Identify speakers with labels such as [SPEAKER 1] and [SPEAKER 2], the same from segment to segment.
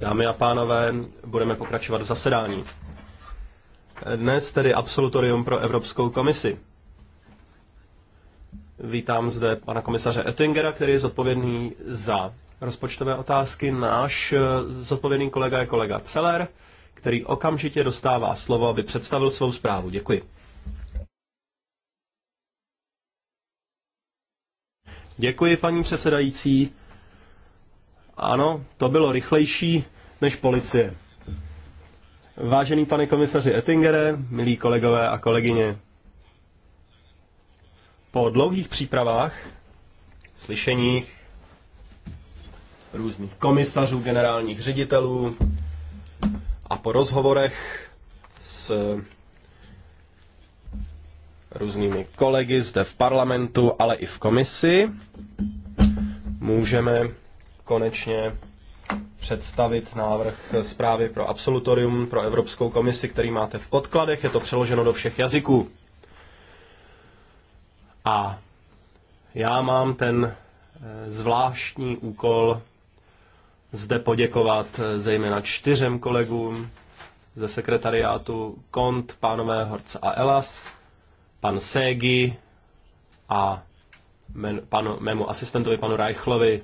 [SPEAKER 1] Dámy a pánové, budeme pokračovat v zasedání. Dnes tedy absolutorium pro Evropskou komisi. Vítám zde pana komisaře Ettingera, který je zodpovědný za rozpočtové otázky. Náš eh, zodpovědný kolega je kolega Celer, který okamžitě dostává slovo, aby představil svou zprávu. Děkuji. Děkuji, paní předsedající. Ano, to bylo rychlejší než policie. Vážený pane komisaři Ettingere, milí kolegové a kolegyně, po dlouhých přípravách, slyšeních různých komisařů, generálních ředitelů a po rozhovorech s různými kolegy zde v parlamentu, ale i v komisi, můžeme konečně představit návrh zprávy pro absolutorium pro Evropskou komisi, který máte v podkladech. Je to přeloženo do všech jazyků. A já mám ten eh, zvláštní úkol zde poděkovat eh, zejména čtyřem kolegům ze sekretariátu KONT, pánové Horc a Elas, pan Ségi a men, panu, mému asistentovi, panu Reichlovi.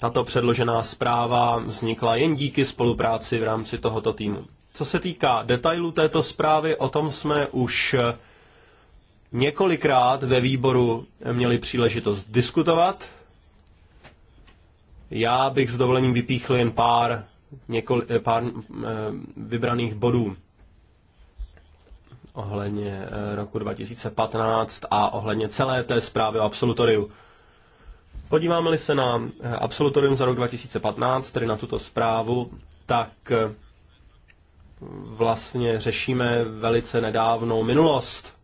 [SPEAKER 1] Tato předložená zpráva vznikla jen díky spolupráci v rámci tohoto týmu. Co se týká detailů této zprávy, o tom jsme už několikrát ve výboru měli příležitost diskutovat. Já bych s dovolením vypíchl jen pár, několik, pár eh, vybraných bodů ohledně eh, roku 2015 a ohledně celé té zprávy o absolutoriu. Podíváme-li se na eh, absolutorium za rok 2015, tedy na tuto zprávu, tak eh, vlastně řešíme velice nedávnou minulost.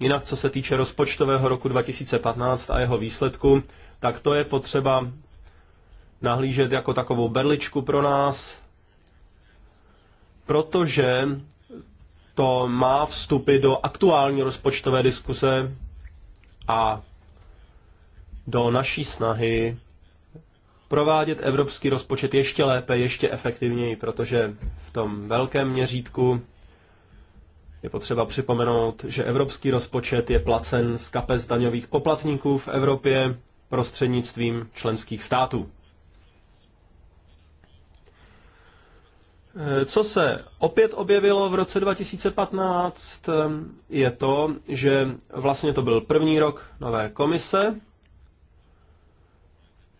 [SPEAKER 1] Jinak, co se týče rozpočtového roku 2015 a jeho výsledku, tak to je potřeba nahlížet jako takovou berličku pro nás, protože to má vstupy do aktuální rozpočtové diskuse a do naší snahy provádět evropský rozpočet ještě lépe, ještě efektivněji, protože v tom velkém měřítku je potřeba připomenout, že evropský rozpočet je placen z kapes daňových poplatníků v Evropě prostřednictvím členských států. Eh, co se opět objevilo v roce 2015, eh, je to, že vlastně to byl první rok nové komise,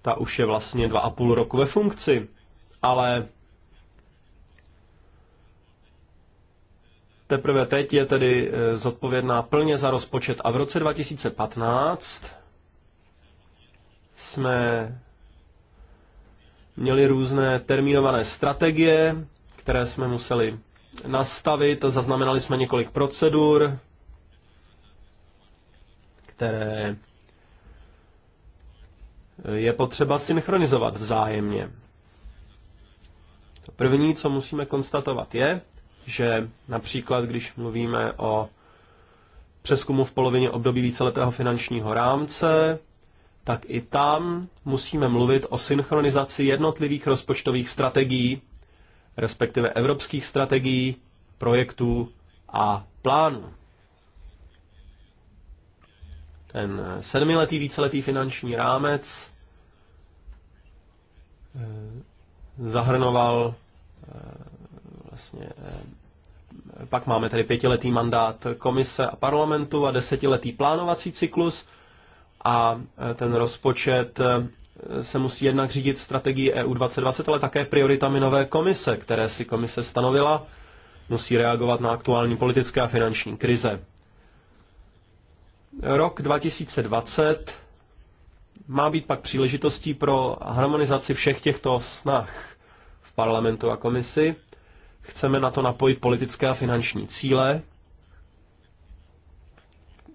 [SPEAKER 1] ta už je vlastně dva a půl roku ve funkci, ale teprve teď je tedy eh, zodpovědná plně za rozpočet a v roce 2015 jsme měli různé termínované strategie, které jsme museli nastavit. Zaznamenali jsme několik procedur, které je potřeba synchronizovat vzájemně. To první, co musíme konstatovat, je, že například, když mluvíme o přeskumu v polovině období víceletého finančního rámce, tak i tam musíme mluvit o synchronizaci jednotlivých rozpočtových strategií respektive evropských strategií, projektů a plánů. Ten sedmiletý víceletý finanční rámec eh, zahrnoval eh, vlastně eh, pak máme tedy pětiletý mandát komise a parlamentu a desetiletý plánovací cyklus a ten rozpočet se musí jednak řídit strategii EU 2020, ale také prioritami nové komise, které si komise stanovila, musí reagovat na aktuální politické a finanční krize. Rok 2020 má být pak příležitostí pro harmonizaci všech těchto snah v parlamentu a komisi. Chceme na to napojit politické a finanční cíle,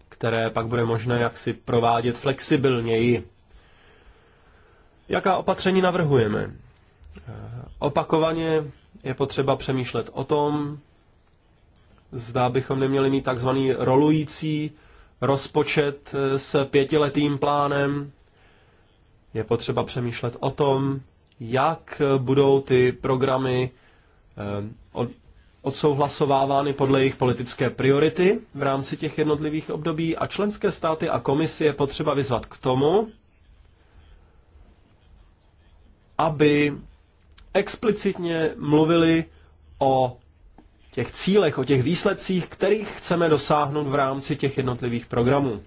[SPEAKER 1] které pak bude možné jaksi provádět flexibilněji Jaká opatření navrhujeme? Opakovaně je potřeba přemýšlet o tom, zda bychom neměli mít takzvaný rolující rozpočet s pětiletým plánem. Je potřeba přemýšlet o tom, jak budou ty programy eh, odsouhlasovávány podle jejich politické priority v rámci těch jednotlivých období a členské státy a komisie je potřeba vyzvat k tomu, aby explicitně mluvili o těch cílech, o těch výsledcích, kterých chceme dosáhnout v rámci těch jednotlivých programů.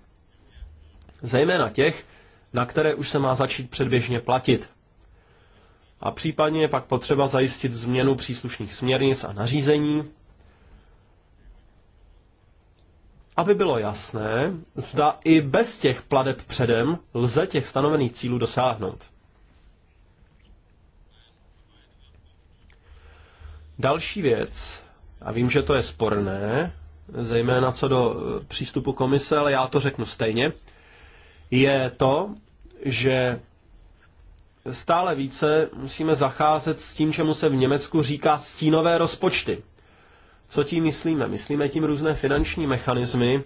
[SPEAKER 1] Zejména těch, na které už se má začít předběžně platit. A případně je pak potřeba zajistit změnu příslušných směrnic a nařízení, aby bylo jasné, zda i bez těch pladeb předem lze těch stanovených cílů dosáhnout. Další věc, a vím, že to je sporné, zejména co do eh, přístupu komise, ale já to řeknu stejně, je to, že stále více musíme zacházet s tím, čemu se v Německu říká stínové rozpočty. Co tím myslíme? Myslíme tím různé finanční mechanismy,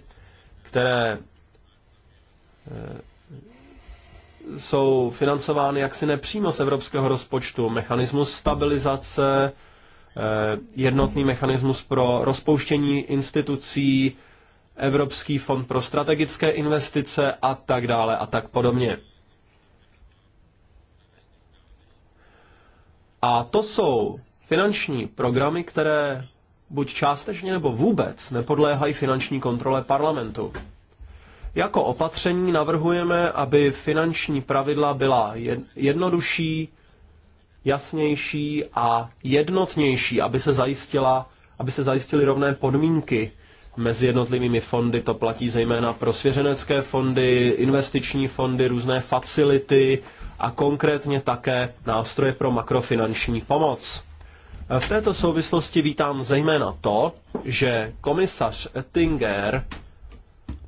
[SPEAKER 1] které eh, jsou financovány jaksi nepřímo z evropského rozpočtu. Mechanismus stabilizace, Eh, jednotný mechanismus pro rozpouštění institucí, Evropský fond pro strategické investice a tak dále a tak podobně. A to jsou finanční programy, které buď částečně nebo vůbec nepodléhají finanční kontrole parlamentu. Jako opatření navrhujeme, aby finanční pravidla byla jednodušší, jasnější a jednotnější, aby se, zajistila, aby se zajistily rovné podmínky mezi jednotlivými fondy. To platí zejména pro svěřenecké fondy, investiční fondy, různé facility a konkrétně také nástroje pro makrofinanční pomoc. V této souvislosti vítám zejména to, že komisař Ettinger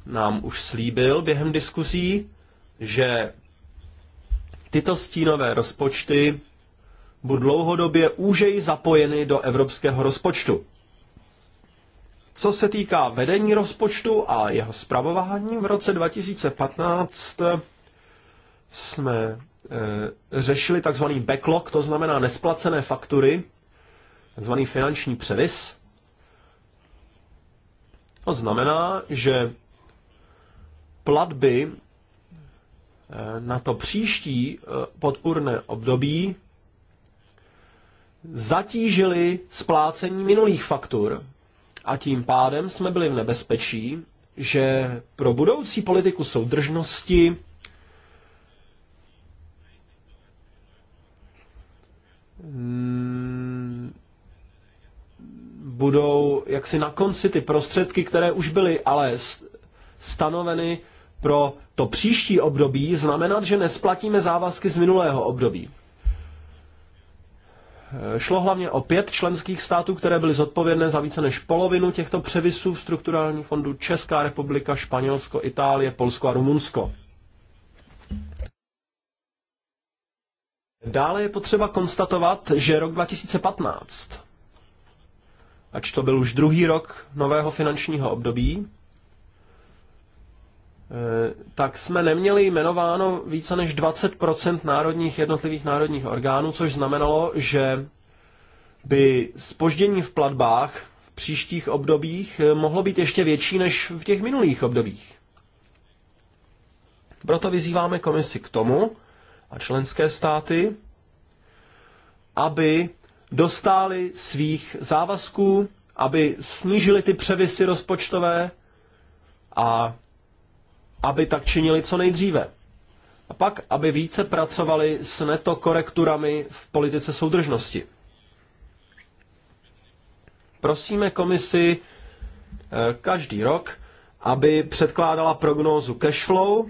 [SPEAKER 1] nám už slíbil během diskuzí, že tyto stínové rozpočty budou dlouhodobě úžeji zapojeny do evropského rozpočtu. Co se týká vedení rozpočtu a jeho zpravování, v roce 2015 jsme e, řešili takzvaný backlog, to znamená nesplacené faktury, takzvaný finanční převis. To znamená, že platby e, na to příští e, podpůrné období zatížili splácení minulých faktur. A tím pádem jsme byli v nebezpečí, že pro budoucí politiku soudržnosti mm, budou jaksi na konci ty prostředky, které už byly ale stanoveny pro to příští období, znamenat, že nesplatíme závazky z minulého období. Šlo hlavně o pět členských států, které byly zodpovědné za více než polovinu těchto převisů v strukturální fondu Česká republika, Španělsko, Itálie, Polsko a Rumunsko. Dále je potřeba konstatovat, že rok 2015, ač to byl už druhý rok nového finančního období, Eh, tak jsme neměli jmenováno více než 20% národních jednotlivých národních orgánů, což znamenalo, že by spoždění v platbách v příštích obdobích eh, mohlo být ještě větší než v těch minulých obdobích. Proto vyzýváme komisi k tomu a členské státy, aby dostály svých závazků, aby snížili ty převisy rozpočtové a aby tak činili co nejdříve. A pak, aby více pracovali s netokorekturami v politice soudržnosti. Prosíme komisi eh, každý rok, aby předkládala prognózu cashflow,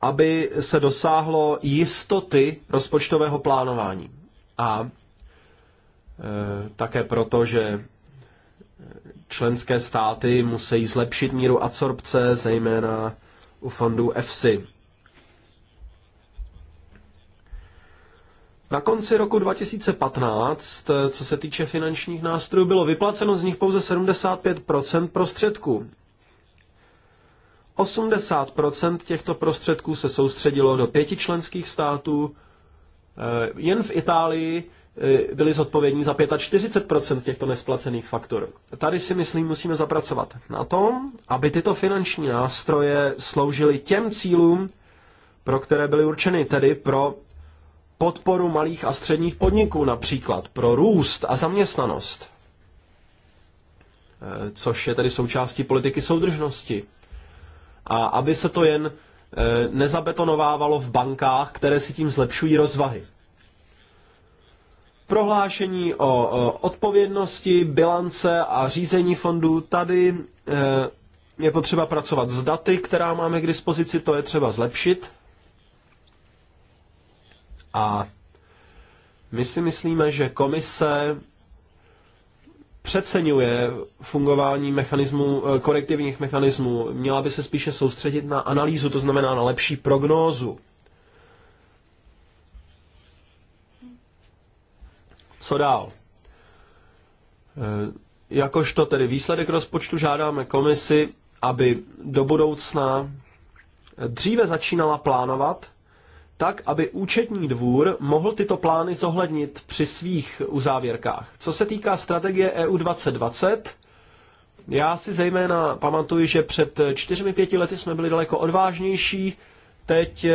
[SPEAKER 1] aby se dosáhlo jistoty rozpočtového plánování. A e, také proto, že Členské státy musí zlepšit míru absorpce, zejména u fondů EFSI. Na konci roku 2015, co se týče finančních nástrojů, bylo vyplaceno z nich pouze 75 prostředků. 80 těchto prostředků se soustředilo do pěti členských států. Eh, jen v Itálii Eh, byli zodpovědní za 45% těchto nesplacených faktur. Tady si myslím, musíme zapracovat na tom, aby tyto finanční nástroje sloužily těm cílům, pro které byly určeny, tedy pro podporu malých a středních podniků například, pro růst a zaměstnanost, eh, což je tedy součástí politiky soudržnosti. A aby se to jen eh, nezabetonovávalo v bankách, které si tím zlepšují rozvahy prohlášení o odpovědnosti, bilance a řízení fondů. Tady eh, je potřeba pracovat s daty, která máme k dispozici, to je třeba zlepšit. A my si myslíme, že komise přeceňuje fungování mechanismů, eh, korektivních mechanismů. Měla by se spíše soustředit na analýzu, to znamená na lepší prognózu. Co dál? Eh, jakožto tedy výsledek rozpočtu žádáme komisi, aby do budoucna dříve začínala plánovat, tak, aby účetní dvůr mohl tyto plány zohlednit při svých uzávěrkách. Co se týká strategie EU 2020, já si zejména pamatuju, že před čtyřmi, pěti lety jsme byli daleko odvážnější, teď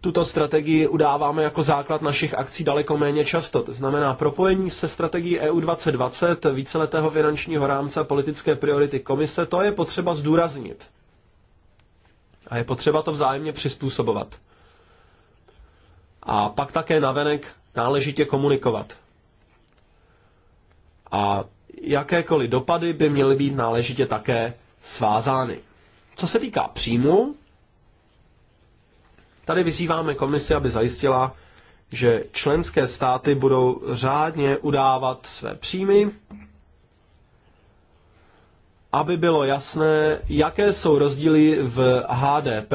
[SPEAKER 1] tuto strategii udáváme jako základ našich akcí daleko méně často. To znamená propojení se strategií EU 2020, víceletého finančního rámce a politické priority komise, to je potřeba zdůraznit. A je potřeba to vzájemně přizpůsobovat. A pak také navenek náležitě komunikovat. A jakékoliv dopady by měly být náležitě také svázány. Co se týká příjmu, Tady vyzýváme komisi, aby zajistila, že členské státy budou řádně udávat své příjmy, aby bylo jasné, jaké jsou rozdíly v HDP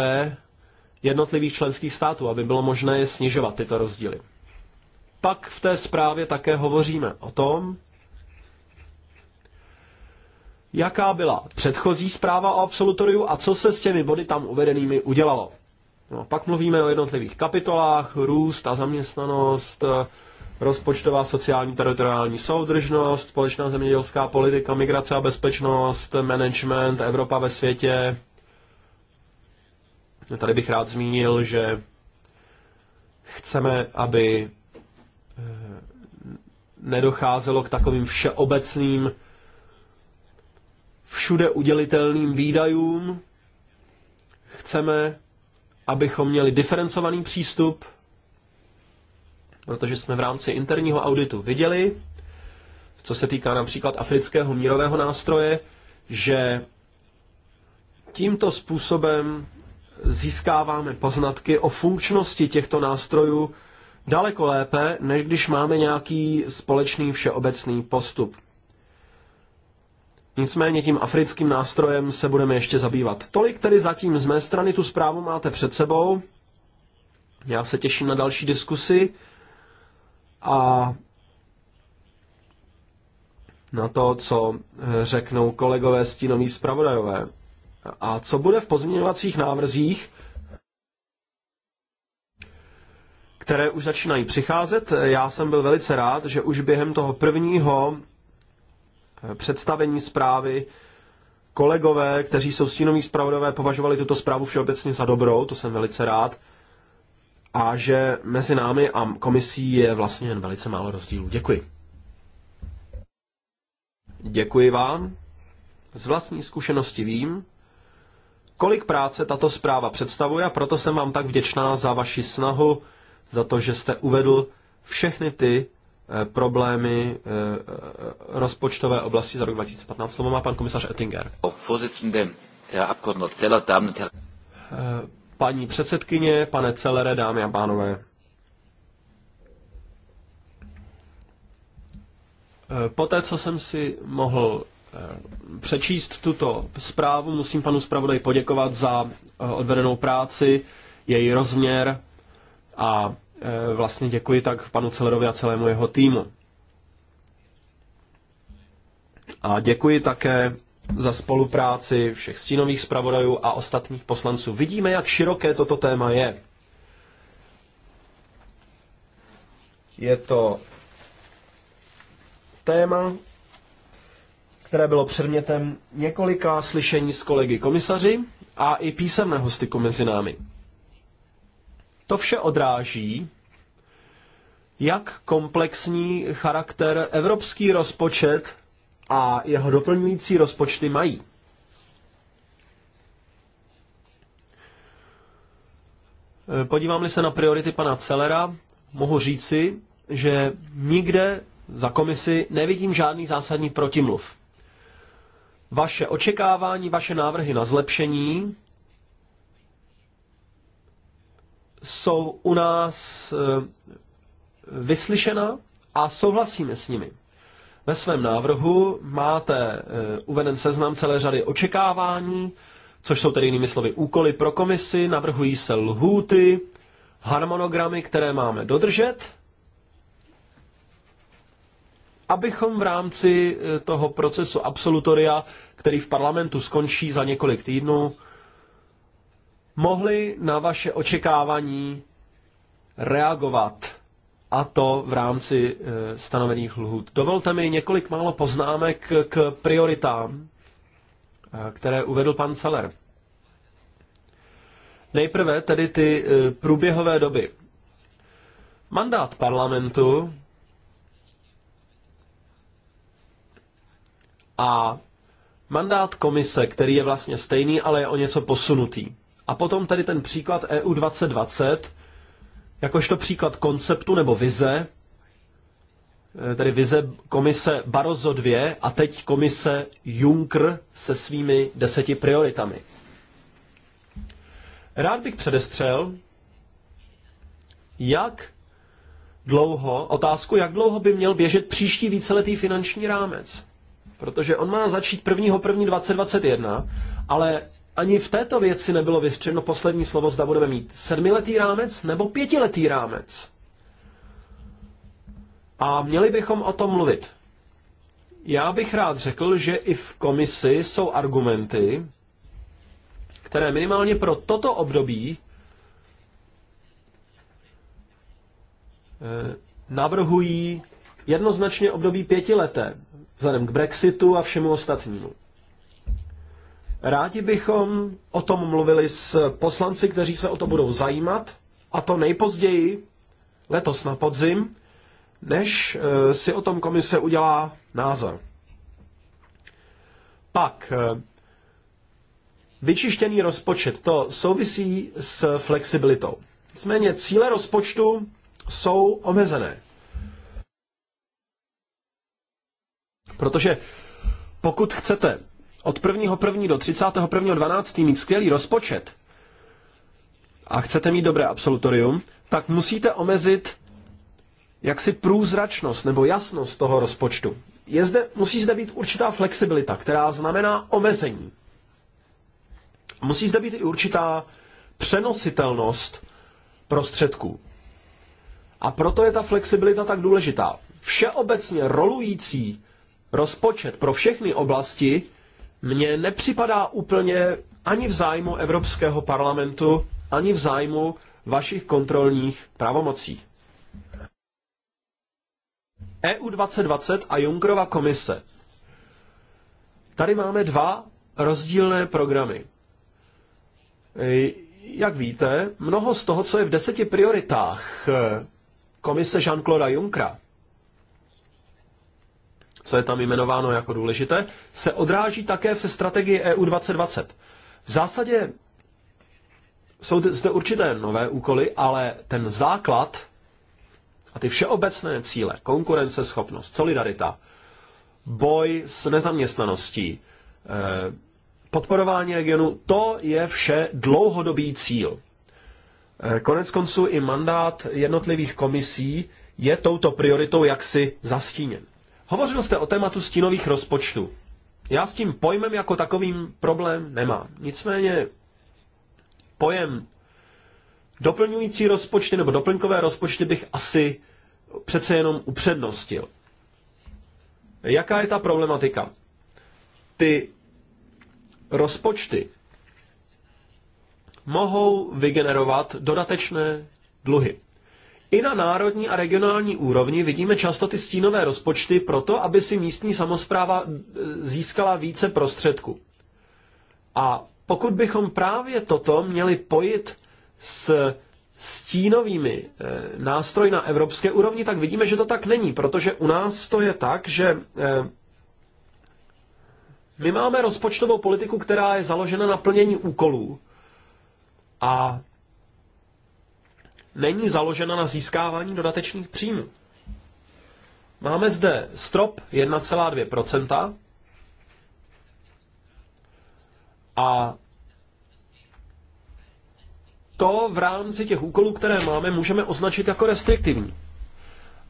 [SPEAKER 1] jednotlivých členských států, aby bylo možné je snižovat tyto rozdíly. Pak v té zprávě také hovoříme o tom, jaká byla předchozí zpráva o absolutoriu a co se s těmi body tam uvedenými udělalo. No, pak mluvíme o jednotlivých kapitolách, růst a zaměstnanost, rozpočtová sociální teritoriální soudržnost, společná zemědělská politika, migrace a bezpečnost, management, Evropa ve světě. Tady bych rád zmínil, že chceme, aby eh, nedocházelo k takovým všeobecným, všude udělitelným výdajům. Chceme, abychom měli diferencovaný přístup, protože jsme v rámci interního auditu viděli, co se týká například afrického mírového nástroje, že tímto způsobem získáváme poznatky o funkčnosti těchto nástrojů daleko lépe, než když máme nějaký společný všeobecný postup. Nicméně tím africkým nástrojem se budeme ještě zabývat. Tolik tedy zatím z mé strany, tu zprávu máte před sebou. Já se těším na další diskusy a na to, co řeknou kolegové stínoví zpravodajové. A co bude v pozměňovacích návrzích, které už začínají přicházet. Já jsem byl velice rád, že už během toho prvního představení zprávy. Kolegové, kteří jsou stínoví zpravodové, považovali tuto zprávu všeobecně za dobrou, to jsem velice rád. A že mezi námi a komisí je vlastně jen velice málo rozdílů. Děkuji. Děkuji vám. Z vlastní zkušenosti vím, kolik práce tato zpráva představuje a proto jsem vám tak vděčná za vaši snahu, za to, že jste uvedl všechny ty Eh, problémy eh, rozpočtové oblasti za rok 2015. Slovo má pan komisař Ettinger. Eh, paní předsedkyně, pane Celere, dámy a pánové. Poté, co jsem si mohl přečíst tuto zprávu, musím panu zpravodaj poděkovat za odvedenou práci, její rozměr a Eh, vlastně děkuji tak panu Celerovi a celému jeho týmu. A děkuji také za spolupráci všech stínových zpravodajů a ostatních poslanců. Vidíme, jak široké toto téma je.
[SPEAKER 2] Je to
[SPEAKER 1] téma, které bylo předmětem několika slyšení s kolegy komisaři a i písemné hostyku mezi námi. To vše odráží, jak komplexní charakter evropský rozpočet a jeho doplňující rozpočty mají. Podívám-li se na priority pana Celera, mohu říci, že nikde za komisi nevidím žádný zásadní protimluv. Vaše očekávání, vaše návrhy na zlepšení jsou u nás eh, vyslyšena a souhlasíme s nimi. Ve svém návrhu máte eh, uveden seznam celé řady očekávání, což jsou tedy jinými slovy úkoly pro komisi, navrhují se lhůty, harmonogramy, které máme dodržet, abychom v rámci eh, toho procesu absolutoria, který v parlamentu skončí za několik týdnů, mohli na vaše očekávání reagovat a to v rámci eh, stanovených lhůt. Dovolte mi několik málo poznámek k prioritám, eh, které uvedl pan Celer. Nejprve tedy ty eh, průběhové doby. Mandát parlamentu a mandát komise, který je vlastně stejný, ale je o něco posunutý. A potom tady ten příklad EU 2020, jakožto příklad konceptu nebo vize, eh, tedy vize komise Barroso 2 a teď komise Juncker se svými deseti prioritami. Rád bych předestřel, jak dlouho, otázku, jak dlouho by měl běžet příští víceletý finanční rámec. Protože on má začít 1.1.2021, ale ani v této věci nebylo vyřčeno poslední slovo, zda budeme mít sedmiletý rámec nebo pětiletý rámec. A měli bychom o tom mluvit. Já bych rád řekl, že i v komisi jsou argumenty, které minimálně pro toto období eh, navrhují jednoznačně období pětileté, vzhledem k Brexitu a všemu ostatnímu. Rádi bychom o tom mluvili s poslanci, kteří se o to budou zajímat, a to nejpozději letos na podzim, než eh, si o tom komise udělá názor. Pak eh, vyčištěný rozpočet, to souvisí s flexibilitou. Nicméně cíle rozpočtu jsou omezené. Protože pokud chcete od 1.1. do 31.12. mít skvělý rozpočet a chcete mít dobré absolutorium, tak musíte omezit jaksi průzračnost nebo jasnost toho rozpočtu. Je zde, musí zde být určitá flexibilita, která znamená omezení. Musí zde být i určitá přenositelnost prostředků. A proto je ta flexibilita tak důležitá. Všeobecně rolující rozpočet pro všechny oblasti mně nepřipadá úplně ani v zájmu Evropského parlamentu, ani v zájmu vašich kontrolních pravomocí. EU 2020 a Junkrova komise. Tady máme dva rozdílné programy. Jak víte, mnoho z toho, co je v deseti prioritách eh, komise Jean-Claude Junckera, co je tam jmenováno jako důležité, se odráží také v strategii EU 2020. V zásadě jsou zde určité nové úkoly, ale ten základ a ty všeobecné cíle, konkurenceschopnost, solidarita, boj s nezaměstnaností, eh, podporování regionu, to je vše dlouhodobý cíl. Eh, konec konců i mandát jednotlivých komisí je touto prioritou jaksi zastíněn. Hovořil jste o tématu stínových rozpočtů. Já s tím pojmem jako takovým problém nemám. Nicméně pojem doplňující rozpočty nebo doplňkové rozpočty bych asi přece jenom upřednostil. Jaká je ta problematika? Ty rozpočty mohou vygenerovat dodatečné dluhy. I na národní a regionální úrovni vidíme často ty stínové rozpočty proto, aby si místní samozpráva e, získala více prostředků. A pokud bychom právě toto měli pojit s stínovými e, nástroji na evropské úrovni, tak vidíme, že to tak není, protože u nás to je tak, že e, my máme rozpočtovou politiku, která je založena na plnění úkolů. A není založena na získávání dodatečných příjmů. Máme zde strop 1,2 a to v rámci těch úkolů, které máme, můžeme označit jako restriktivní.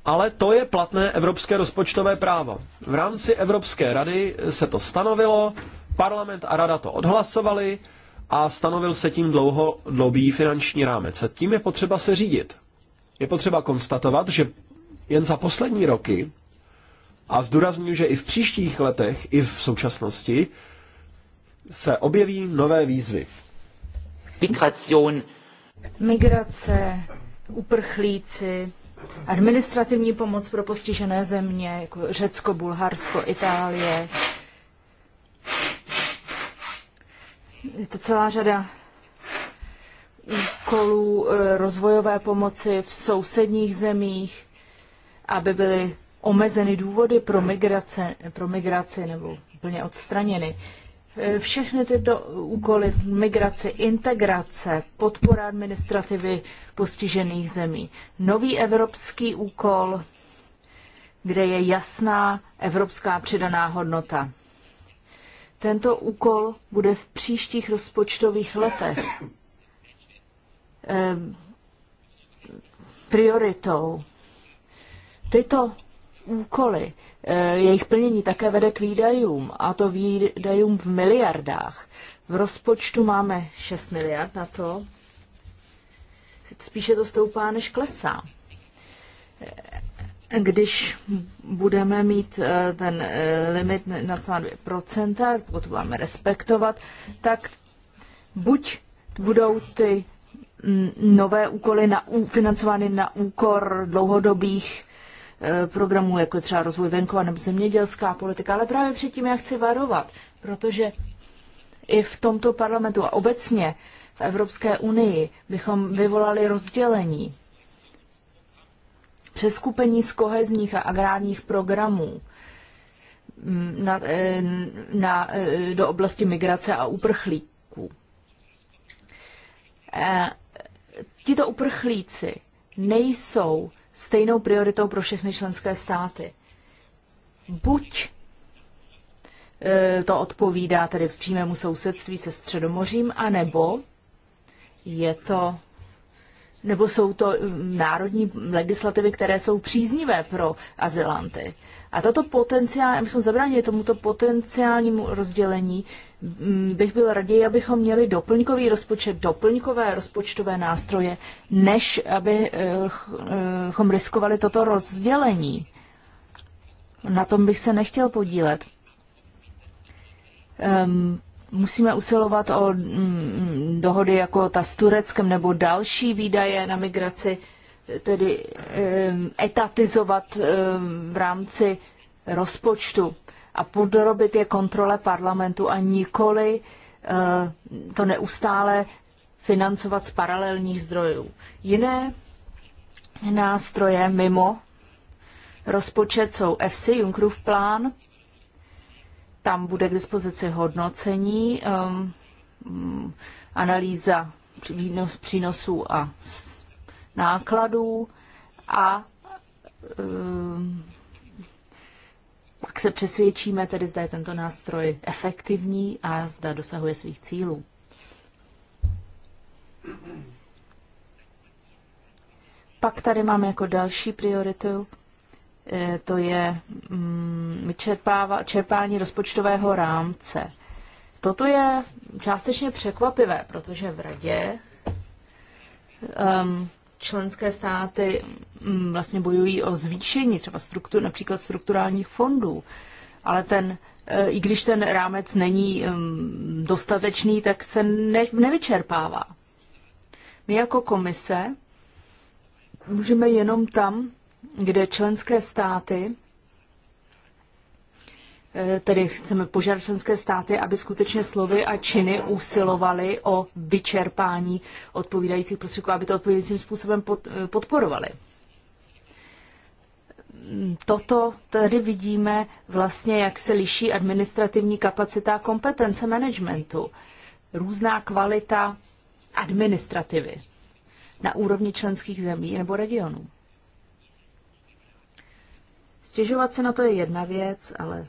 [SPEAKER 1] Ale to je platné evropské rozpočtové právo. V rámci Evropské rady se to stanovilo, parlament a rada to odhlasovali, a stanovil se tím dlouho finanční rámec. A tím je potřeba se řídit. Je potřeba konstatovat, že jen za poslední roky, a zdůraznuju, že i v příštích letech, i v současnosti, se objeví
[SPEAKER 3] nové výzvy. Migration.
[SPEAKER 4] Migrace, uprchlíci, administrativní pomoc pro postižené země, jako Řecko, Bulharsko, Itálie, je to celá řada úkolů eh, rozvojové pomoci v sousedních zemích, aby byly omezeny důvody pro, migrace, pro migraci nebo úplně odstraněny. Eh, všechny tyto úkoly, migrace, integrace, podpora administrativy postižených zemí, nový evropský úkol, kde je jasná evropská přidaná hodnota. Tento úkol bude v příštích rozpočtových letech eh, prioritou. Tyto úkoly, eh, jejich plnění také vede k výdajům, a to výdajům v miliardách. V rozpočtu máme 6 miliard na to, spíše to stoupá, než klesá. Když budeme mít eh, ten eh, limit na celá 2%, pokud budeme respektovat, tak buď budou ty mm, nové úkoly na, financovány na úkor dlouhodobých eh, programů, jako třeba rozvoj venkova nebo zemědělská politika, ale právě předtím já chci varovat, protože i v tomto parlamentu a obecně v Evropské unii bychom vyvolali rozdělení přeskupení z kohezních a agrárních programů na, e, na, e, do oblasti migrace a uprchlíků. E, tito uprchlíci nejsou stejnou prioritou pro všechny členské státy. Buď to odpovídá tedy v přímému sousedství se Středomořím, anebo je to nebo jsou to mm, národní legislativy, které jsou příznivé pro azylanty. A tato potenciál, abychom zabránili tomuto potenciálnímu rozdělení, mm, bych byl raději, abychom měli doplňkový rozpočet, doplňkové rozpočtové nástroje, než abychom riskovali toto rozdělení. Na tom bych se nechtěl podílet. Ehm, musíme usilovat o mm, dohody jako ta s Tureckem nebo další výdaje na migraci, tedy etatizovat v rámci rozpočtu a podrobit je kontrole parlamentu a nikoli eh, to neustále financovat z paralelních zdrojů. Jiné nástroje mimo rozpočet jsou FC, Junckerův plán, tam bude k dispozici hodnocení, um, analýza výnos, přínosů a nákladů a um, pak se přesvědčíme tedy, zda je tento nástroj efektivní a zda dosahuje svých cílů. Pak tady máme jako další prioritu Eh, to je mm, čerpání rozpočtového rámce. Toto je částečně překvapivé, protože v radě um, členské státy um, vlastně bojují o zvýšení třeba struktur, například strukturálních fondů, ale ten eh, i když ten rámec není um, dostatečný, tak se ne, nevyčerpává. My jako komise můžeme jenom tam kde členské státy, eh, tedy chceme požádat členské státy, aby skutečně slovy a činy usilovaly o vyčerpání odpovídajících prostředků, aby to odpovídajícím způsobem eh, podporovali. Toto tady vidíme vlastně, jak se liší administrativní kapacita a kompetence managementu. Různá kvalita administrativy na úrovni členských zemí nebo regionů. Stěžovat se na to je jedna věc, ale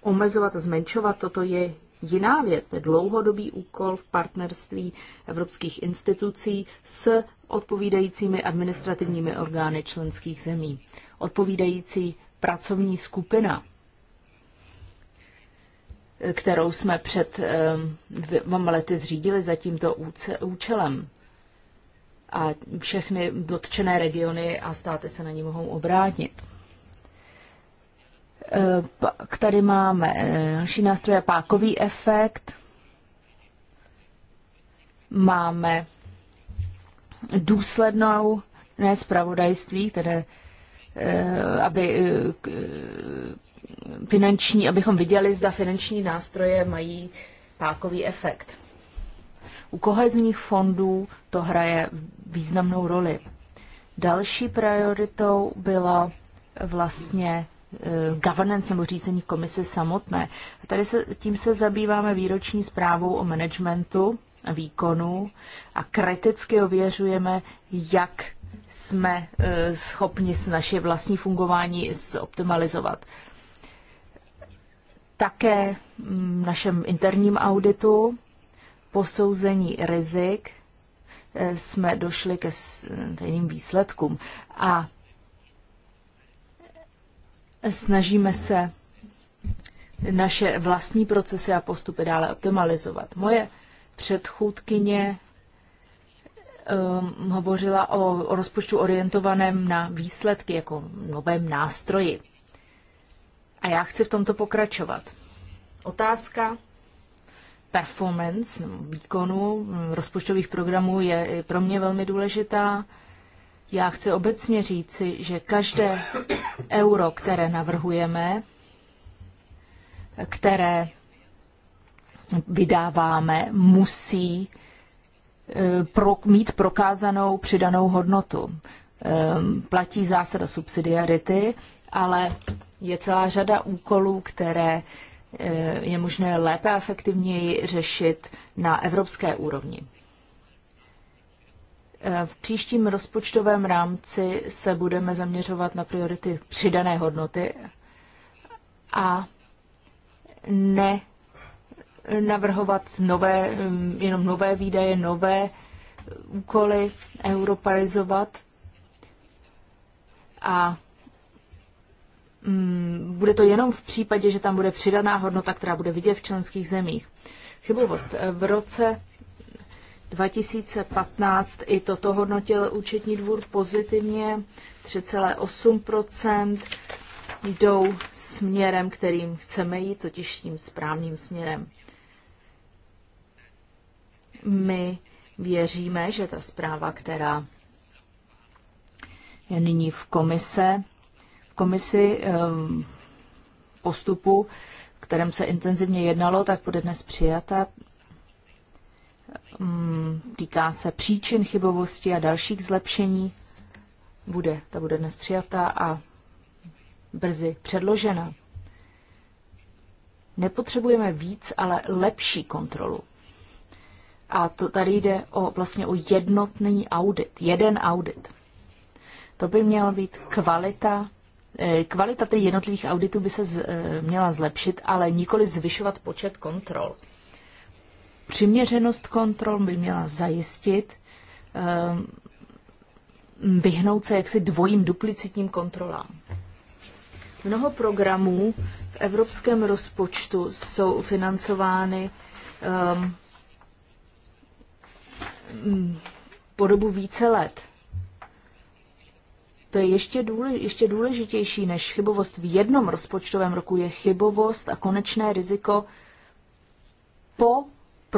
[SPEAKER 4] omezovat a zmenšovat toto je jiná věc. To je dlouhodobý úkol v partnerství evropských institucí s odpovídajícími administrativními orgány členských zemí. Odpovídající pracovní skupina, kterou jsme před eh, dvěma lety zřídili za tímto účelem. A všechny dotčené regiony a státy se na ní mohou obrátit. Eh, Pak tady máme eh, další nástroje, pákový efekt. Máme důslednou zpravodajství, které eh, aby finanční, abychom viděli, zda finanční nástroje mají pákový efekt. U kohezních fondů to hraje významnou roli. Další prioritou byla vlastně Eh, governance nebo řízení v komisi samotné. Tady se, tím se zabýváme výroční zprávou o managementu výkonu a kriticky ověřujeme, jak jsme eh, schopni s naše vlastní fungování zoptimalizovat. Také v našem interním auditu posouzení rizik eh, jsme došli ke stejným výsledkům. A snažíme se naše vlastní procesy a postupy dále optimalizovat. Moje předchůdkyně um, hovořila o, o rozpočtu orientovaném na výsledky jako novém nástroji. A já chci v tomto pokračovat. Otázka performance, výkonu um, rozpočtových programů je pro mě velmi důležitá. Já chci obecně říci, že každé euro, které navrhujeme, které vydáváme, musí eh, pro, mít prokázanou přidanou hodnotu. Ehm, platí zásada subsidiarity, ale je celá řada úkolů, které eh, je možné lépe a efektivněji řešit na evropské úrovni. V příštím rozpočtovém rámci se budeme zaměřovat na priority přidané hodnoty a ne navrhovat nové, mm, jenom nové výdaje, nové úkoly, europarizovat a mm, bude to jenom v případě, že tam bude přidaná hodnota, která bude vidět v členských zemích. Chybovost. V roce 2015 i toto hodnotil účetní dvůr pozitivně, 3,8 jdou směrem, kterým chceme jít, totiž tím správným směrem. My věříme, že ta zpráva, která je nyní v komise, v komisi ehm, postupu, v kterém se intenzivně jednalo, tak bude dnes přijata. Mm, týká se příčin chybovosti a dalších zlepšení. Bude, ta bude dnes přijatá a brzy předložena. Nepotřebujeme víc, ale lepší kontrolu. A to tady jde o vlastně o jednotný audit, jeden audit. To by měla být kvalita, eh, kvalita těch jednotlivých auditů by se z, eh, měla zlepšit, ale nikoli zvyšovat počet kontrol přiměřenost kontrol by měla zajistit ehm, vyhnout se jaksi dvojím duplicitním kontrolám. Mnoho programů v evropském rozpočtu jsou financovány um, po dobu více let. To je ještě, důlež, ještě důležitější než chybovost v jednom rozpočtovém roku, je chybovost a konečné riziko po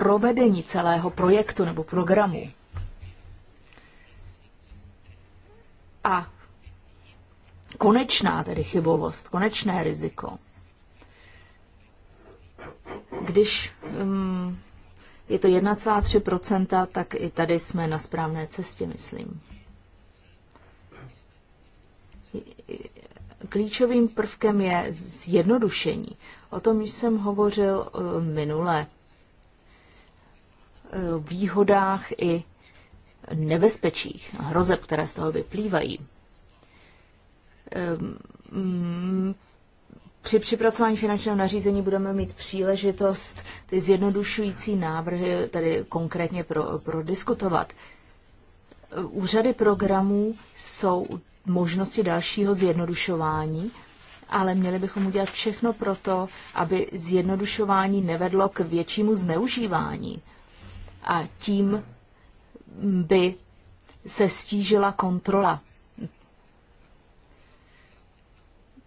[SPEAKER 4] provedení celého projektu nebo programu. A konečná tedy chybovost, konečné riziko. Když um, je to 1,3%, tak i tady jsme na správné cestě, myslím. Klíčovým prvkem je zjednodušení. O tom jsem hovořil eh, minule. Eh, výhodách i nebezpečích, hrozeb, které z toho vyplývají. Ehm, mm, při připracování finančního nařízení budeme mít příležitost ty zjednodušující návrhy tady konkrétně pro, diskutovat. Eh, úřady programů jsou možnosti dalšího zjednodušování, ale měli bychom udělat všechno pro to, aby zjednodušování nevedlo k většímu zneužívání a tím by se stížila kontrola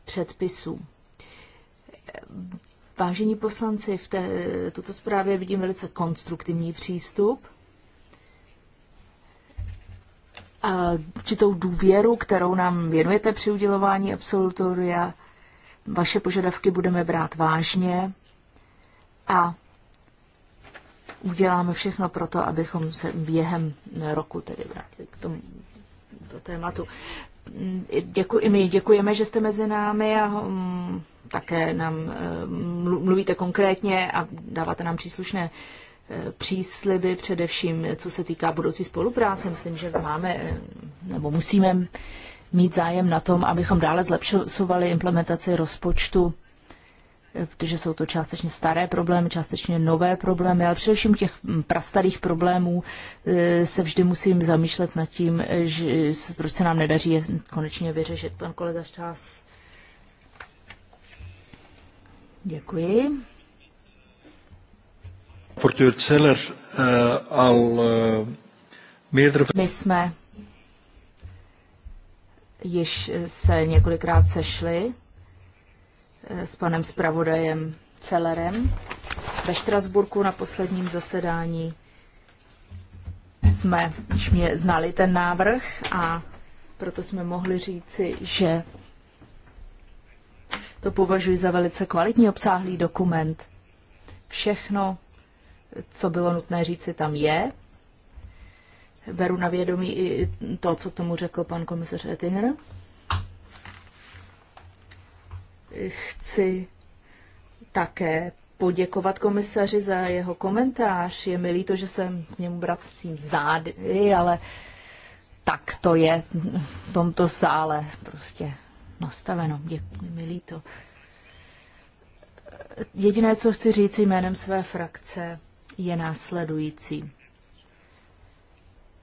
[SPEAKER 4] předpisů. Vážení poslanci, v té, tuto zprávě vidím velice konstruktivní přístup a určitou důvěru, kterou nám věnujete při udělování absolutoria. Vaše požadavky budeme brát vážně a uděláme všechno pro to, abychom se během roku tedy vrátili k tomu to tématu. Děkuji, my děkujeme, že jste mezi námi a um, také nám um, mluvíte konkrétně a dáváte nám příslušné eh, přísliby, především co se týká budoucí spolupráce. Myslím, že máme hm, nebo musíme mít zájem na tom, abychom dále zlepšovali implementaci rozpočtu protože jsou to částečně staré problémy, částečně nové problémy, ale především těch mm, prastarých problémů e, se vždy musím zamýšlet nad tím, že, proč se nám nedaří je konečně vyřešit. Pan kolega Čas. Děkuji.
[SPEAKER 1] E, e, My
[SPEAKER 4] jsme již se několikrát sešli s panem zpravodajem Celerem. Ve Štrasburku na posledním zasedání jsme už mě znali ten návrh a proto jsme mohli říci, že to považuji za velice kvalitní obsáhlý dokument. Všechno, co bylo nutné říci, tam je. Beru na vědomí i to, co k tomu řekl pan komisař Ettinger chci také poděkovat komisaři za jeho komentář. Je mi líto, že se k němu vracím zády, ale tak to je v tomto sále prostě nastaveno. Děkuji, mi líto. Jediné, co chci říct jménem své frakce, je následující.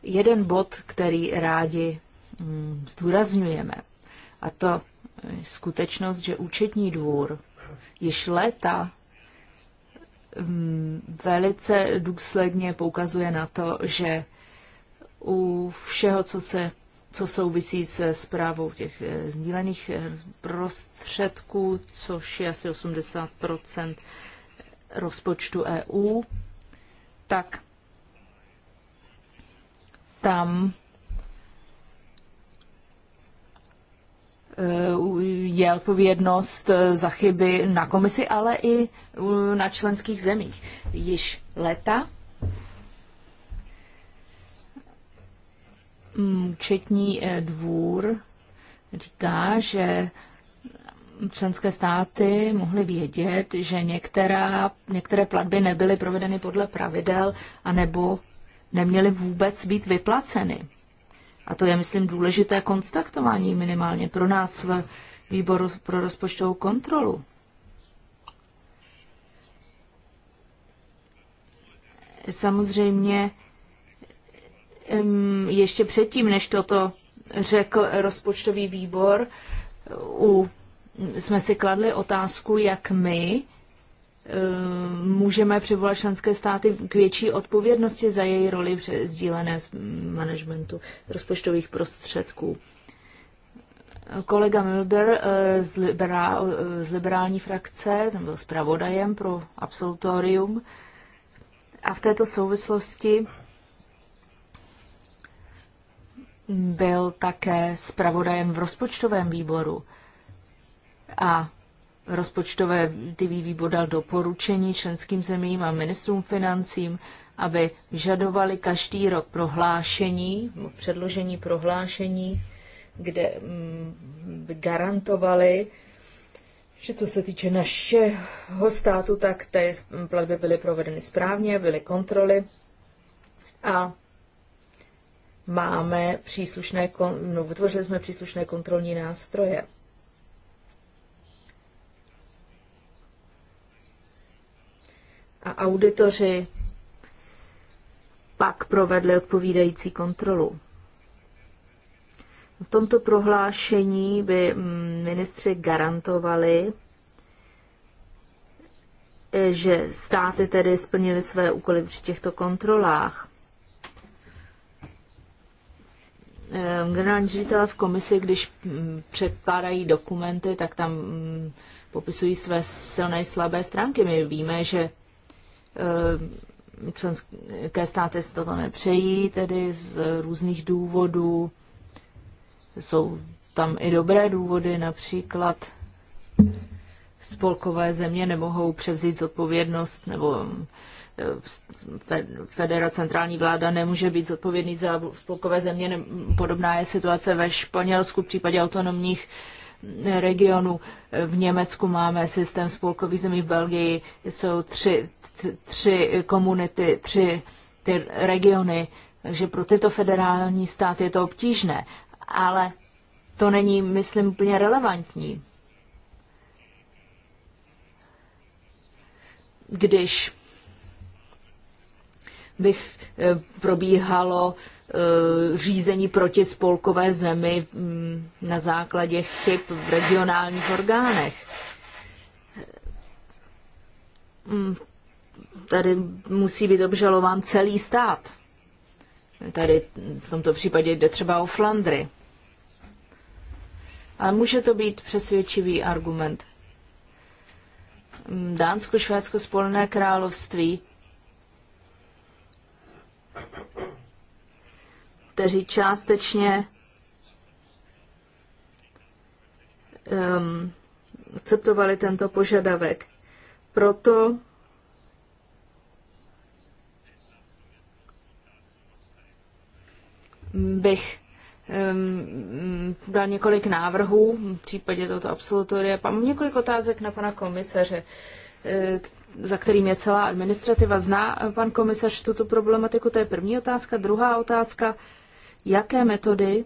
[SPEAKER 4] Jeden bod, který rádi mm, zdůrazňujeme, a to Eh, skutečnost, že účetní dvůr již léta mm, velice důsledně poukazuje na to, že u všeho, co, se, co souvisí se zprávou těch eh, sdílených eh, prostředků, což je asi 80 rozpočtu EU, tak tam je odpovědnost za chyby na komisi, ale i na členských zemích. Již leta Četní dvůr říká, že členské státy mohly vědět, že některá, některé platby nebyly provedeny podle pravidel anebo neměly vůbec být vyplaceny. A to je, myslím, důležité konstatování minimálně pro nás v výboru pro rozpočtovou kontrolu. Samozřejmě ještě předtím, než toto řekl rozpočtový výbor, u, jsme si kladli otázku, jak my Eh, můžeme přivolat členské státy k větší odpovědnosti za její roli v sdílené managementu rozpočtových prostředků. Kolega Milber eh, z, liberá, eh, z liberální frakce, ten byl zpravodajem pro absolutorium a v této souvislosti byl také zpravodajem v rozpočtovém výboru. A rozpočtové TV výbor dal doporučení členským zemím a ministrům financím, aby vyžadovali každý rok prohlášení, předložení prohlášení, kde by mm, garantovali, že co se týče našeho státu, tak ty platby byly provedeny správně, byly kontroly a máme příslušné, no, vytvořili jsme příslušné kontrolní nástroje. a auditoři pak provedli odpovídající kontrolu. V tomto prohlášení by mm, ministři garantovali, že státy tedy splnily své úkoly při těchto kontrolách. Ehm, generální ředitel v komisi, když mm, předkládají dokumenty, tak tam mm, popisují své silné slabé stránky. My víme, že Eh, členské státy si toto nepřejí, tedy z různých důvodů. Jsou tam i dobré důvody, například spolkové země nemohou převzít zodpovědnost nebo eh, federa centrální vláda nemůže být zodpovědný za spolkové země. Podobná je situace ve Španělsku v případě autonomních Regionu V Německu máme systém spolkových zemí, v Belgii jsou tři, tři komunity, tři ty regiony, takže pro tyto federální státy je to obtížné. Ale to není, myslím, úplně relevantní. Když bych eh, probíhalo Eh, řízení proti spolkové zemi mm, na základě chyb v regionálních orgánech. Mm, tady musí být obžalován celý stát. Tady v tomto případě jde třeba o Flandry. Ale může to být přesvědčivý argument. Mm, Dánsko, Švédsko, Spolné království kteří částečně um, akceptovali tento požadavek. Proto bych um, dal několik návrhů v případě toto absolutoria. Mám několik otázek na pana komisaře, eh, za kterým je celá administrativa. Zná pan komisař tuto problematiku? To je první otázka. Druhá otázka jaké metody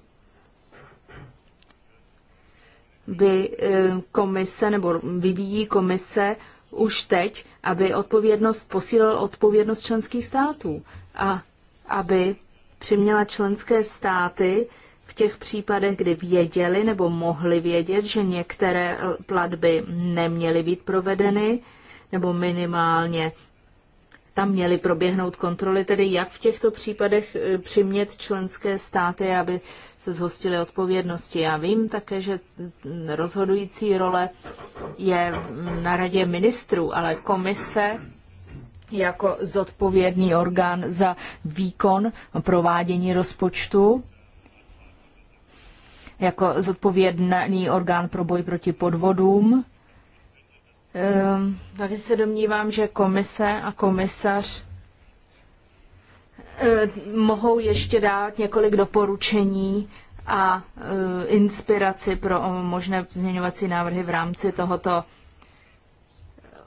[SPEAKER 4] by eh, komise nebo vyvíjí komise už teď, aby odpovědnost posílil odpovědnost členských států a aby přiměla členské státy v těch případech, kdy věděli nebo mohli vědět, že některé platby neměly být provedeny nebo minimálně tam měly proběhnout kontroly, tedy jak v těchto případech eh, přimět členské státy, aby se zhostily odpovědnosti. Já vím také, že rozhodující role je na radě ministrů, ale komise jako zodpovědný orgán za výkon provádění rozpočtu, jako zodpovědný orgán pro boj proti podvodům, Ehm, tady se domnívám, že komise a komisař eh, mohou ještě dát několik doporučení a eh, inspiraci pro eh, možné změňovací návrhy v rámci tohoto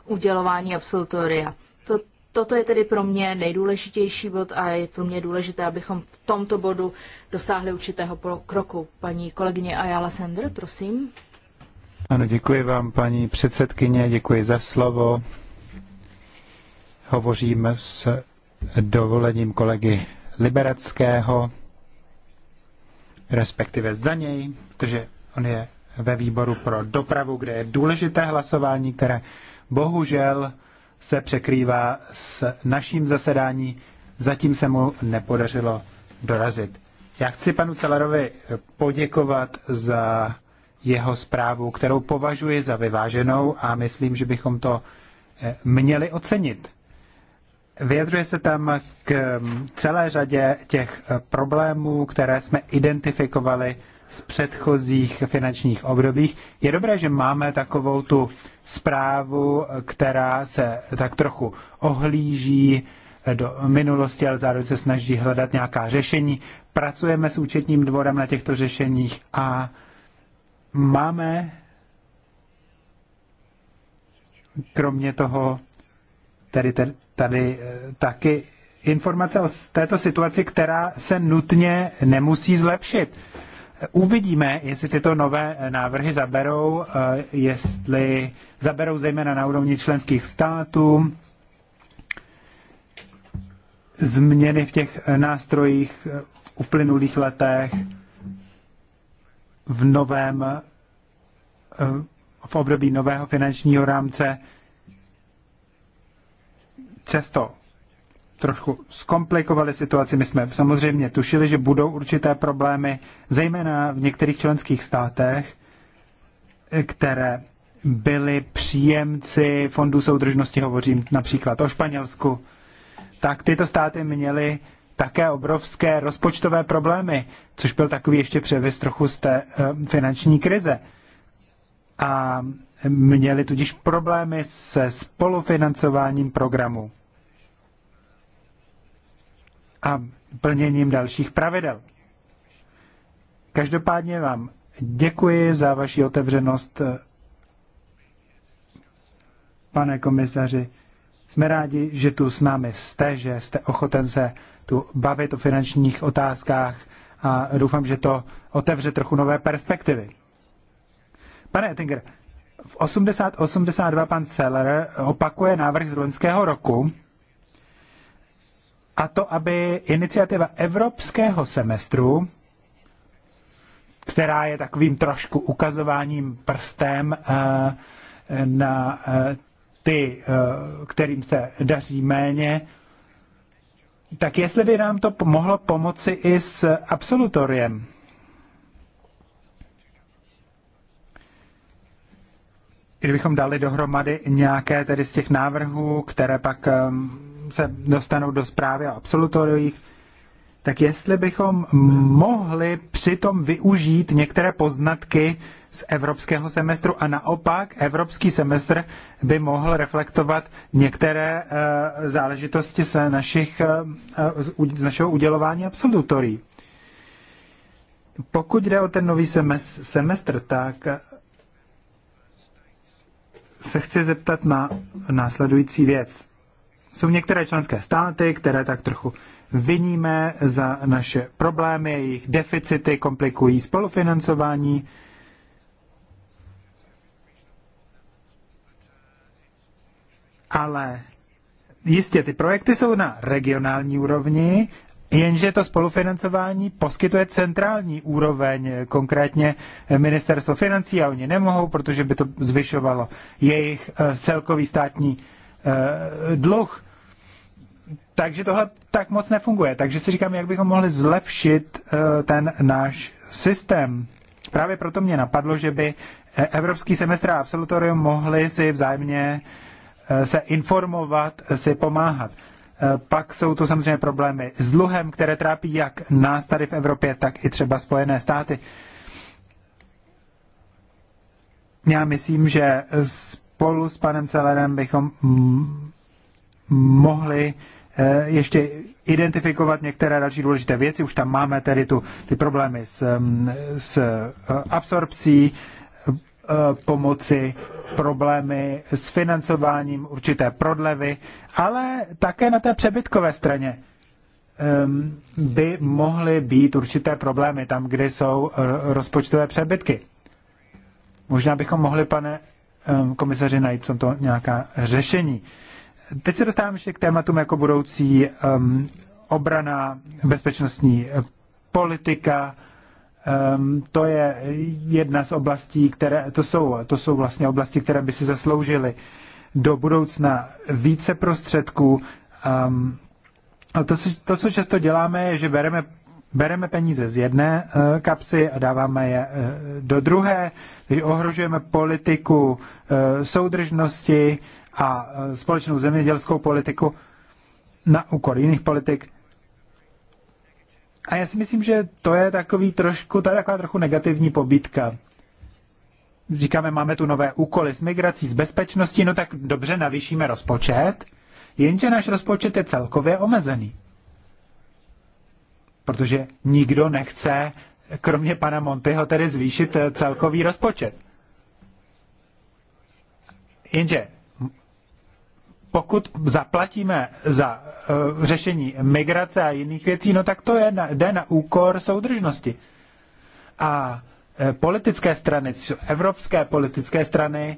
[SPEAKER 4] udělování absolutoria. To, toto je tedy pro mě nejdůležitější bod a je pro mě důležité, abychom v tomto bodu dosáhli určitého kroku. Paní kolegyně Ayala Sender, prosím.
[SPEAKER 3] Ano, děkuji vám, paní předsedkyně, děkuji za slovo. Hovořím s dovolením kolegy Liberackého, respektive za něj, protože on je ve výboru pro dopravu, kde je důležité hlasování, které bohužel se překrývá s naším zasedání. Zatím se mu nepodařilo dorazit. Já chci panu Celerovi poděkovat za jeho zprávu, kterou považuji za vyváženou a myslím, že bychom to eh, měli ocenit. Vyjadřuje se tam k mm, celé řadě těch eh, problémů, které jsme identifikovali z předchozích finančních obdobích. Je dobré, že máme takovou tu zprávu, eh, která se tak trochu ohlíží do minulosti, ale zároveň se snaží hledat nějaká řešení. Pracujeme s účetním dvorem na těchto řešeních a máme kromě toho tady, tady, tady eh, taky informace o této situaci, která se nutně nemusí zlepšit. Uvidíme, jestli tyto nové eh, návrhy zaberou, eh, jestli zaberou zejména na úrovni členských států, změny v těch nástrojích v uplynulých letech, v novém, eh, v období nového finančního rámce často trošku zkomplikovali situaci. My jsme samozřejmě tušili, že budou určité problémy, zejména v některých členských státech, které byly příjemci fondů soudržnosti, hovořím například o Španělsku, tak tyto státy měly také obrovské rozpočtové problémy, což byl takový ještě převis trochu z té eh, finanční krize. A měli tudíž problémy se spolufinancováním programu a plněním dalších pravidel. Každopádně vám děkuji za vaši otevřenost, eh, pane komisaři. Jsme rádi, že tu s námi jste, že jste ochoten se tu bavit o finančních otázkách a doufám, že to otevře trochu nové perspektivy. Pane Ettinger, v 80-82 pan Seller opakuje návrh z loňského roku, a to, aby iniciativa evropského semestru, která je takovým trošku ukazováním prstem eh, na eh, ty, eh, kterým se daří méně, tak jestli by nám to mohlo pomoci i s absolutoriem. Kdybychom dali dohromady nějaké tedy z těch návrhů, které pak ehm, se dostanou do zprávy o absolutoriích, tak jestli bychom mohli přitom využít některé poznatky, z evropského semestru a naopak evropský semestr by mohl reflektovat některé eh, záležitosti z, našich, eh, eh, z našeho udělování absolutorí. Pokud jde o ten nový semestr, tak se chci zeptat na následující věc. Jsou některé členské státy, které tak trochu viníme za naše problémy, jejich deficity komplikují spolufinancování, ale jistě ty projekty jsou na regionální úrovni, jenže to spolufinancování poskytuje centrální úroveň, konkrétně ministerstvo financí a oni nemohou, protože by to zvyšovalo jejich eh, celkový státní eh, dluh. Takže tohle tak moc nefunguje. Takže si říkám, jak bychom mohli zlepšit eh, ten náš systém. Právě proto mě napadlo, že by evropský semestr a absolutorium mohli si vzájemně uh, Eh, se informovat, eh, si pomáhat. Eh, pak jsou tu samozřejmě problémy s dluhem, které trápí jak nás tady v Evropě, tak i třeba Spojené státy. Já myslím, že spolu s panem Celerem bychom mohli ještě identifikovat některé další důležité věci. Už tam máme tedy tu, ty problémy s, mm, s absorpcí, Eh, pomoci, problémy s financováním, určité prodlevy, ale také na té přebytkové straně by mohly být určité problémy tam, kde jsou eh, rozpočtové přebytky. Možná bychom mohli, pane komisaři, najít v tomto nějaká řešení. Teď se dostávám ještě k tématům jako budoucí obrana, bezpečnostní eh, politika, um, to je jedna z oblastí, které, to jsou, to jsou vlastně oblasti, které by si zasloužily do budoucna více prostředků. Um, ehm, ale to, to, co často děláme, je, že bereme bereme peníze z jedné eh, kapsy a dáváme je eh, do druhé, takže ohrožujeme politiku eh, soudržnosti a společnou zemědělskou politiku na úkor jiných politik. A já si myslím, že to je takový trošku, to je taková trochu negativní pobítka. Říkáme, máme tu nové úkoly s migrací, s bezpečností, no tak dobře navýšíme rozpočet, jenže náš rozpočet je celkově omezený. Protože nikdo nechce, kromě pana Montyho, tedy zvýšit eh, celkový rozpočet. Jenže pokud zaplatíme za uh, řešení migrace a jiných věcí, no tak to je na, jde na úkor soudržnosti. A uh, politické strany, evropské politické strany,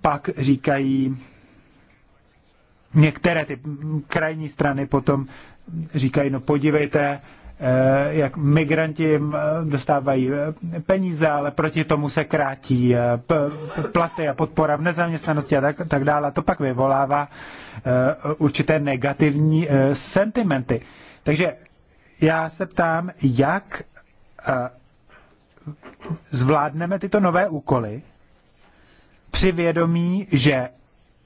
[SPEAKER 3] pak říkají, některé ty krajní strany potom říkají, no podívejte, uh, Eh, jak migranti eh, dostávají eh, peníze, ale proti tomu se krátí platy a podpora v nezaměstnanosti a tak, tak dále. to pak vyvolává určité negativní sentimenty. Takže já se ptám, jak zvládneme tyto nové úkoly při vědomí, že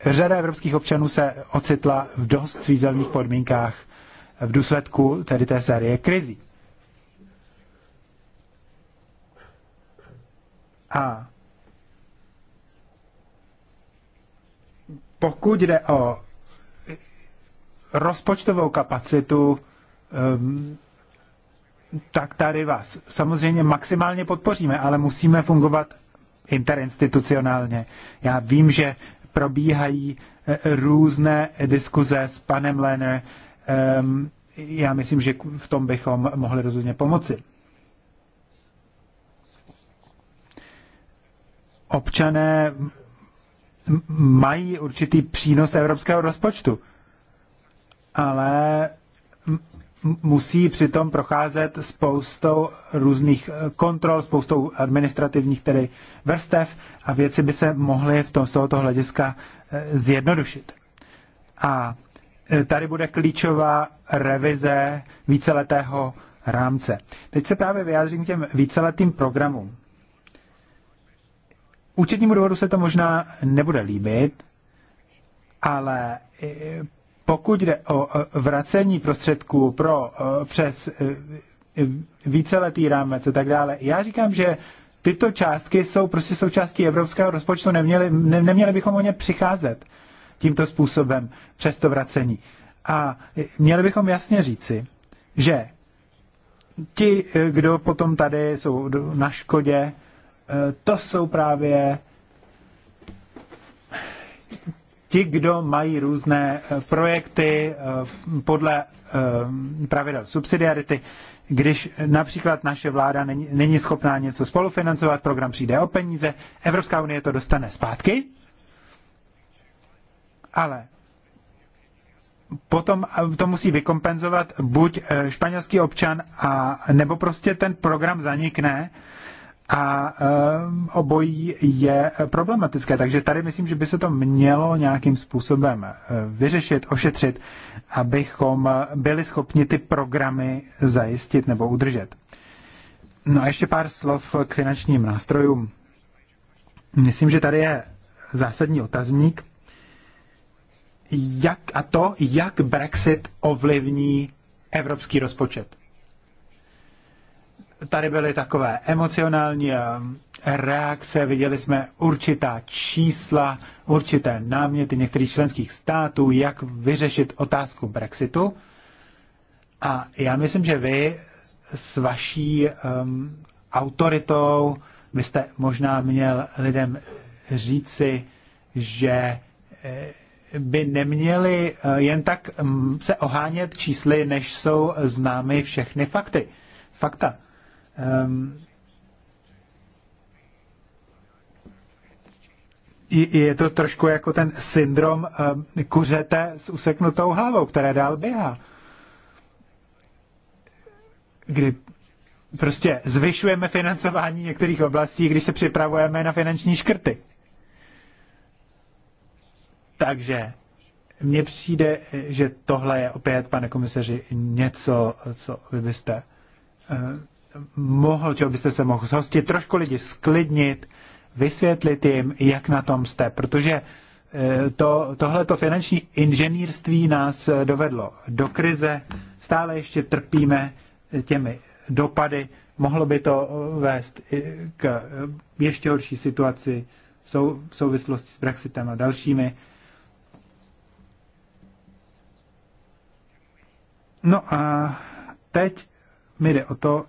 [SPEAKER 3] řada evropských občanů se ocitla v dost svízelných podmínkách v důsledku tedy té série krizí. A pokud jde o rozpočtovou kapacitu, ehm, tak tady vás samozřejmě maximálně podpoříme, ale musíme fungovat interinstitucionálně. Já vím, že probíhají e, různé diskuze s panem Lenner, Ehm, já myslím, že v tom bychom mohli rozhodně pomoci. Občané mají určitý přínos evropského rozpočtu, ale musí přitom procházet spoustou různých kontrol, spoustou administrativních tedy vrstev a věci by se mohly v tom, z tohoto hlediska eh, zjednodušit. A Eh, tady bude klíčová revize víceletého rámce. Teď se právě vyjádřím k těm víceletým programům. Účetnímu důvodu se to možná nebude líbit, ale eh, pokud jde o vracení prostředků pro, eh, přes víceletý rámec a tak dále, já říkám, že tyto částky jsou prostě součástí evropského rozpočtu, neměli, ne, neměli bychom o ně přicházet tímto způsobem přes to vracení. A měli bychom jasně říci, že ti, kdo potom tady jsou na škodě, eh, to jsou právě ti, kdo mají různé eh, projekty eh, podle pravidel subsidiarity, když například naše vláda není, není schopná něco spolufinancovat, program přijde o peníze, Evropská unie to dostane zpátky ale potom to musí vykompenzovat buď e, španělský občan, a, nebo prostě ten program zanikne a um, obojí je problematické. Takže tady myslím, že by se to mělo nějakým způsobem e, vyřešit, ošetřit, abychom byli schopni ty programy zajistit nebo udržet. No a ještě pár slov k finančním nástrojům. Myslím, že tady je zásadní otazník jak, a to, jak Brexit ovlivní evropský rozpočet. Tady byly takové emocionální eh, reakce, viděli jsme určitá čísla, určité náměty některých členských států, jak vyřešit otázku Brexitu. A já myslím, že vy s vaší um, autoritou byste možná měl lidem říci, že eh, by neměli eh, jen tak mm, se ohánět čísly, než jsou známy všechny fakty. Fakta. Ehm, je to trošku jako ten syndrom ehm, kuřete s useknutou hlavou, které dál běhá. Kdy prostě zvyšujeme financování některých oblastí, když se připravujeme na finanční škrty. Takže mně přijde, že tohle je opět, pane komisaři, něco, co vy byste eh, mohl, čeho byste se mohl zhostit, trošku lidi sklidnit, vysvětlit jim, jak na tom jste, protože eh, to, tohleto finanční inženýrství nás eh, dovedlo do krize, stále ještě trpíme těmi dopady, mohlo by to vést k ještě horší situaci v souvislosti s Brexitem a dalšími No a teď mi jde o to,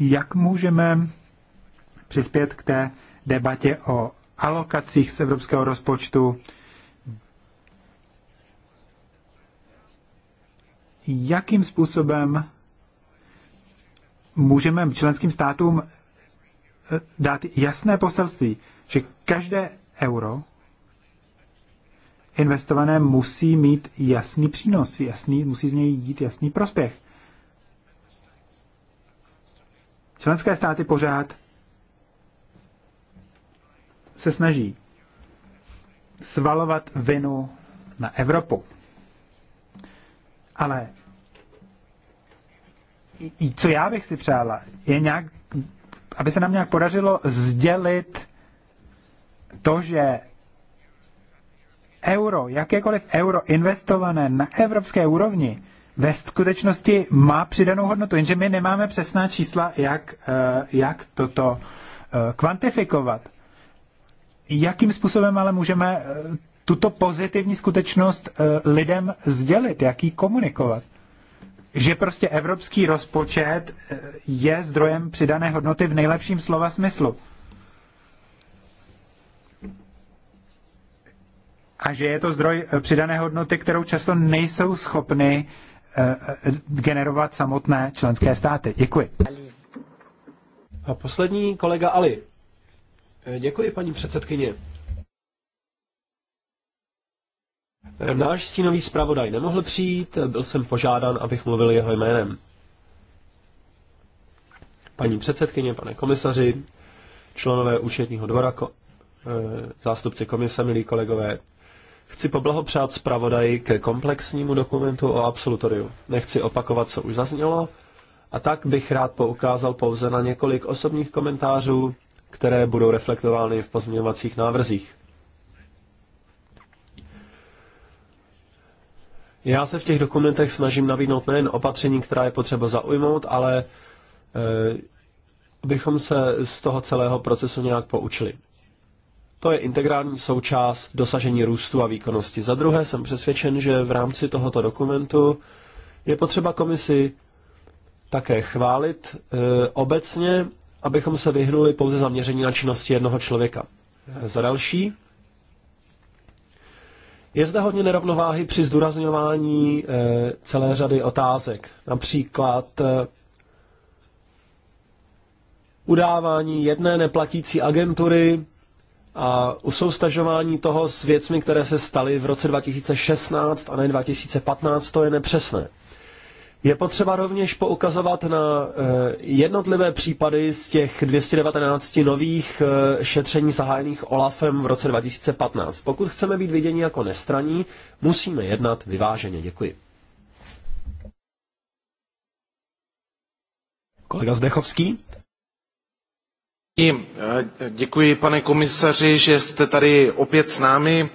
[SPEAKER 3] jak můžeme přispět k té debatě o alokacích z evropského rozpočtu, jakým způsobem můžeme členským státům eh, dát jasné poselství, že každé euro investované musí mít jasný přínos, jasný, musí z něj jít jasný prospěch. Členské státy pořád se snaží svalovat vinu na Evropu. Ale co já bych si přála, je nějak, aby se nám nějak podařilo sdělit to, že euro, jakékoliv euro investované na evropské úrovni, ve skutečnosti má přidanou hodnotu, jenže my nemáme přesná čísla, jak, eh, jak toto eh, kvantifikovat. Jakým způsobem ale můžeme eh, tuto pozitivní skutečnost lidem sdělit, jak ji komunikovat? Že prostě evropský rozpočet je zdrojem přidané hodnoty v nejlepším slova smyslu. a že je to zdroj eh, přidané hodnoty, kterou často nejsou schopny eh, eh, generovat samotné členské státy. Děkuji. A poslední kolega Ali.
[SPEAKER 1] Děkuji, paní předsedkyně. Náš stínový zpravodaj nemohl přijít, byl jsem požádán, abych mluvil jeho jménem. Paní předsedkyně, pane komisaři, členové účetního dvora, zástupci komise, milí kolegové, Chci poblahopřát zpravodaji ke komplexnímu dokumentu o absolutoriu. Nechci opakovat, co už zaznělo, a tak bych rád poukázal pouze na několik osobních komentářů, které budou reflektovány v pozměňovacích návrzích. Já se v těch dokumentech snažím nabídnout nejen opatření, která je potřeba zaujmout, ale e, bychom se z toho celého procesu nějak poučili. To je integrální součást dosažení růstu a výkonnosti. Za druhé jsem přesvědčen, že v rámci tohoto dokumentu je potřeba komisi také chválit e, obecně, abychom se vyhnuli pouze zaměření na činnosti jednoho člověka. E, za další, je zde hodně nerovnováhy při zdůrazňování e, celé řady otázek. Například e, udávání jedné neplatící agentury a usoustažování toho s věcmi, které se staly v roce 2016 a ne 2015, to je nepřesné. Je potřeba rovněž poukazovat na eh, jednotlivé případy z těch 219 nových eh, šetření zahájených OLAFem v roce 2015. Pokud chceme být viděni jako nestraní, musíme jednat vyváženě. Děkuji. Kolega Zdechovský?
[SPEAKER 2] Eh, děkuji, pane komisaři, že jste tady opět s námi.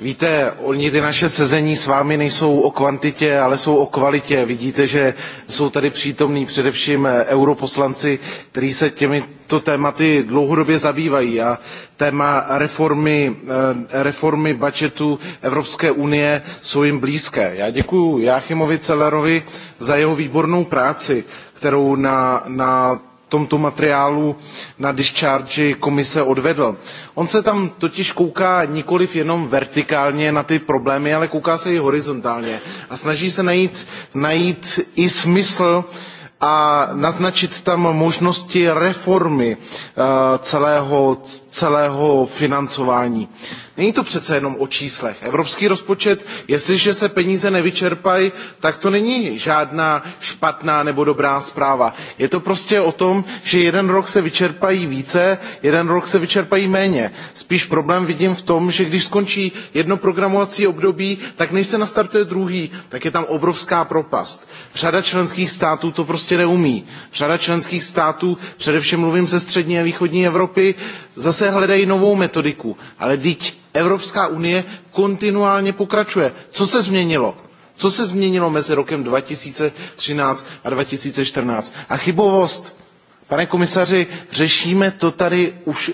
[SPEAKER 2] Víte, oni ty naše sezení s vámi nejsou o kvantitě, ale jsou o kvalitě. Vidíte, že jsou tady přítomní především eh, europoslanci, kteří se těmito tématy dlouhodobě zabývají. A téma reformy, eh, reformy budžetu Evropské unie jsou jim blízké. Já děkuji Jáchymovi Celerovi za jeho výbornou práci, kterou na, na tomto materiálu na discharge komise odvedl. On se tam totiž kouká nikoliv jenom vertikálně na ty problémy, ale kouká se i horizontálně a snaží se najít, najít i smysl uh, a naznačit tam možnosti reformy eh, celého, celého financování. Není to přece jenom o číslech. Evropský rozpočet, jestliže se peníze nevyčerpají, tak to není žádná špatná nebo dobrá zpráva. Je to prostě o tom, že jeden rok se vyčerpají více, jeden rok se vyčerpají méně. Spíš problém vidím v tom, že když skončí jedno programovací období, tak než se nastartuje druhý, tak je tam obrovská propast. Řada členských států to prostě prostě neumí. Řada členských států, především mluvím ze střední a východní Evropy, zase hledají novou metodiku. Ale teď Evropská unie kontinuálně pokračuje. Co se změnilo? Co se změnilo mezi rokem 2013 a 2014? A chybovost. Pane komisaři, řešíme to tady už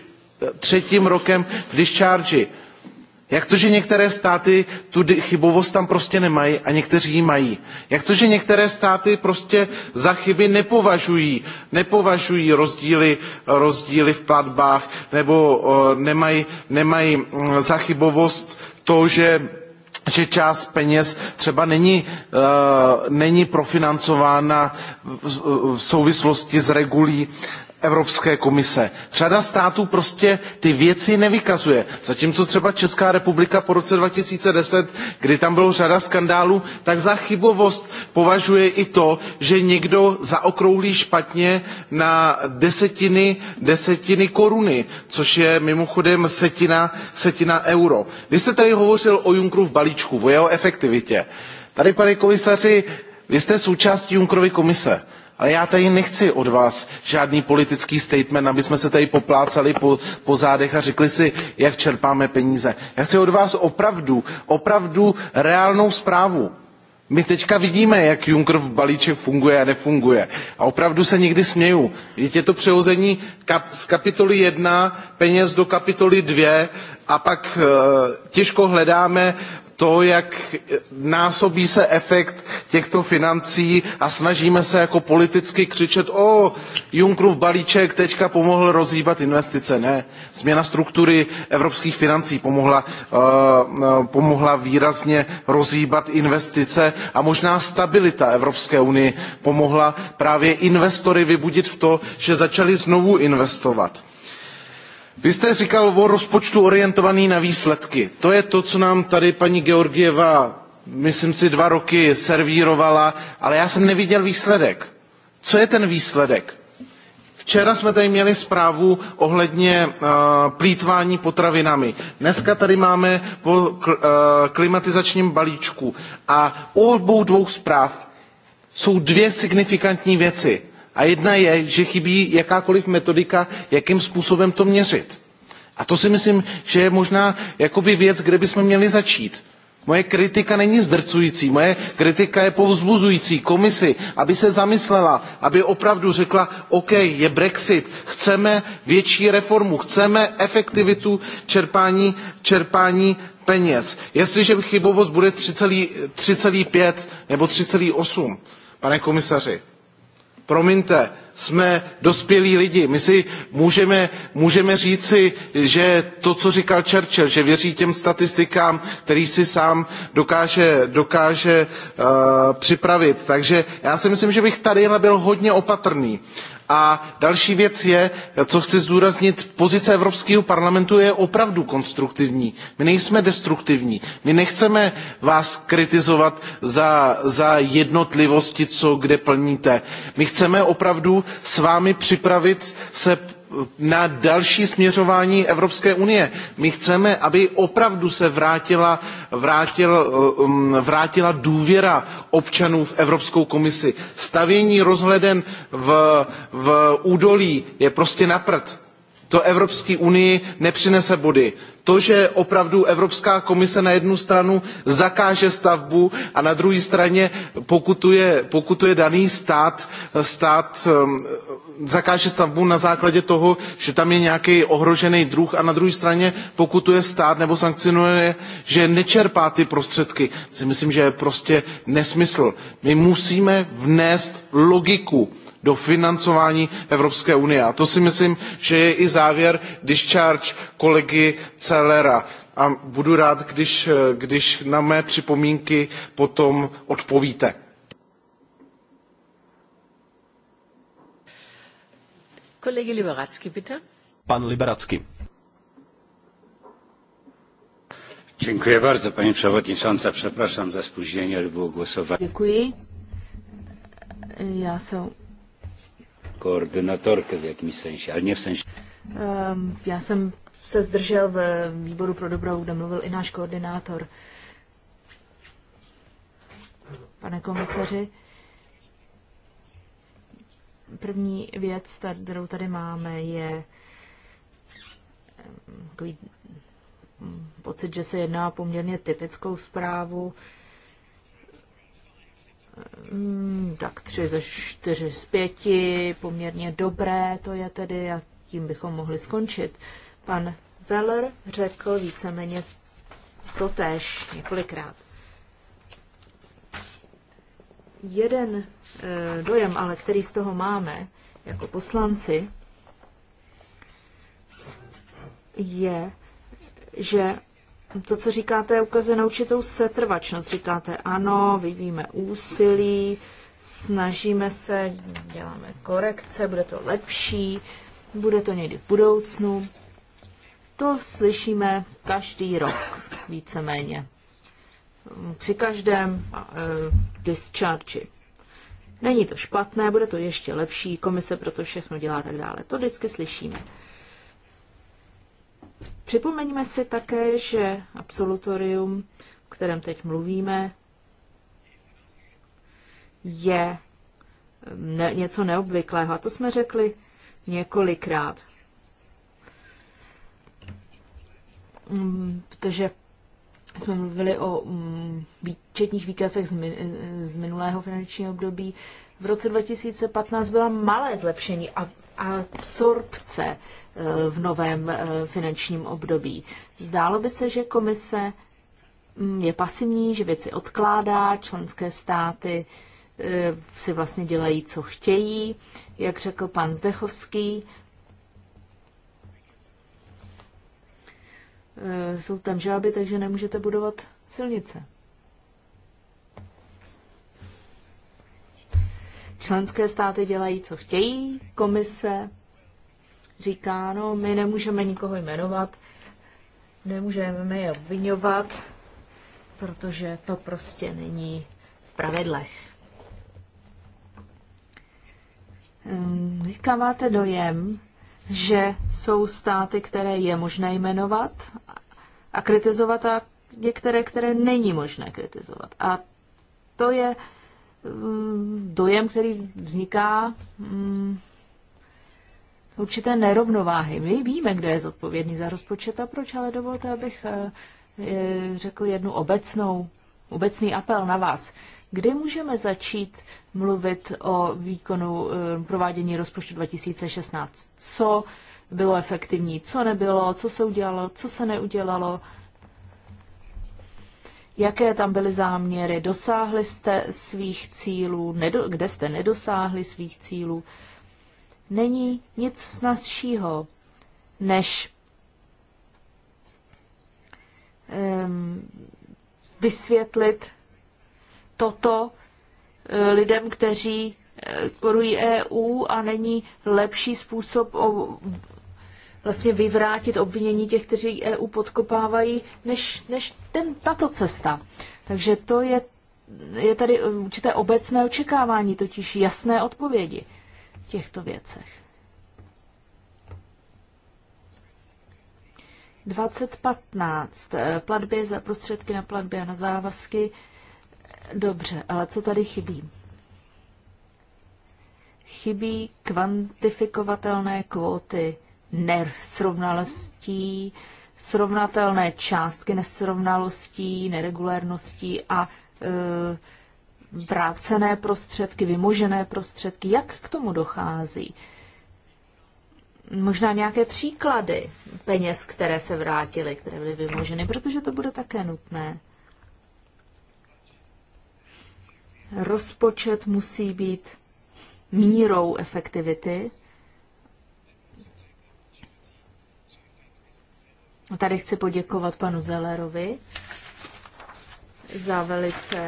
[SPEAKER 2] třetím rokem v discharge jak to, že některé státy tu chybovost tam prostě nemají a někteří ji mají? Jak to, že některé státy prostě za chyby nepovažují, nepovažují rozdíly, rozdíly v platbách nebo nemají, nemají mm, za chybovost to, že že část peněz třeba není, uh, není profinancována v, v souvislosti s regulí uh, Evropské komise. Řada států prostě ty věci nevykazuje. Zatímco třeba Česká republika po roce 2010, kdy tam bylo řada skandálů, tak za chybovost považuje i to, že někdo zaokrouhlí špatně na desetiny, desetiny koruny, což je mimochodem setina, setina euro. Vy jste tady hovořil o Junckerův balíčku, o jeho efektivitě. Tady, pane komisaři, vy jste součástí Junckerovy komise ale já tady nechci od vás žádný politický statement, aby jsme se tady poplácali po, po zádech a řekli si, jak čerpáme peníze. Já chci od vás opravdu, opravdu reálnou zprávu. My teďka vidíme, jak Junckerův balíček funguje a nefunguje. A opravdu se někdy směju. Je to přehození kap, z kapitoly 1 peněz do kapitoly 2 a pak e, těžko hledáme to, jak násobí se efekt těchto financí a snažíme se jako politicky křičet, o, Junckerův balíček teďka pomohl rozhýbat investice. Ne, změna struktury evropských financí pomohla, uh, pomohla výrazně rozhýbat investice a možná stabilita Evropské unie pomohla právě investory vybudit v to, že začali znovu investovat vy jste říkal o rozpočtu orientovaný na výsledky. To je to, co nám tady paní Georgieva, myslím si, dva roky servírovala, ale já jsem neviděl výsledek. Co je ten výsledek? Včera jsme tady měli zprávu ohledně uh, plítvání potravinami. Dneska tady máme o uh, eh, klimatizačním balíčku. A u obou dvou zpráv jsou dvě signifikantní věci a jedna je, že chybí jakákoliv metodika, jakým způsobem to měřit. A to si myslím, že je možná jakoby věc, kde bychom měli začít. Moje kritika není zdrcující, moje kritika je povzbuzující komisi, aby se zamyslela, aby opravdu řekla, OK, je Brexit, chceme větší reformu, chceme efektivitu čerpání, čerpání peněz. Jestliže chybovost bude 3,5 nebo 3,8, pane komisaři, Promiňte, jsme dospělí lidi. My si můžeme, můžeme říci, že to, co říkal Churchill, že věří těm statistikám, který si sám dokáže, dokáže uh, připravit. Takže já si myslím, že bych tady byl hodně opatrný. A další věc je, co chci zdůraznit, pozice Evropského parlamentu je opravdu konstruktivní. My nejsme destruktivní. My nechceme vás kritizovat za, za jednotlivosti, co kde plníte. My chceme opravdu s vámi připravit se na další směřování Evropské unie. My chceme, aby opravdu se vrátila, vrátil, um, vrátila důvěra občanů v Evropskou komisi. Stavění rozhleden v, v údolí je prostě na prd. To Evropské unii nepřinese body to že opravdu evropská komise na jednu stranu zakáže stavbu a na druhé straně pokutuje, daný stát, stát um, zakáže stavbu na základě toho, že tam je nějaký ohrožený druh a na druhé straně pokutuje stát nebo sankcionuje, že nečerpá ty prostředky, si myslím, že je prostě nesmysl. My musíme vnést logiku do financování Evropské unie. A to si myslím, že je i závěr discharge kolegy Celera. A budu rád, když, když na mé připomínky potom odpovíte.
[SPEAKER 4] Kolega Liberacky, bitte.
[SPEAKER 2] Pan Liberacky.
[SPEAKER 3] Dziękuję bardzo, pani przewodnicząca. Przepraszam za spóźnienie, ale było głosowanie. Dziękuję. Já jsem... Koordynatorka v jakým sensie, ale ne v sensie...
[SPEAKER 4] Um, já jsem se zdržel v výboru pro dobrou, kde mluvil i náš koordinátor. Pane komisaři, uh, První věc, kterou tady máme, je ehm, takový mm, pocit, že se jedná o poměrně typickou zprávu. Ehm, tak tři ze čtyři z pěti, poměrně dobré to je tedy a tím bychom mohli skončit. Pan Zeller řekl víceméně to též několikrát. Jeden Eh, dojem, ale který z toho máme jako poslanci, je, že to, co říkáte, ukazuje na určitou setrvačnost. Říkáte, ano, vyvíjíme úsilí, snažíme se, děláme korekce, bude to lepší, bude to někdy v budoucnu. To slyšíme každý rok, víceméně. Při každém uh, discharge. Není to špatné, bude to ještě lepší, komise proto všechno dělá a tak dále. To vždycky slyšíme. Připomeňme si také, že absolutorium, o kterém teď mluvíme, je ne, něco neobvyklého. A to jsme řekli několikrát. Protože mm, jsme mluvili o mm, výčetních výkazech z minulého finančního období. V roce 2015 byla malé zlepšení a absorpce e, v novém e, finančním období. Zdálo by se, že komise mm, je pasivní, že věci odkládá, členské státy e, si vlastně dělají, co chtějí. Jak řekl pan Zdechovský, Eh, jsou tam žáby, takže nemůžete budovat silnice. Členské státy dělají, co chtějí, komise říká, no, my nemůžeme nikoho jmenovat, nemůžeme je obvinovat, protože to prostě není v pravidlech. Eh, získáváte dojem, že jsou státy, které je možné jmenovat a kritizovat a některé, které není možné kritizovat. A to je mm, dojem, který vzniká mm, určité nerovnováhy. My víme, kdo je zodpovědný za rozpočet a proč, ale dovolte, abych eh, eh, řekl jednu obecnou, obecný apel na vás. Kdy můžeme začít mluvit o výkonu eh, provádění rozpočtu 2016. Co bylo efektivní, co nebylo, co se udělalo, co se neudělalo, jaké tam byly záměry, dosáhli jste svých cílů, nedo, kde jste nedosáhli svých cílů. Není nic snazšího, než um, vysvětlit toto Eh, lidem, kteří podporují eh, EU a není lepší způsob o, vlastně vyvrátit obvinění těch, kteří EU podkopávají, než, než ten, tato cesta. Takže to je, je tady eh, určité obecné očekávání, totiž jasné odpovědi v těchto věcech. 2015. Platby za prostředky na platby a na závazky Dobře, ale co tady chybí? Chybí kvantifikovatelné kvóty nesrovnalostí, srovnatelné částky nesrovnalostí, neregulérností a e, vrácené prostředky, vymožené prostředky. Jak k tomu dochází? Možná nějaké příklady peněz, které se vrátily, které byly vymoženy, protože to bude také nutné. Rozpočet musí být mírou efektivity. Tady chci poděkovat panu Zellerovi za velice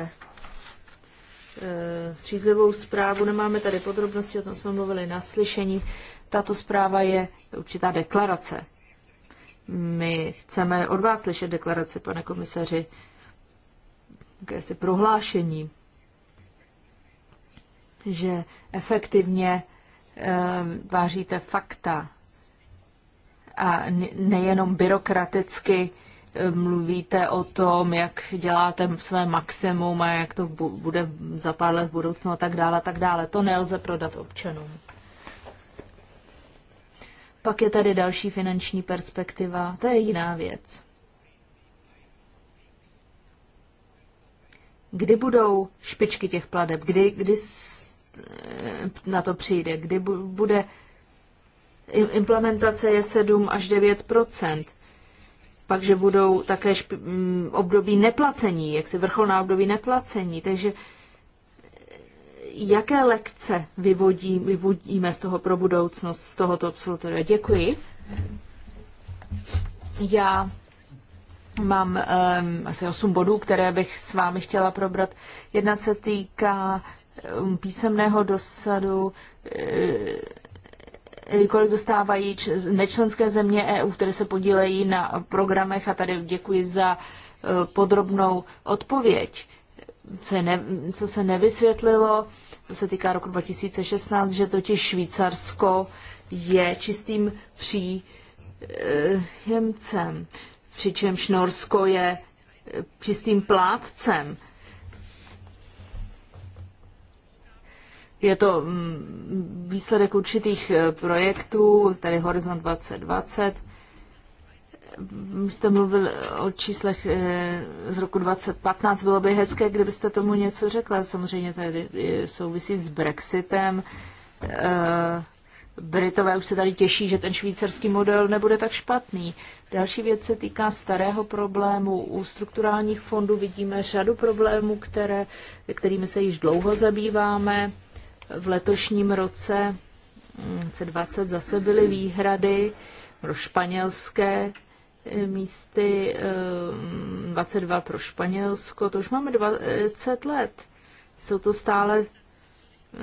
[SPEAKER 4] eh, střízlivou zprávu. Nemáme tady podrobnosti, o tom jsme mluvili na slyšení. Tato zpráva je určitá deklarace. My chceme od vás slyšet deklaraci, pane komisaři, jakési prohlášení že efektivně eh, vážíte fakta a nejenom byrokraticky eh, mluvíte o tom, jak děláte své maximum a jak to bude za pár let v budoucnu a tak dále, a tak dále. To nelze prodat občanům. Pak je tady další finanční perspektiva, to je jiná věc. Kdy budou špičky těch pladeb? Kdy, kdy Eh, na to přijde, kdy bude implementace je 7 až 9 pak, že budou také mm, období neplacení, jak se vrcholná období neplacení. Takže eh, jaké lekce vyvodí, vyvodíme z toho pro budoucnost, z tohoto absolutoria? Děkuji. Já mám um, asi 8 bodů, které bych s vámi chtěla probrat. Jedna se týká Um, písemného dosadu, eh, eh, kolik dostávají nečlenské země EU, které se podílejí na programech a tady děkuji za eh, podrobnou odpověď. Co, ne, co se nevysvětlilo, to se týká roku 2016, že totiž Švýcarsko je čistým příjemcem, přičemž Norsko je čistým plátcem. Je to mm, výsledek určitých e, projektů, tady Horizont 2020. Jste mluvil o číslech e, z roku 2015. Bylo by hezké, kdybyste tomu něco řekla. Samozřejmě tady e, souvisí s Brexitem. Britové už se tady těší, že ten švýcarský model nebude tak špatný. Další věc se týká starého problému. U strukturálních fondů vidíme řadu problémů, které, kterými se již dlouho zabýváme. V letošním roce 2020 mm, zase byly výhrady pro španělské eh, místy, 22 eh, pro Španělsko, to už máme 20 let. Jsou to stále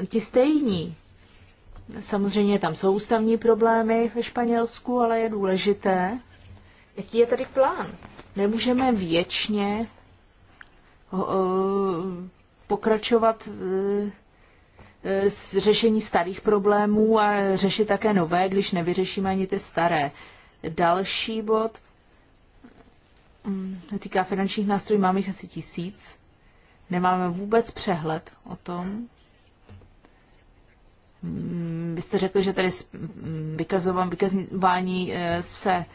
[SPEAKER 4] ti stejní. Samozřejmě tam jsou ústavní problémy ve Španělsku, ale je důležité, jaký je tady plán. Nemůžeme věčně eh, pokračovat Eh, s řešení starých problémů a řešit také nové, když nevyřešíme ani ty staré. Další bod mm, týká finančních nástrojů, máme jich asi tisíc. Nemáme vůbec přehled o tom. Mm, vy jste řekl, že tady mm, vykazování eh, se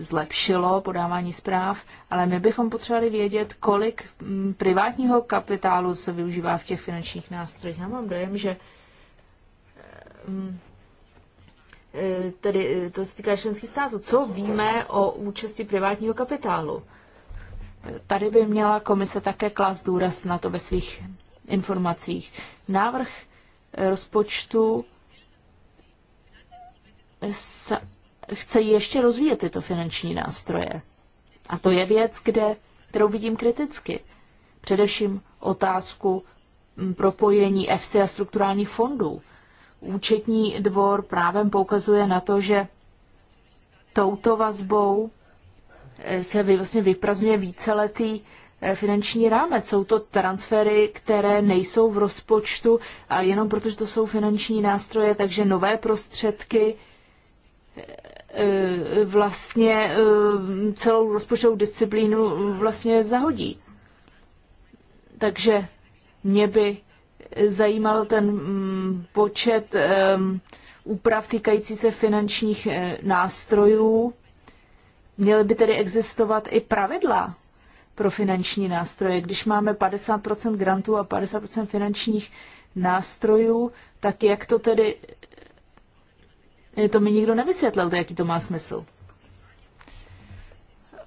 [SPEAKER 4] zlepšilo podávání zpráv, ale my bychom potřebovali vědět, kolik mm, privátního kapitálu se využívá v těch finančních nástrojích. Já mám dojem, že eh, mm, eh, tedy eh, to se týká členských států. Co víme o účasti privátního kapitálu? Tady by měla komise také klást důraz na to ve svých informacích. Návrh rozpočtu se chce ještě rozvíjet tyto finanční nástroje. A to je věc, kde, kterou vidím kriticky. Především otázku mm, propojení EFSI a strukturálních fondů. Účetní dvor právem poukazuje na to, že touto vazbou eh, se vlastně vyprazňuje víceletý eh, finanční rámec. Jsou to transfery, které nejsou v rozpočtu, ale jenom protože to jsou finanční nástroje, takže nové prostředky eh, E, vlastně e, celou rozpočtovou disciplínu vlastně zahodí. Takže mě by zajímal ten mm, počet e, úprav týkající se finančních nástrojů. Měly by tedy existovat i pravidla pro finanční nástroje. Když máme 50 grantů a 50 finančních nástrojů, tak jak to tedy Eh, to mi nikdo nevysvětlil, to, jaký to má smysl.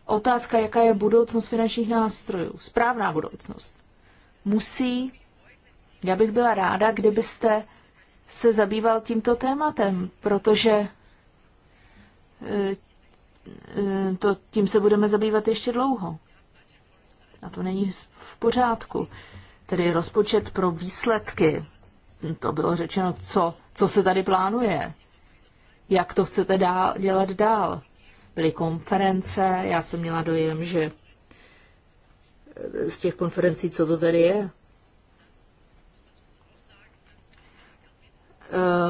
[SPEAKER 4] Otázka, jaká je budoucnost finančních nástrojů, správná budoucnost, musí, já bych byla ráda, kdybyste se zabýval tímto tématem, protože eh, eh, to, tím se budeme zabývat ještě dlouho. A to není v pořádku. Tedy rozpočet pro výsledky. To bylo řečeno, co, co se tady plánuje jak to chcete dál, dělat dál. Byly konference, já jsem měla dojem, že eh, z těch konferencí, co to tady je?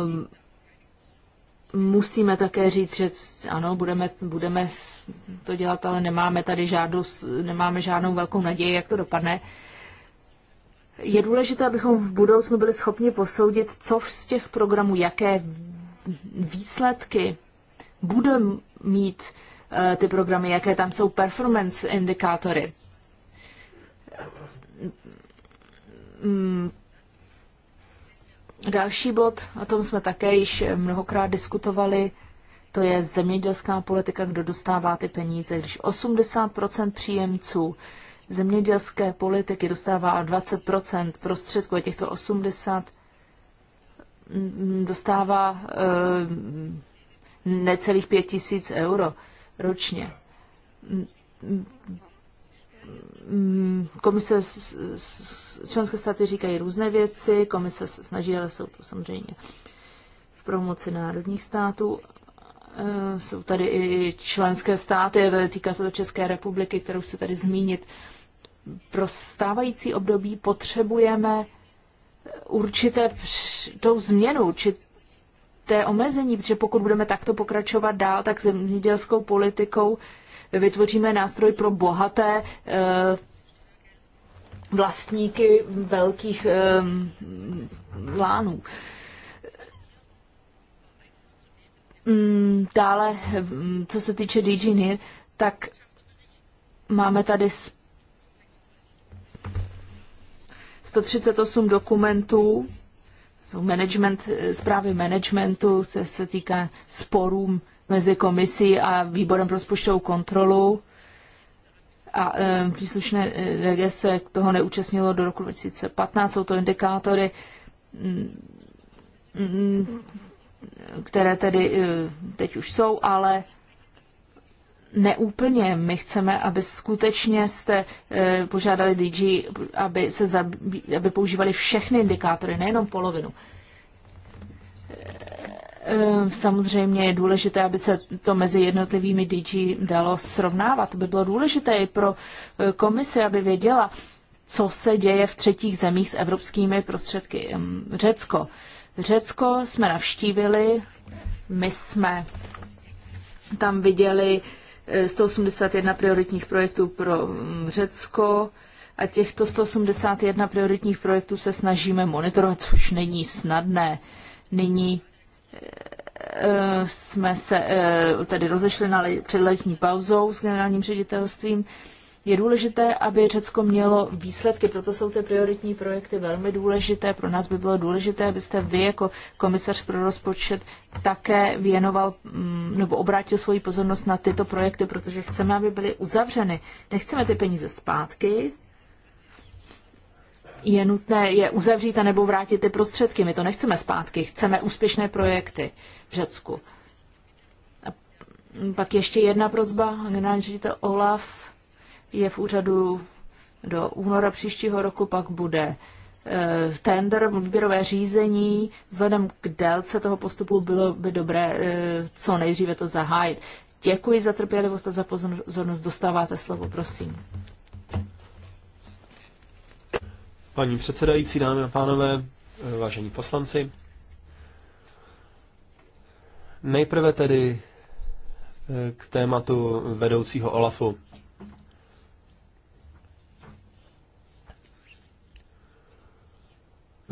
[SPEAKER 4] Um, musíme také říct, že ano, budeme, budeme to dělat, ale nemáme tady žádnou, nemáme žádnou velkou naději, jak to dopadne. Je důležité, abychom v budoucnu byli schopni posoudit, co z těch programů, jaké výsledky bude mít eh, ty programy, jaké tam jsou performance indikátory. Hmm. Další bod, o tom jsme také již mnohokrát diskutovali, to je zemědělská politika, kdo dostává ty peníze. Když 80% příjemců zemědělské politiky dostává 20% prostředků a těchto 80 dostává eh, necelých pět tisíc euro ročně. Komise, členské státy říkají různé věci, komise se snaží, ale jsou to samozřejmě v promoci národních států. Eh, jsou tady i členské státy, týká se to České republiky, kterou se tady zmínit. Pro stávající období potřebujeme určité tou změnu, té omezení, protože pokud budeme takto pokračovat dál, tak zemědělskou politikou vytvoříme nástroj pro bohaté eh, vlastníky velkých eh, lánů. Mm, dále, eh, co se týče DG NIR, tak máme tady 138 dokumentů, jsou management, zprávy managementu, co se týká sporů mezi komisí a výborem pro rozpočtovou kontrolu. A e, příslušné DG e, se toho neúčastnilo do roku 2015. Jsou to indikátory, mm, mm, mm, které tedy e, teď už jsou, ale neúplně. My chceme, aby skutečně jste eh, požádali DG, aby, se zabí, aby používali všechny indikátory, nejenom polovinu. Eh, eh, samozřejmě je důležité, aby se to mezi jednotlivými DG dalo srovnávat. To by bylo důležité i pro komisi, aby věděla, co se děje v třetích zemích s evropskými prostředky. Řecko. Řecko jsme navštívili, my jsme tam viděli 181 prioritních projektů pro mm, Řecko a těchto 181 prioritních projektů se snažíme monitorovat, což není snadné. Nyní e, e, jsme se e, tedy rozešli na předletní pauzou s generálním ředitelstvím. Je důležité, aby Řecko mělo výsledky, proto jsou ty prioritní projekty velmi důležité. Pro nás by bylo důležité, abyste vy jako komisař pro rozpočet také věnoval mm, nebo obrátil svoji pozornost na tyto projekty, protože chceme, aby byly uzavřeny. Nechceme ty peníze zpátky, je nutné je uzavřít a nebo vrátit ty prostředky. My to nechceme zpátky, chceme úspěšné projekty v Řecku. A pak ještě jedna prozba, generální ředitel Olaf je v úřadu do února příštího roku, pak bude eh, tender, výběrové řízení, vzhledem k délce toho postupu bylo by dobré eh, co nejdříve to zahájit. Děkuji za trpělivost a za pozornost. Dostáváte slovo, prosím.
[SPEAKER 1] Paní předsedající, dámy a pánové, vážení poslanci, nejprve tedy eh, k tématu vedoucího OLAFu.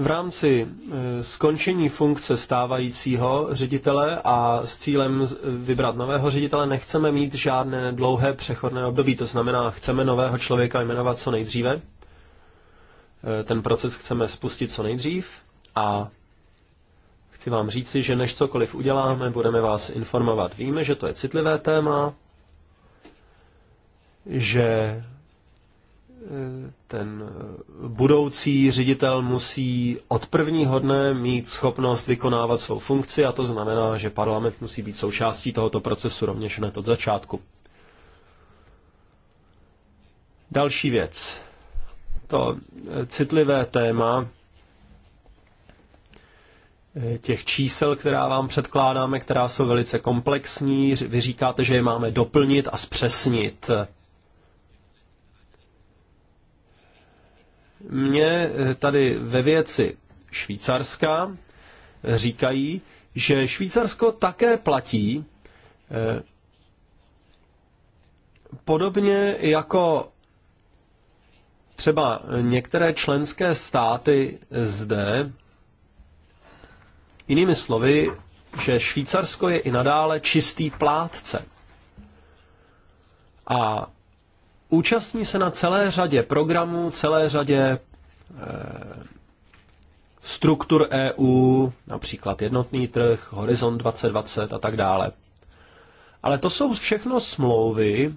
[SPEAKER 1] V rámci e, skončení funkce stávajícího ředitele a s cílem e, vybrat nového ředitele nechceme mít žádné dlouhé přechodné období, to znamená, chceme nového člověka jmenovat co nejdříve. E, ten proces chceme spustit co nejdřív a chci vám říci, že než cokoliv uděláme, budeme vás informovat. Víme, že to je citlivé téma, že ten eh, budoucí ředitel musí od prvního dne mít schopnost vykonávat svou funkci a to znamená, že parlament musí být součástí tohoto procesu rovněž hned od začátku. Další věc. To eh, citlivé téma eh, těch čísel, která vám předkládáme, která jsou velice komplexní. Vy říkáte, že je máme doplnit a zpřesnit. mě eh, tady ve věci Švýcarska eh, říkají, že Švýcarsko také platí eh, podobně jako třeba některé členské státy zde, jinými slovy, že Švýcarsko je i nadále čistý plátce. A účastní se na celé řadě programů, celé řadě eh, struktur EU, například jednotný trh, Horizon 2020 a tak dále. Ale to jsou všechno smlouvy,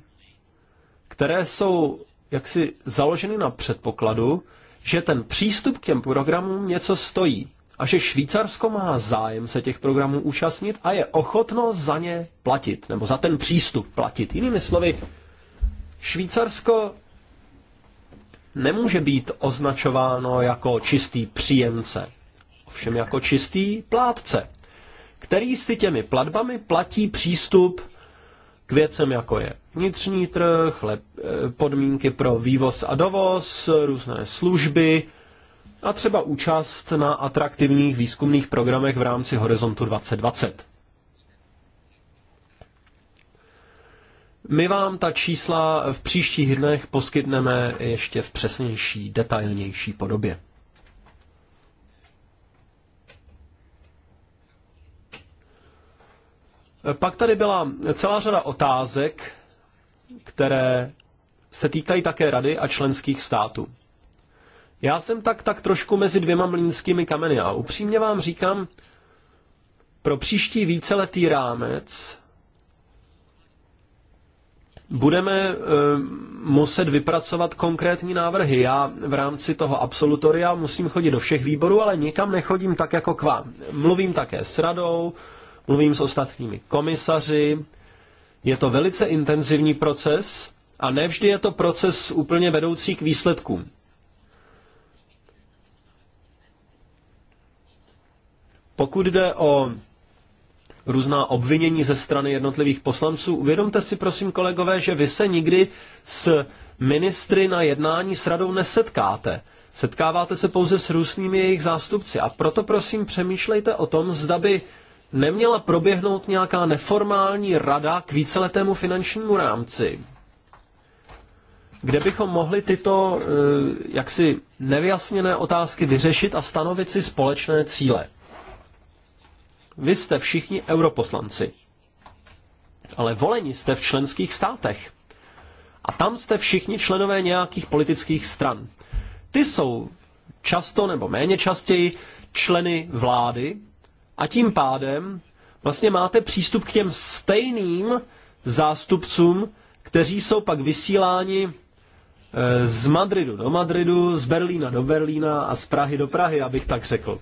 [SPEAKER 1] které jsou jaksi založeny na předpokladu, že ten přístup k těm programům něco stojí a že Švýcarsko má zájem se těch programů účastnit a je ochotno za ně platit, nebo za ten přístup platit. Jinými slovy, Švýcarsko nemůže být označováno jako čistý příjemce, ovšem jako čistý plátce, který si těmi platbami platí přístup k věcem, jako je vnitřní trh, eh, podmínky pro vývoz a dovoz, různé služby a třeba účast na atraktivních výzkumných programech v rámci Horizontu 2020. My vám ta čísla v příštích dnech poskytneme ještě v přesnější, detailnější podobě. Pak tady byla celá řada otázek, které se týkají také rady a členských států. Já jsem tak, tak trošku mezi dvěma mlínskými kameny a upřímně vám říkám, pro příští víceletý rámec budeme eh, muset vypracovat konkrétní návrhy. Já v rámci toho absolutoria musím chodit do všech výborů, ale nikam nechodím tak jako k vám. Mluvím také s radou, mluvím s ostatními komisaři. Je to velice intenzivní proces a nevždy je to proces úplně vedoucí k výsledkům. Pokud jde o různá obvinění ze strany jednotlivých poslanců. Uvědomte si, prosím, kolegové, že vy se nikdy s ministry na jednání s radou nesetkáte. Setkáváte se pouze s různými jejich zástupci. A proto, prosím, přemýšlejte o tom, zda by neměla proběhnout nějaká neformální rada k víceletému finančnímu rámci, kde bychom mohli tyto eh, jaksi nevyjasněné otázky vyřešit a stanovit si společné cíle. Vy jste všichni europoslanci, ale voleni jste v členských státech. A tam jste všichni členové nějakých politických stran. Ty jsou často nebo méně častěji členy vlády a tím pádem vlastně máte přístup k těm stejným zástupcům, kteří jsou pak vysíláni e, z Madridu do Madridu, z Berlína do Berlína a z Prahy do Prahy, abych tak řekl.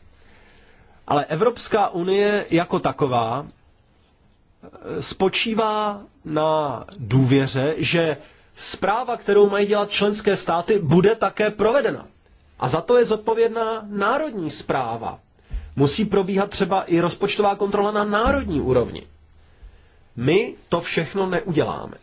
[SPEAKER 1] Ale Evropská unie jako taková eh, spočívá na důvěře, že zpráva, kterou mají dělat členské státy, bude také provedena. A za to je zodpovědná národní zpráva. Musí probíhat třeba i rozpočtová kontrola na národní úrovni. My to všechno neuděláme.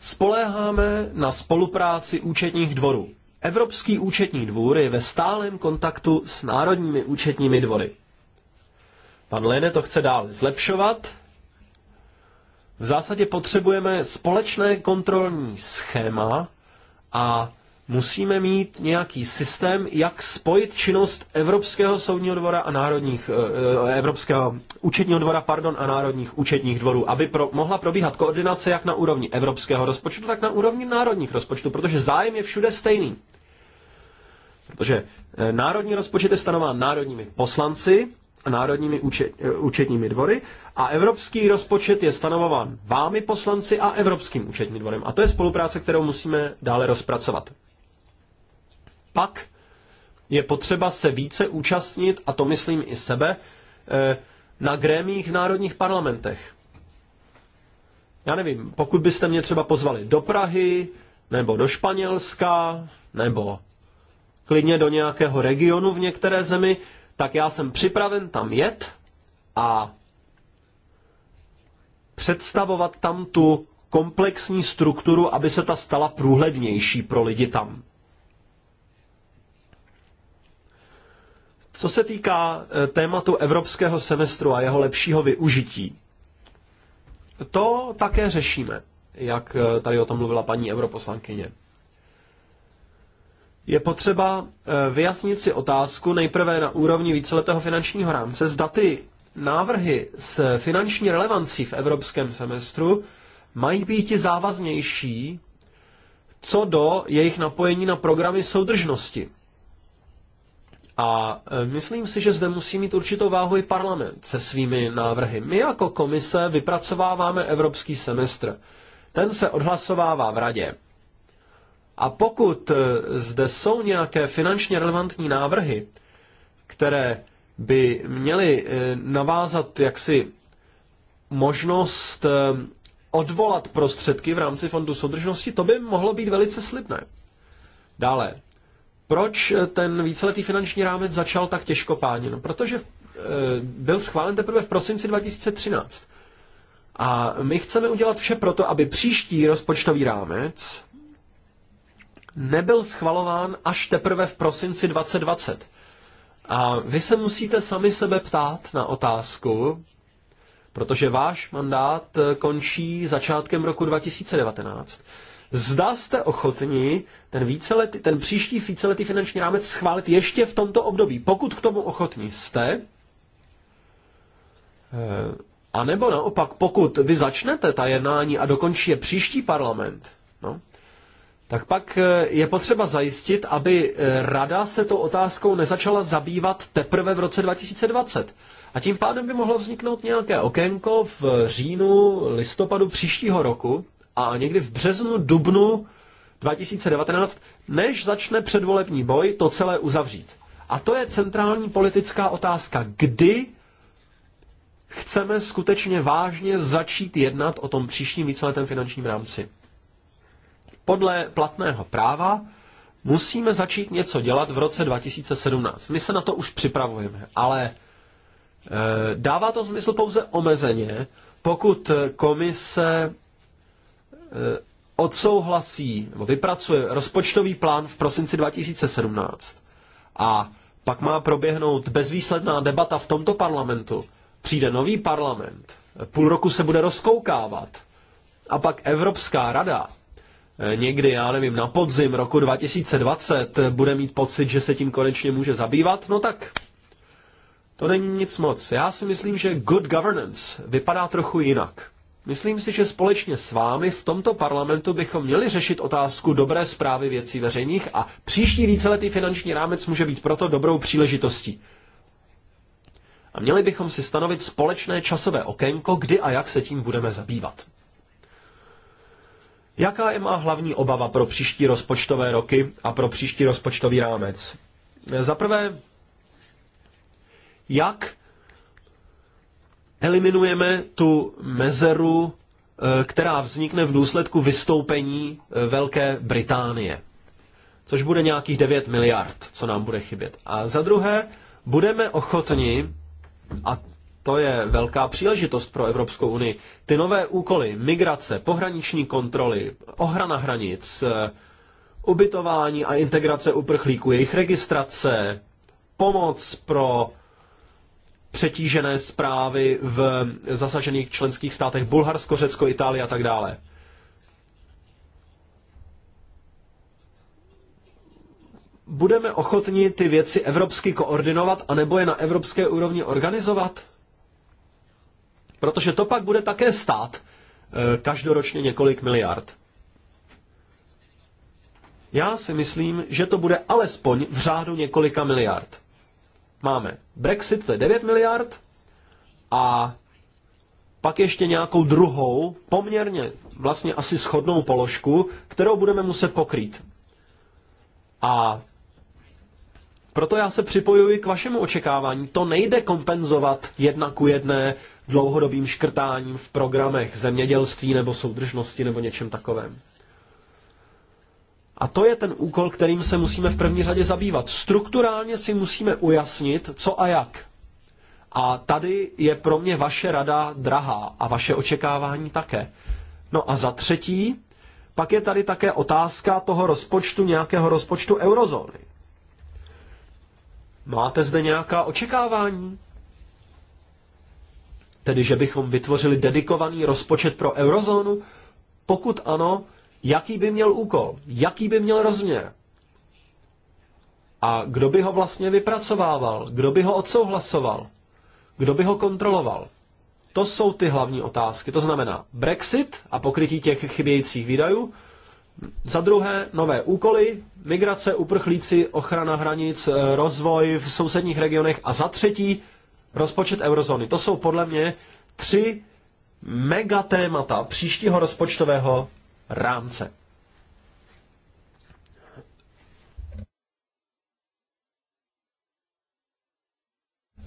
[SPEAKER 1] Spoléháme na spolupráci účetních dvorů. Evropský účetní dvůr je ve stálém kontaktu s národními účetními dvory. Pan Lene to chce dál zlepšovat. V zásadě potřebujeme společné kontrolní schéma a musíme mít nějaký systém, jak spojit činnost Evropského soudního dvora a národních, eh, eh, Evropského účetního dvora, pardon, a národních účetních dvorů, aby pro, mohla probíhat koordinace jak na úrovni evropského rozpočtu, tak na úrovni národních rozpočtů, protože zájem je všude stejný. Protože eh, národní rozpočet je stanován národními poslanci, a národními účet, účetními dvory a evropský rozpočet je stanovován vámi poslanci a Evropským účetním dvorem. A to je spolupráce, kterou musíme dále rozpracovat pak je potřeba se více účastnit, a to myslím i sebe, eh, na grémích v národních parlamentech. Já nevím, pokud byste mě třeba pozvali do Prahy, nebo do Španělska, nebo klidně do nějakého regionu v některé zemi, tak já jsem připraven tam jet a představovat tam tu komplexní strukturu, aby se ta stala průhlednější pro lidi tam. Co se týká eh, tématu evropského semestru a jeho lepšího využití, to také řešíme, jak eh, tady o tom mluvila paní europoslankyně. Je potřeba eh, vyjasnit si otázku nejprve na úrovni víceletého finančního rámce, zda ty návrhy s finanční relevancí v evropském semestru mají být závaznější co do jejich napojení na programy soudržnosti. A e, myslím si, že zde musí mít určitou váhu i parlament se svými návrhy. My jako komise vypracováváme evropský semestr. Ten se odhlasovává v radě. A pokud e, zde jsou nějaké finančně relevantní návrhy, které by měly e, navázat jaksi možnost odvolat prostředky v rámci fondu soudržnosti, to by mohlo být velice slibné. Dále, proč eh, ten víceletý finanční rámec začal tak těžkopádně? No, protože eh, byl schválen teprve v prosinci 2013. A my chceme udělat vše proto, aby příští rozpočtový rámec nebyl schvalován až teprve v prosinci 2020. A vy se musíte sami sebe ptát na otázku, protože váš mandát eh, končí začátkem roku 2019. Zda jste ochotni ten, víceletý, ten příští víceletý finanční rámec schválit ještě v tomto období, pokud k tomu ochotni jste, eh, a nebo naopak, pokud vy začnete ta jednání a dokončí je příští parlament, no, tak pak eh, je potřeba zajistit, aby eh, rada se tou otázkou nezačala zabývat teprve v roce 2020. A tím pádem by mohlo vzniknout nějaké okénko v říjnu, listopadu příštího roku, a někdy v březnu, dubnu 2019, než začne předvolební boj, to celé uzavřít. A to je centrální politická otázka. Kdy chceme skutečně vážně začít jednat o tom příštím víceletém finančním rámci? Podle platného práva musíme začít něco dělat v roce 2017. My se na to už připravujeme, ale e, dává to smysl pouze omezeně, pokud komise Eh, odsouhlasí, nebo vypracuje rozpočtový plán v prosinci 2017 a pak má proběhnout bezvýsledná debata v tomto parlamentu, přijde nový parlament, půl roku se bude rozkoukávat a pak Evropská rada eh, někdy, já nevím, na podzim roku 2020 bude mít pocit, že se tím konečně může zabývat, no tak to není nic moc. Já si myslím, že good governance vypadá trochu jinak. Myslím si, že společně s vámi v tomto parlamentu bychom měli řešit otázku dobré zprávy věcí veřejných a příští víceletý finanční rámec může být proto dobrou příležitostí. A měli bychom si stanovit společné časové okénko, kdy a jak se tím budeme zabývat. Jaká je má hlavní obava pro příští rozpočtové roky a pro příští rozpočtový rámec? Za prvé, jak eliminujeme tu mezeru, eh, která vznikne v důsledku vystoupení eh, Velké Británie, což bude nějakých 9 miliard, co nám bude chybět. A za druhé, budeme ochotni, a to je velká příležitost pro Evropskou unii, ty nové úkoly, migrace, pohraniční kontroly, ohrana hranic, eh, ubytování a integrace uprchlíků, jejich registrace, pomoc pro přetížené zprávy v zasažených členských státech Bulharsko, Řecko, Itálie a tak dále. Budeme ochotni ty věci evropsky koordinovat, anebo je na evropské úrovni organizovat? Protože to pak bude také stát eh, každoročně několik miliard. Já si myslím, že to bude alespoň v řádu několika miliard. Máme Brexit, to je 9 miliard a pak ještě nějakou druhou, poměrně vlastně asi schodnou položku, kterou budeme muset pokrýt. A proto já se připojuji k vašemu očekávání. To nejde kompenzovat jedna ku jedné dlouhodobým škrtáním v programech zemědělství nebo soudržnosti nebo něčem takovém. A to je ten úkol, kterým se musíme v první řadě zabývat. Strukturálně si musíme ujasnit, co a jak. A tady je pro mě vaše rada drahá a vaše očekávání také. No a za třetí, pak je tady také otázka toho rozpočtu, nějakého rozpočtu eurozóny. Máte zde nějaká očekávání? Tedy, že bychom vytvořili dedikovaný rozpočet pro eurozónu? Pokud ano, jaký by měl úkol, jaký by měl rozměr. A kdo by ho vlastně vypracovával, kdo by ho odsouhlasoval, kdo by ho kontroloval. To jsou ty hlavní otázky. To znamená Brexit a pokrytí těch chybějících výdajů, za druhé, nové úkoly, migrace, uprchlíci, ochrana hranic, rozvoj v sousedních regionech a za třetí, rozpočet eurozóny. To jsou podle mě tři megatémata příštího rozpočtového rámce.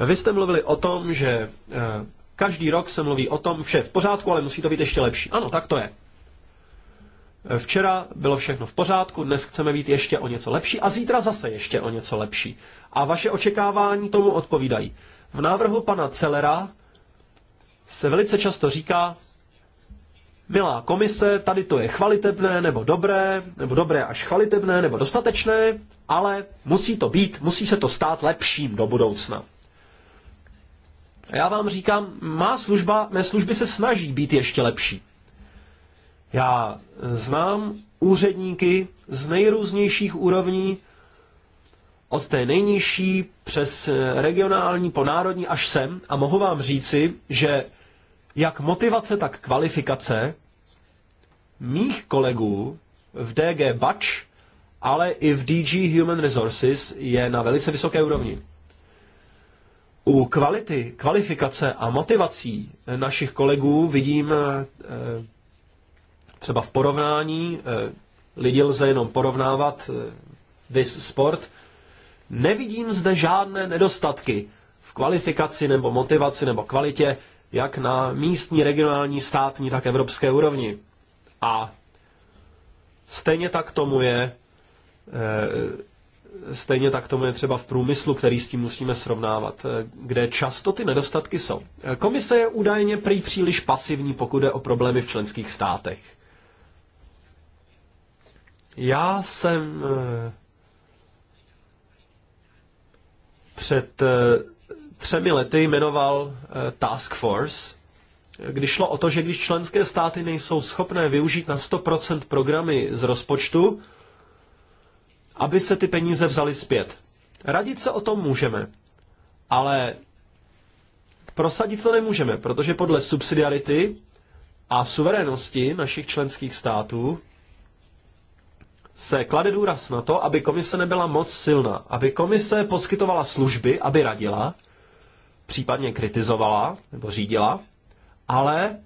[SPEAKER 1] Vy jste mluvili o tom, že eh, každý rok se mluví o tom, vše v pořádku, ale musí to být ještě lepší. Ano, tak to je. Eh, včera bylo všechno v pořádku, dnes chceme být ještě o něco lepší a zítra zase ještě o něco lepší. A vaše očekávání tomu odpovídají. V návrhu pana Celera se velice často říká, milá komise, tady to je chvalitebné nebo dobré, nebo dobré až chvalitebné nebo dostatečné, ale musí to být, musí se to stát lepším do budoucna. A já vám říkám, má služba, mé služby se snaží být ještě lepší. Já znám úředníky z nejrůznějších úrovní, od té nejnižší přes regionální po národní až sem a mohu vám říci, že jak motivace, tak kvalifikace mých kolegů v DG Bač, ale i v DG Human Resources je na velice vysoké úrovni. U kvality, kvalifikace a motivací našich kolegů vidím eh, třeba v porovnání, eh, lidi lze jenom porovnávat vis eh, sport, nevidím zde žádné nedostatky v kvalifikaci nebo motivaci nebo kvalitě jak na místní, regionální, státní, tak evropské úrovni. A stejně tak tomu je eh, Stejně tak tomu je třeba v průmyslu, který s tím musíme srovnávat, eh, kde často ty nedostatky jsou. Eh, komise je údajně prý příliš pasivní, pokud je o problémy v členských státech. Já jsem před třemi lety jmenoval eh, Task Force, když šlo o to, že když členské státy nejsou schopné využít na 100% programy z rozpočtu, aby se ty peníze vzaly zpět. Radit se o tom můžeme, ale prosadit to nemůžeme, protože podle subsidiarity a suverénosti našich členských států se klade důraz na to, aby komise nebyla moc silná, aby komise poskytovala služby, aby radila, případně kritizovala nebo řídila, ale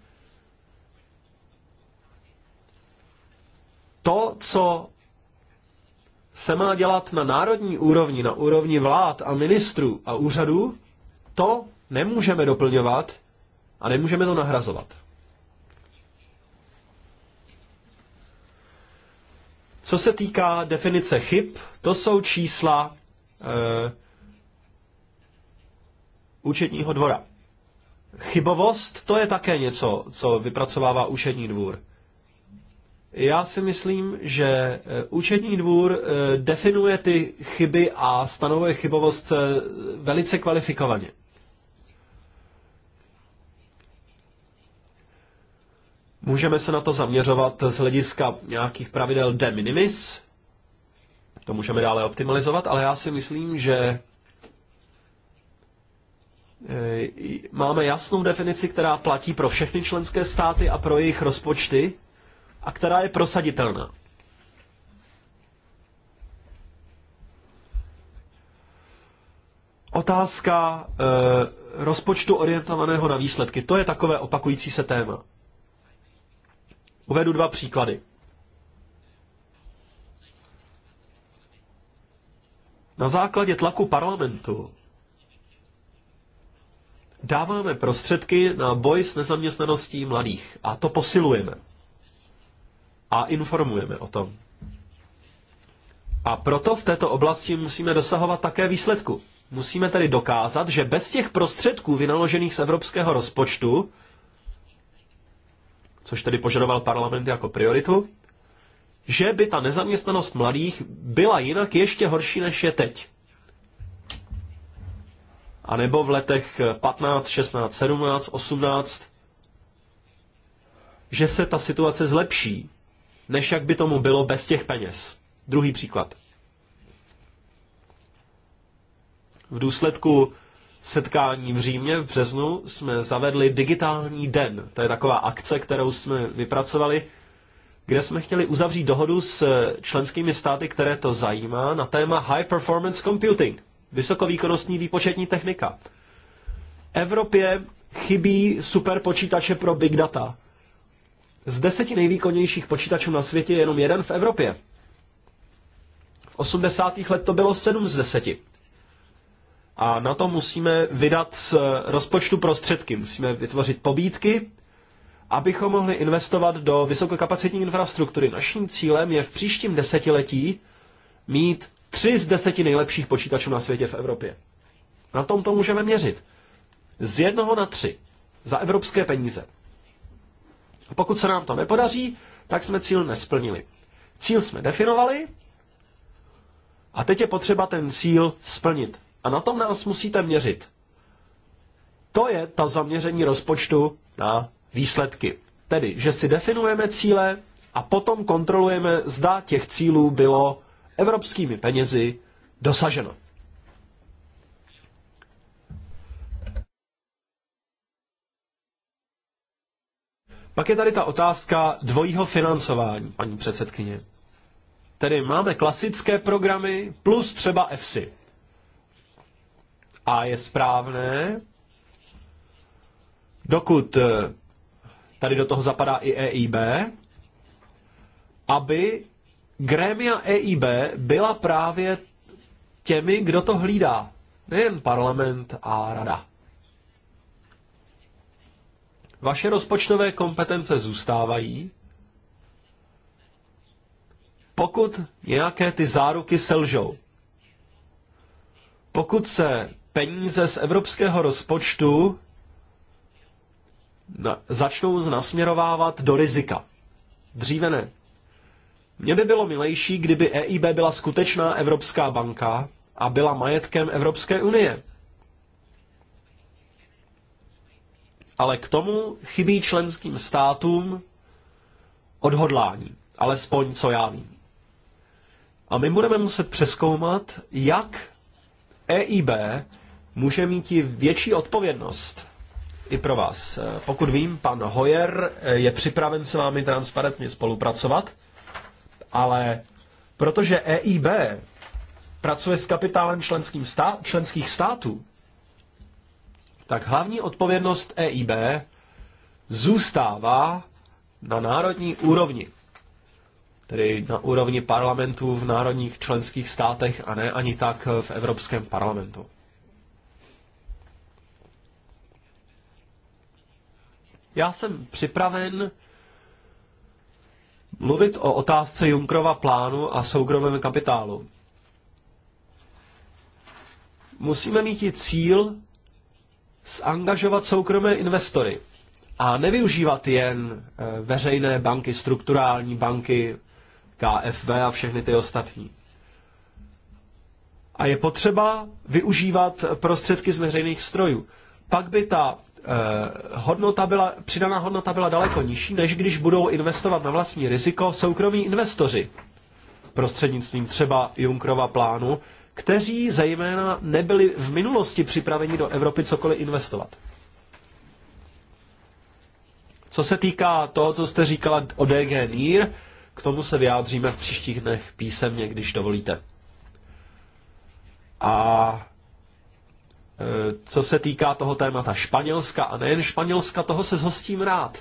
[SPEAKER 1] to, co se má dělat na národní úrovni, na úrovni vlád a ministrů a úřadů, to nemůžeme doplňovat a nemůžeme to nahrazovat. Co se týká definice chyb, to jsou čísla, eh, účetního dvora. Chybovost, to je také něco, co vypracovává účetní dvůr. Já si myslím, že eh, účetní dvůr eh, definuje ty chyby a stanovuje chybovost eh, velice kvalifikovaně. Můžeme se na to zaměřovat z hlediska nějakých pravidel de minimis, to můžeme dále optimalizovat, ale já si myslím, že E, máme jasnou definici, která platí pro všechny členské státy a pro jejich rozpočty a která je prosaditelná. Otázka e, rozpočtu orientovaného na výsledky. To je takové opakující se téma. Uvedu dva příklady. Na základě tlaku parlamentu dáváme prostředky na boj s nezaměstnaností mladých a to posilujeme. A informujeme o tom. A proto v této oblasti musíme dosahovat také výsledku. Musíme tedy dokázat, že bez těch prostředků vynaložených z evropského rozpočtu, což tedy požadoval parlament jako prioritu, že by ta nezaměstnanost mladých byla jinak ještě horší, než je teď. A nebo v letech 15, 16, 17, 18, že se ta situace zlepší, než jak by tomu bylo bez těch peněz. Druhý příklad. V důsledku setkání v Římě v březnu jsme zavedli digitální den. To je taková akce, kterou jsme vypracovali, kde jsme chtěli uzavřít dohodu s členskými státy, které to zajímá, na téma High Performance Computing vysokovýkonnostní výpočetní technika. Evropě chybí superpočítače pro big data. Z deseti nejvýkonnějších počítačů na světě je jenom jeden v Evropě. V 80. let to bylo sedm z deseti. A na to musíme vydat z rozpočtu prostředky. Musíme vytvořit pobídky, abychom mohli investovat do vysokokapacitní infrastruktury. Naším cílem je v příštím desetiletí mít Tři z deseti nejlepších počítačů na světě v Evropě. Na tom to můžeme měřit. Z jednoho na tři. Za evropské peníze. A pokud se nám to nepodaří, tak jsme cíl nesplnili. Cíl jsme definovali a teď je potřeba ten cíl splnit. A na tom nás musíte měřit. To je ta zaměření rozpočtu na výsledky. Tedy, že si definujeme cíle a potom kontrolujeme, zda těch cílů bylo evropskými penězi dosaženo. Pak je tady ta otázka dvojího financování, paní předsedkyně. Tedy máme klasické programy plus třeba EFSI. A je správné, dokud eh, tady do toho zapadá i EIB, aby grémia EIB byla právě těmi, kdo to hlídá. Nejen parlament a rada. Vaše rozpočtové kompetence zůstávají, pokud nějaké ty záruky selžou. Pokud se peníze z evropského rozpočtu na, začnou nasměrovávat do rizika. Dříve ne. Mně by bylo milejší, kdyby EIB byla skutečná evropská banka a byla majetkem Evropské unie. Ale k tomu chybí členským státům odhodlání, alespoň co já vím. A my budeme muset přeskoumat, jak EIB může mít i větší odpovědnost i pro vás. Pokud vím, pan Hoyer je připraven s vámi transparentně spolupracovat ale protože EIB pracuje s kapitálem členským členských států, tak hlavní odpovědnost EIB zůstává na národní úrovni. Tedy na úrovni parlamentů v národních členských státech a ne ani tak v Evropském parlamentu. Já jsem připraven mluvit o otázce Junkrova plánu a soukromém kapitálu. Musíme mít i cíl zangažovat soukromé investory a nevyužívat jen eh, veřejné banky, strukturální banky, KFV a všechny ty ostatní. A je potřeba využívat prostředky z veřejných strojů. Pak by ta Eh, hodnota byla, přidaná hodnota byla daleko nižší, než když budou investovat na vlastní riziko soukromí investoři prostřednictvím třeba Junkrova plánu, kteří zejména nebyli v minulosti připraveni do Evropy cokoliv investovat. Co se týká toho, co jste říkala o DG NIR, k tomu se vyjádříme v příštích dnech písemně, když dovolíte. A Eh, co se týká toho témata Španělska a nejen Španělska, toho se zhostím rád.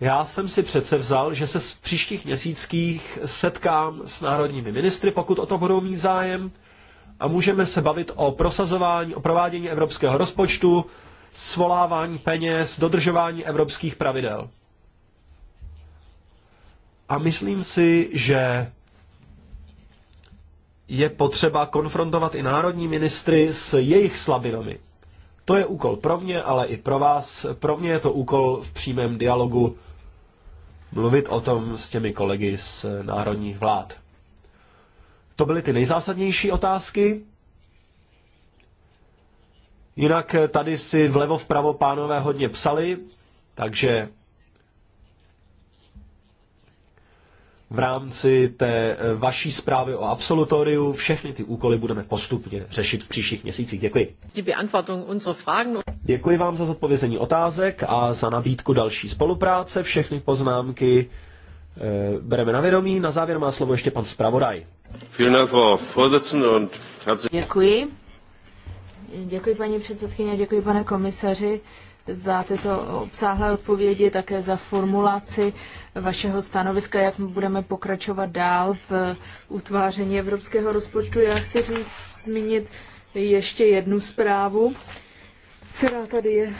[SPEAKER 1] Já jsem si přece vzal, že se z příštích měsících setkám s národními ministry, pokud o to budou mít zájem, a můžeme se bavit o prosazování, o provádění evropského rozpočtu, svolávání peněz, dodržování evropských pravidel. A myslím si, že je potřeba konfrontovat i národní ministry s jejich slabinami. To je úkol pro mě, ale i pro vás. Pro mě je to úkol v přímém dialogu mluvit o tom s těmi kolegy z národních vlád. To byly ty nejzásadnější otázky. Jinak tady si vlevo vpravo pánové hodně psali, takže v rámci té eh, vaší zprávy o absolutoriu. Všechny ty úkoly budeme postupně řešit v příštích měsících. Děkuji. Děkuji vám za zodpovězení otázek a za nabídku další spolupráce. Všechny
[SPEAKER 4] poznámky
[SPEAKER 1] e, bereme na vědomí. Na závěr má slovo ještě pan zpravodaj.
[SPEAKER 4] Děkuji. Děkuji paní předsedkyně, děkuji pane komisaři za tyto obsáhlé odpovědi, také za formulaci vašeho stanoviska, jak budeme pokračovat dál v utváření evropského rozpočtu. Já chci říct, zmínit ještě jednu zprávu, která tady je.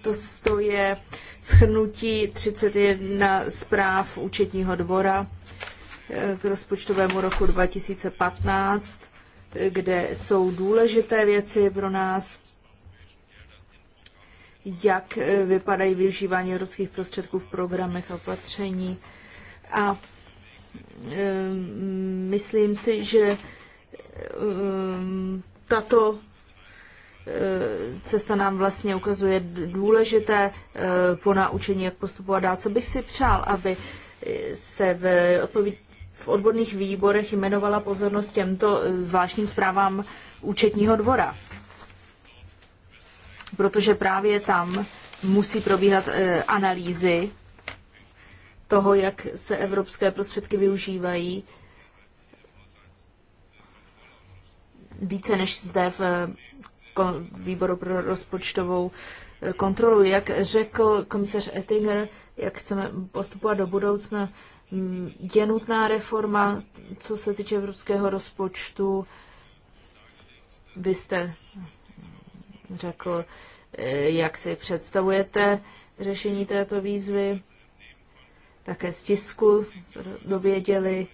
[SPEAKER 4] To, to je schrnutí 31 zpráv účetního dvora k rozpočtovému roku 2015, kde jsou důležité věci pro nás jak eh, vypadají využívání evropských prostředků v programech a opatření. A eh, myslím si, že eh, tato cesta nám vlastně ukazuje důležité ponaučení, jak postupovat dál. Co bych si přál, aby se v, odpověd- v odborných výborech jmenovala pozornost těmto zvláštním zprávám účetního dvora protože právě tam musí probíhat eh, analýzy toho, jak se evropské prostředky využívají více než zde v eh, výboru pro rozpočtovou eh, kontrolu. Jak řekl komisař Ettinger, jak chceme postupovat do budoucna, mm, je nutná reforma, co se týče evropského rozpočtu. Vy jste řekl, eh, jak si představujete řešení této výzvy. Také z tisku dověděli.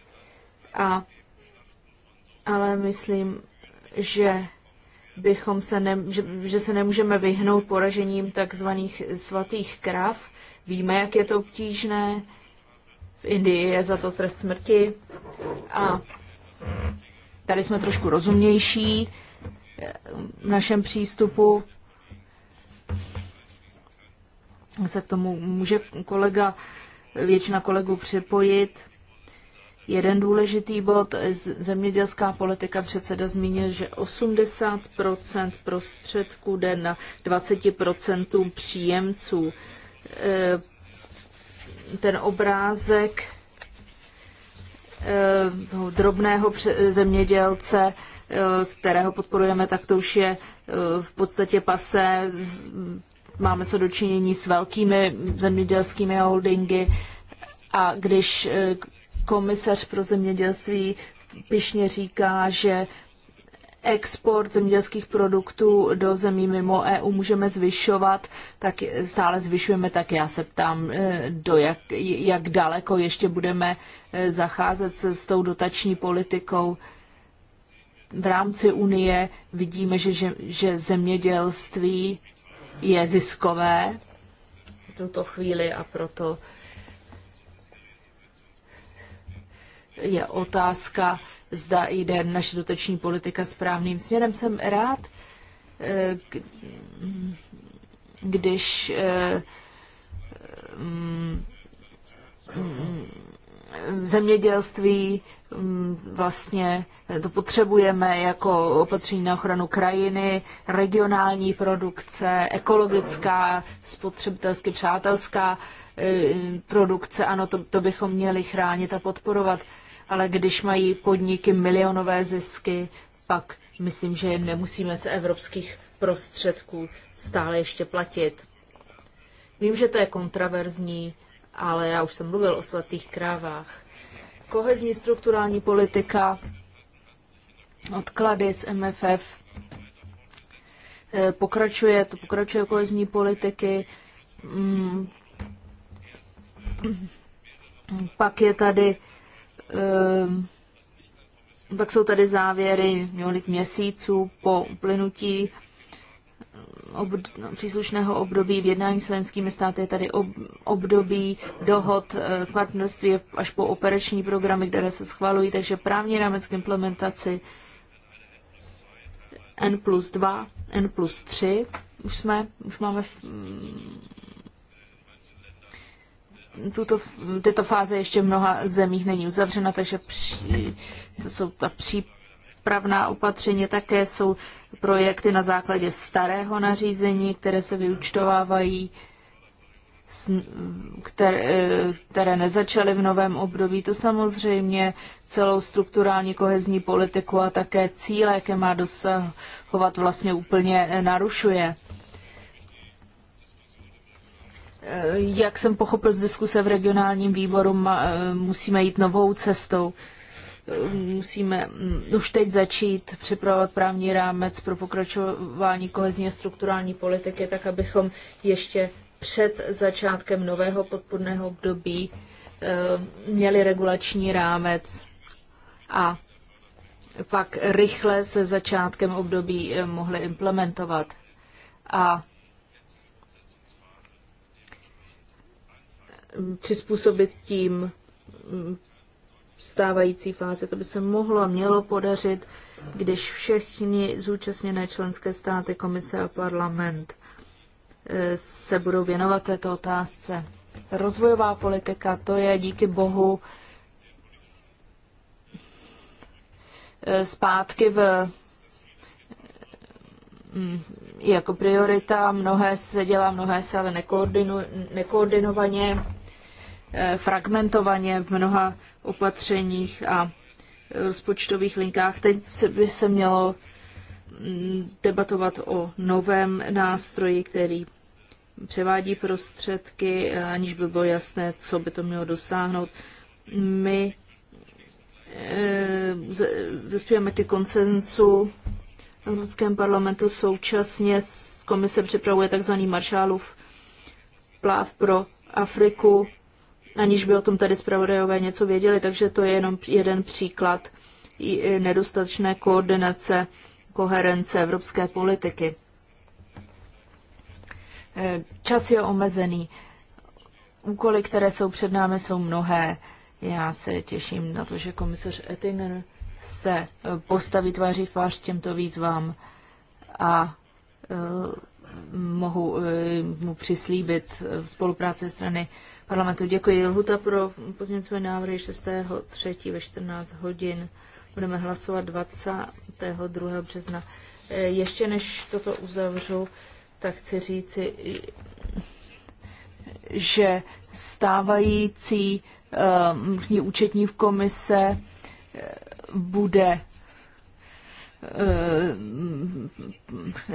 [SPEAKER 4] A, ale myslím, že bychom se ne, že, že se nemůžeme vyhnout poražením takzvaných svatých krav. Víme, jak je to obtížné. V Indii je za to trest smrti. A tady jsme trošku rozumnější v našem přístupu se k tomu může kolega, většina kolegů připojit. Jeden důležitý bod, zemědělská politika předseda zmínil, že 80 prostředků jde na 20 příjemců. E, ten obrázek e, drobného zemědělce kterého podporujeme, tak to už je eh, v podstatě pase. Máme co dočinění s velkými zemědělskými holdingy a když eh, komisař pro zemědělství pišně říká, že export zemědělských produktů do zemí mimo EU můžeme zvyšovat, tak stále zvyšujeme, tak já se ptám, eh, do jak, jak daleko ještě budeme zacházet se, s tou dotační politikou v rámci Unie vidíme, že, že, že zemědělství je ziskové v tuto chvíli a proto je otázka, zda jde naše dotační politika správným směrem. Jsem rád, eh, když eh, mm, mm, zemědělství Mm, vlastně to potřebujeme jako opatření na ochranu krajiny, regionální produkce, ekologická, spotřebitelsky přátelská eh, produkce. Ano, to, to bychom měli chránit a podporovat, ale když mají podniky milionové zisky, pak myslím, že jim nemusíme z evropských prostředků stále ještě platit. Vím, že to je kontraverzní, ale já už jsem mluvil o svatých krávách kohezní strukturální politika, odklady z MFF, eh, pokračuje, to pokračuje kohezní politiky, mm, pak je tady, eh, pak jsou tady závěry několik měsíců po uplynutí ob, příslušného období v jednání s členskými státy je tady ob, období dohod k eh, partnerství až po operační programy, které se schvalují, takže právní rámec k implementaci N plus 2, N plus 3, už jsme, už máme mm, tuto, tyto fáze ještě v mnoha zemích není uzavřena, takže při, to jsou ta příprava nápravná opatření také jsou projekty na základě starého nařízení, které se vyučtovávají, které, které nezačaly v novém období. To samozřejmě celou strukturální kohezní politiku a také cíle, jaké má dosahovat, vlastně úplně narušuje. Jak jsem pochopil z diskuse v regionálním výboru, musíme jít novou cestou musíme mm, už teď začít připravovat právní rámec pro pokračování kohezní a strukturální politiky, tak abychom ještě před začátkem nového podpůrného období eh, měli regulační rámec a pak rychle se začátkem období eh, mohli implementovat. A přizpůsobit tím mm, stávající fáze. To by se mohlo a mělo podařit, když všechny zúčastněné členské státy, komise a parlament eh, se budou věnovat této otázce. Rozvojová politika, to je díky bohu eh, zpátky v mm, jako priorita. Mnohé se dělá, mnohé se ale nekoordinu, nekoordinovaně, eh, fragmentovaně v mnoha opatřeních a rozpočtových linkách. Teď se by se mělo mm, debatovat o novém nástroji, který převádí prostředky, aniž by bylo jasné, co by to mělo dosáhnout. My vyspějeme eh, ty konsenzu v Evropském parlamentu současně s komise připravuje tzv. maršálův pláv pro Afriku aniž by o tom tady zpravodajové něco věděli, takže to je jenom jeden příklad nedostatečné koordinace, koherence evropské politiky. Eh, čas je omezený. Úkoly, které jsou před námi, jsou mnohé. Já se těším na to, že komisař Ettinger se eh, postaví tváří v tvář těmto výzvám a eh, mohu mu přislíbit eh, spolupráce strany parlamentu. Děkuji. Lhuta pro pozměňovací návrhy 6.3. ve 14 hodin. Budeme hlasovat 22. března. Eh, ještě než toto uzavřu, tak chci říci, že stávající um, účetní komise bude Eh,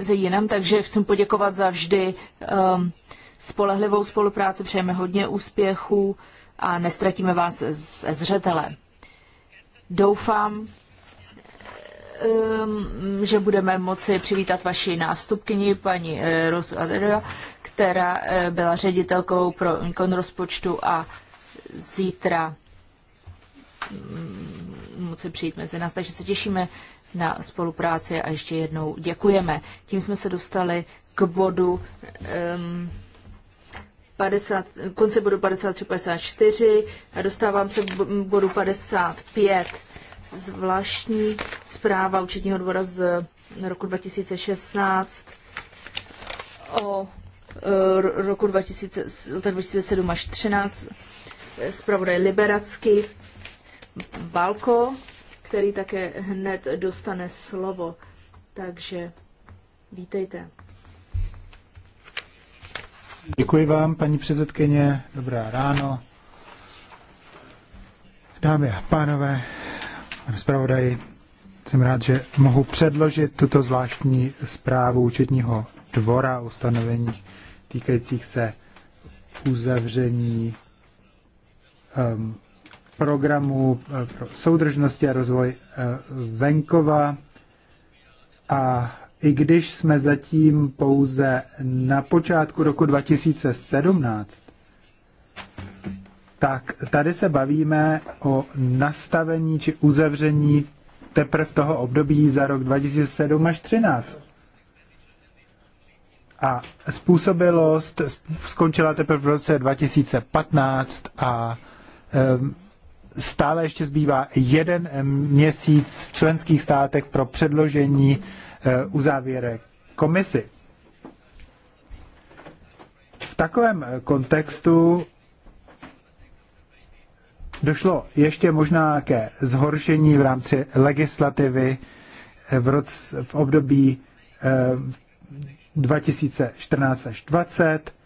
[SPEAKER 4] ze jinam, takže chci poděkovat za vždy ehm, spolehlivou spolupráci, přejeme hodně úspěchů a nestratíme vás ze zřetele. Doufám, ehm, že budeme moci přivítat vaši nástupkyni, paní eh, Rosu která eh, byla ředitelkou pro kon rozpočtu a zítra moci mm, přijít mezi nás, takže se těšíme na spolupráci a ještě jednou děkujeme. Tím jsme se dostali k bodu um, 50, konce bodu 53-54 a dostávám se k bodu 55. Zvláštní zpráva Učitního dvora z roku 2016 o e, roku 2000, 2007 až 13 zpravodaj Liberacky Balko který také hned dostane slovo. Takže vítejte.
[SPEAKER 3] Děkuji vám, paní předsedkyně. Dobrá ráno. Dámy a pánové, pane zpravodaji, jsem rád, že mohu předložit tuto zvláštní zprávu účetního dvora ustanovení týkajících se uzavření um, programu eh, pro soudržnosti a rozvoj eh, venkova. A i když jsme zatím pouze na počátku roku 2017, tak tady se bavíme o nastavení či uzavření teprve toho období za rok 2007 až 2013. A způsobilost skončila teprve v roce 2015 a stále ještě zbývá jeden měsíc v členských státech pro předložení eh, uzávěrek komisi. V takovém eh, kontextu došlo ještě možná ke zhoršení v rámci legislativy eh, v, roce, v období 2014 až 2020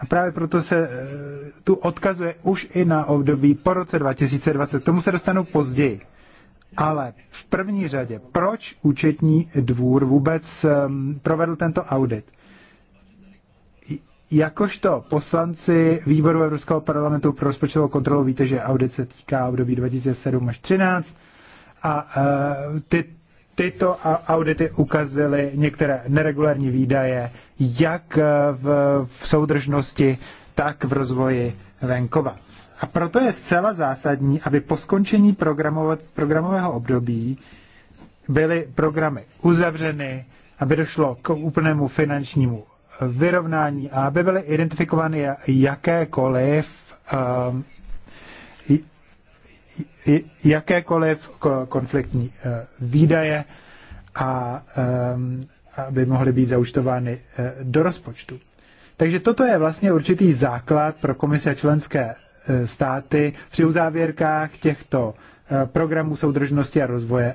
[SPEAKER 3] a právě proto se eh, tu odkazuje už i na období po roce 2020. K tomu se dostanu později. Ale v první řadě, proč účetní dvůr vůbec ehm, provedl tento audit? Jakožto poslanci výboru Evropského parlamentu pro rozpočtovou kontrolu víte, že audit se týká období 2007 až 2013 a eh, ty, tyto audity ukazily některé neregulární výdaje, jak eh, v, v soudržnosti, tak v rozvoji venkova. A proto je zcela zásadní, aby po skončení programového období byly programy uzavřeny, aby došlo k úplnému finančnímu eh, vyrovnání a aby byly identifikovány jakékoliv um, jakékoliv konfliktní eh, výdaje a ehm, aby mohly být zaučtovány eh, do rozpočtu. Takže toto je vlastně určitý základ pro komise členské eh, státy při uzávěrkách těchto programů soudržnosti a rozvoje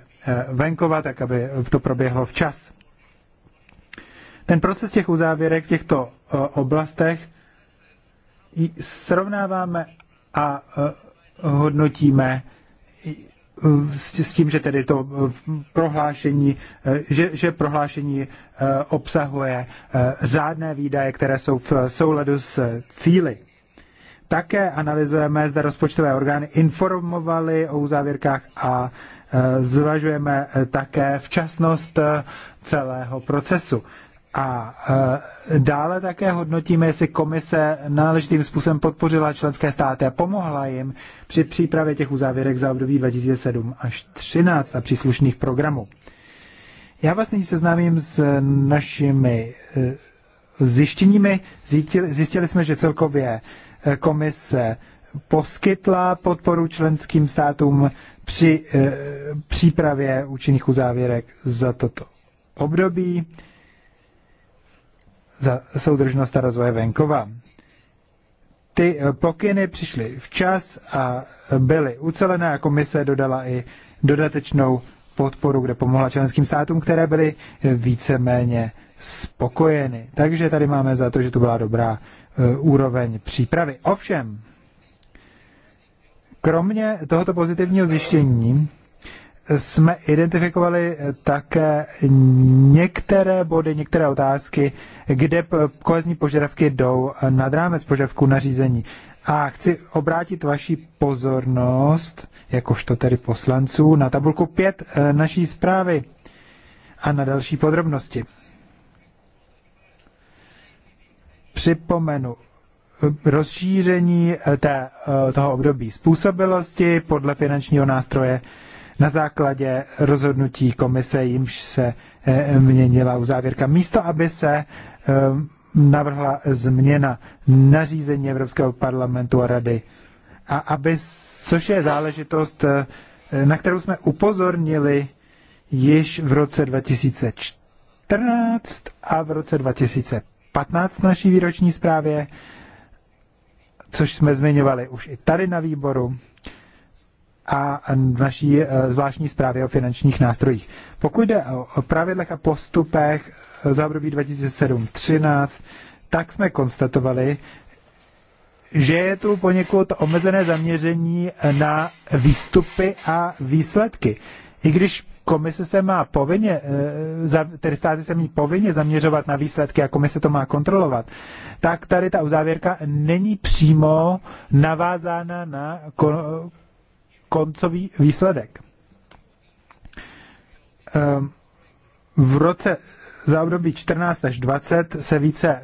[SPEAKER 3] venkova, tak aby to proběhlo včas. Ten proces těch uzávěrek v těchto oblastech srovnáváme a hodnotíme s tím, že tedy to eh, prohlášení, eh, že, že prohlášení eh, obsahuje řádné výdaje, které jsou v souladu s cíly. Také analyzujeme, zda rozpočtové orgány informovaly o uzávěrkách a zvažujeme také včasnost celého procesu. A e, dále také hodnotíme, jestli komise náležitým způsobem podpořila členské státy a pomohla jim při přípravě těch uzávěrek za období 2007 až 2013 a příslušných programů. Já vás nyní seznámím s našimi e, zjištěními. Zjistili, zjistili jsme, že celkově e, komise poskytla podporu členským státům při přípravě účinných uzávěrek za toto období za soudržnost a rozvoje venkova. Ty eh, pokyny přišly včas a byly ucelené a komise dodala i dodatečnou podporu, kde pomohla členským státům, které byly víceméně spokojeny. Takže tady máme za to, že to byla dobrá eh, úroveň přípravy. Ovšem, kromě tohoto pozitivního zjištění jsme identifikovali také některé body, některé otázky, kde kolezní požadavky jdou nad rámec požadavků nařízení. A chci obrátit vaši pozornost, jakožto tedy poslanců, na tabulku 5 eh, naší zprávy a na další podrobnosti. Připomenu, rozšíření té, eh, toho období způsobilosti podle finančního nástroje na základě rozhodnutí komise, jimž se eh, měnila uzávěrka. Místo, aby se eh, navrhla změna nařízení Evropského parlamentu a rady, a aby, což je záležitost, eh, na kterou jsme upozornili již v roce 2014 a v roce 2015 v naší výroční zprávě, což jsme zmiňovali už i tady na výboru a naší eh, zvláštní zprávě o finančních nástrojích. Pokud jde o pravidlech a postupech za období 2007-13, tak jsme konstatovali, že je tu poněkud omezené zaměření na výstupy a výsledky. I když komise se má povinně, eh, tedy státy se mají povinně zaměřovat na výsledky a komise to má kontrolovat, tak tady ta uzávěrka není přímo navázána na koncový výsledek. Ehm, v roce za období 14 až 20 se více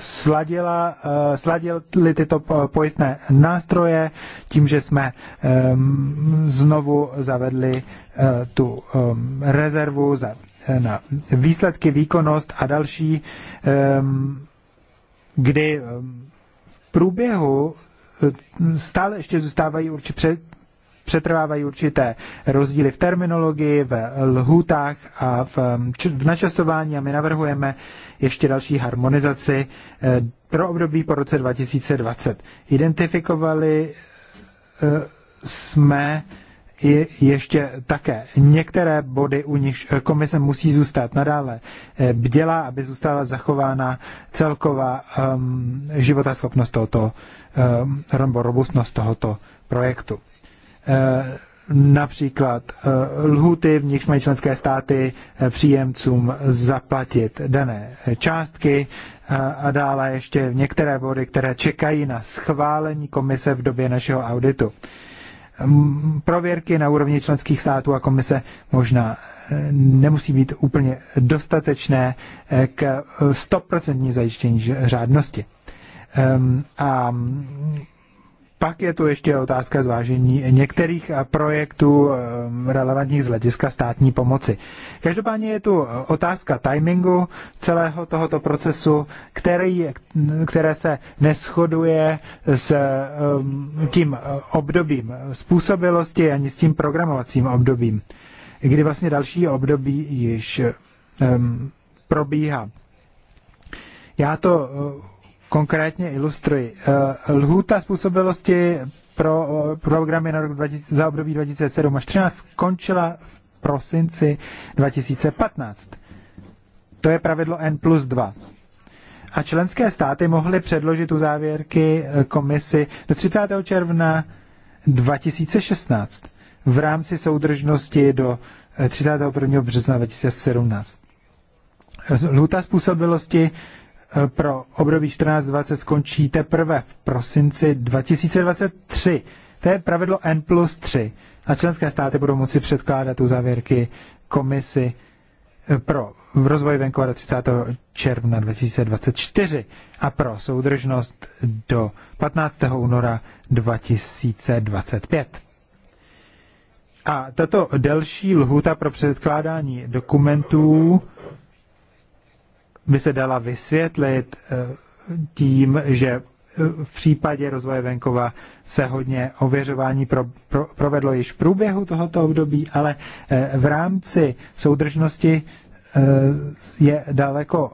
[SPEAKER 3] sladila, eh, sladily tyto pojistné nástroje tím, že jsme ehm, znovu zavedli eh, tu ehm, rezervu za, eh, na výsledky, výkonnost a další, kdy v průběhu stále ještě zůstávají určitě přetrvávají určité rozdíly v terminologii, v lhůtách a v, mm, v načasování a my navrhujeme ještě další harmonizaci eh, pro období po roce 2020. Identifikovali eh, jsme ještě také některé body, u nich komise musí zůstat nadále eh, bděla, aby zůstala zachována celková um, životaschopnost tohoto, um, robustnost tohoto projektu. Eh, například eh, lhuty, v nichž mají členské státy eh, příjemcům zaplatit dané částky a dále ještě některé body, které čekají na schválení komise v době našeho auditu. Mm, prověrky na úrovni členských států a komise možná nemusí být úplně dostatečné k stoprocentní zajištění řádnosti. Ehm, a mm, pak je tu ještě otázka zvážení některých eh, projektů eh, relevantních z hlediska státní pomoci. Každopádně je tu eh, otázka timingu celého tohoto procesu, který, které se neschoduje s tím obdobím způsobilosti ani s tím programovacím obdobím, kdy vlastně další období již probíhá. Já to konkrétně ilustruji. Eh, lhůta způsobilosti pro eh, programy na rok 20, za období 2007 až 2013 skončila v prosinci 2015. To je pravidlo N plus 2. A členské státy mohly předložit závěrky eh, komisi do 30. června 2016 v rámci soudržnosti do 31. března 2017. Lhůta způsobilosti Eh, pro období 14-20 skončí teprve v prosinci 2023. To je pravidlo N plus 3. A členské státy budou moci předkládat uzávěrky komisi eh, pro v rozvoji venkova do 30. června 2024 a pro soudržnost do 15. února 2025. A tato delší lhuta pro předkládání dokumentů by se dala vysvětlit eh, tím, že eh, v případě rozvoje venkova se hodně ověřování pro, pro, provedlo již v průběhu tohoto období, ale eh, v rámci soudržnosti je daleko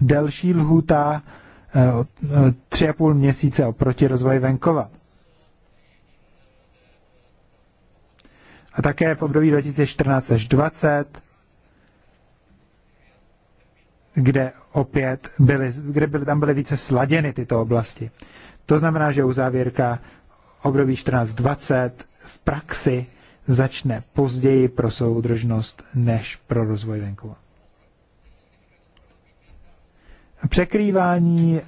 [SPEAKER 3] delší lhůta tři a půl měsíce oproti rozvoji venkova. A také v období 2014 až 2020 kde opět byly, kde byly, tam byly více sladěny tyto oblasti. To znamená, že uzávěrka období 1420 v praxi začne později pro soudržnost než pro rozvoj venkova. Překrývání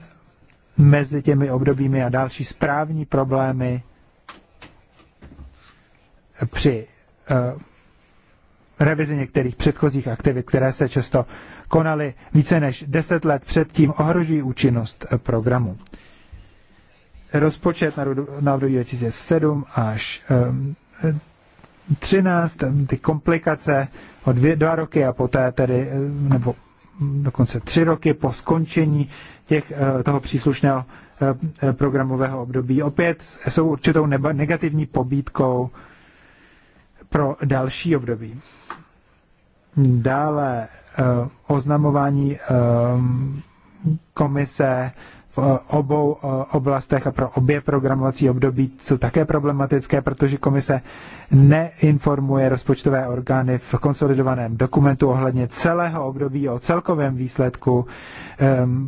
[SPEAKER 3] mezi těmi obdobími a další správní problémy při eh, revizi některých předchozích aktivit, které se často konaly více než 10 let předtím, ohrožují účinnost programu. Rozpočet na, rok 2007 až um, 13, ty komplikace o dvě, dva roky a poté tedy, nebo dokonce tři roky po skončení těch, eh, toho příslušného eh, programového období. Opět jsou určitou negativní pobídkou pro další období. Dále eh, oznamování eh, komise v obou eh, oblastech a pro obě programovací období jsou také problematické, protože komise neinformuje rozpočtové orgány v konsolidovaném dokumentu ohledně celého období o celkovém výsledku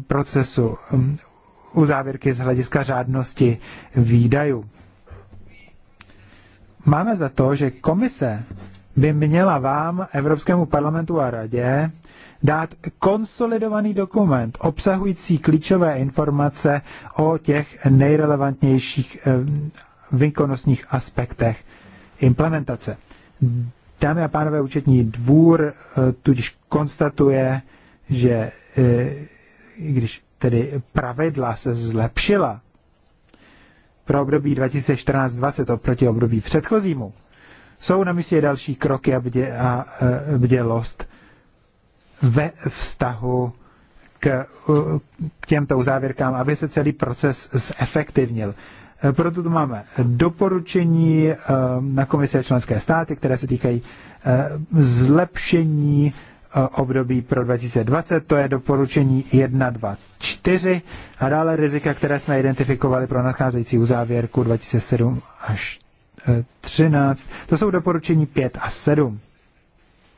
[SPEAKER 3] procesu uzávěrky z hlediska řádnosti výdajů. Máme za to, že komise by měla vám, Evropskému parlamentu a radě, dát konsolidovaný dokument obsahující klíčové informace o těch nejrelevantnějších eh, výkonnostních aspektech implementace. Dámy a pánové, účetní dvůr eh, tudíž konstatuje, že eh, když tedy pravidla se zlepšila, pro období 2014-2020 oproti období předchozímu, jsou na mysli další kroky a, bdě, a e, bdělost ve vztahu k, k těmto závěrkám, aby se celý proces zefektivnil. E, proto tu máme doporučení e, na komise členské státy, které se týkají zlepšení období pro 2020, to je doporučení 1, 2, 4 a dále rizika, které jsme identifikovali pro nadcházející uzávěrku 2007 až 13, eh, to jsou doporučení 5 a 7.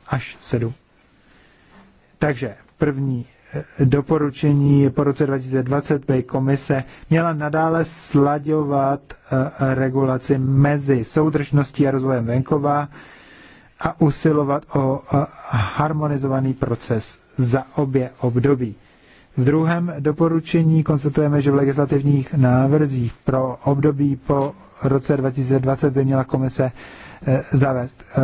[SPEAKER 3] Až 7. Takže první eh, doporučení po roce 2020 by komise měla nadále sladěvat eh, regulaci mezi soudržností a rozvojem venkova, a usilovat o harmonizovaný proces za obě období. V druhém doporučení konstatujeme, že v legislativních návrzích pro období po roce 2020 by měla komise eh, zavést eh,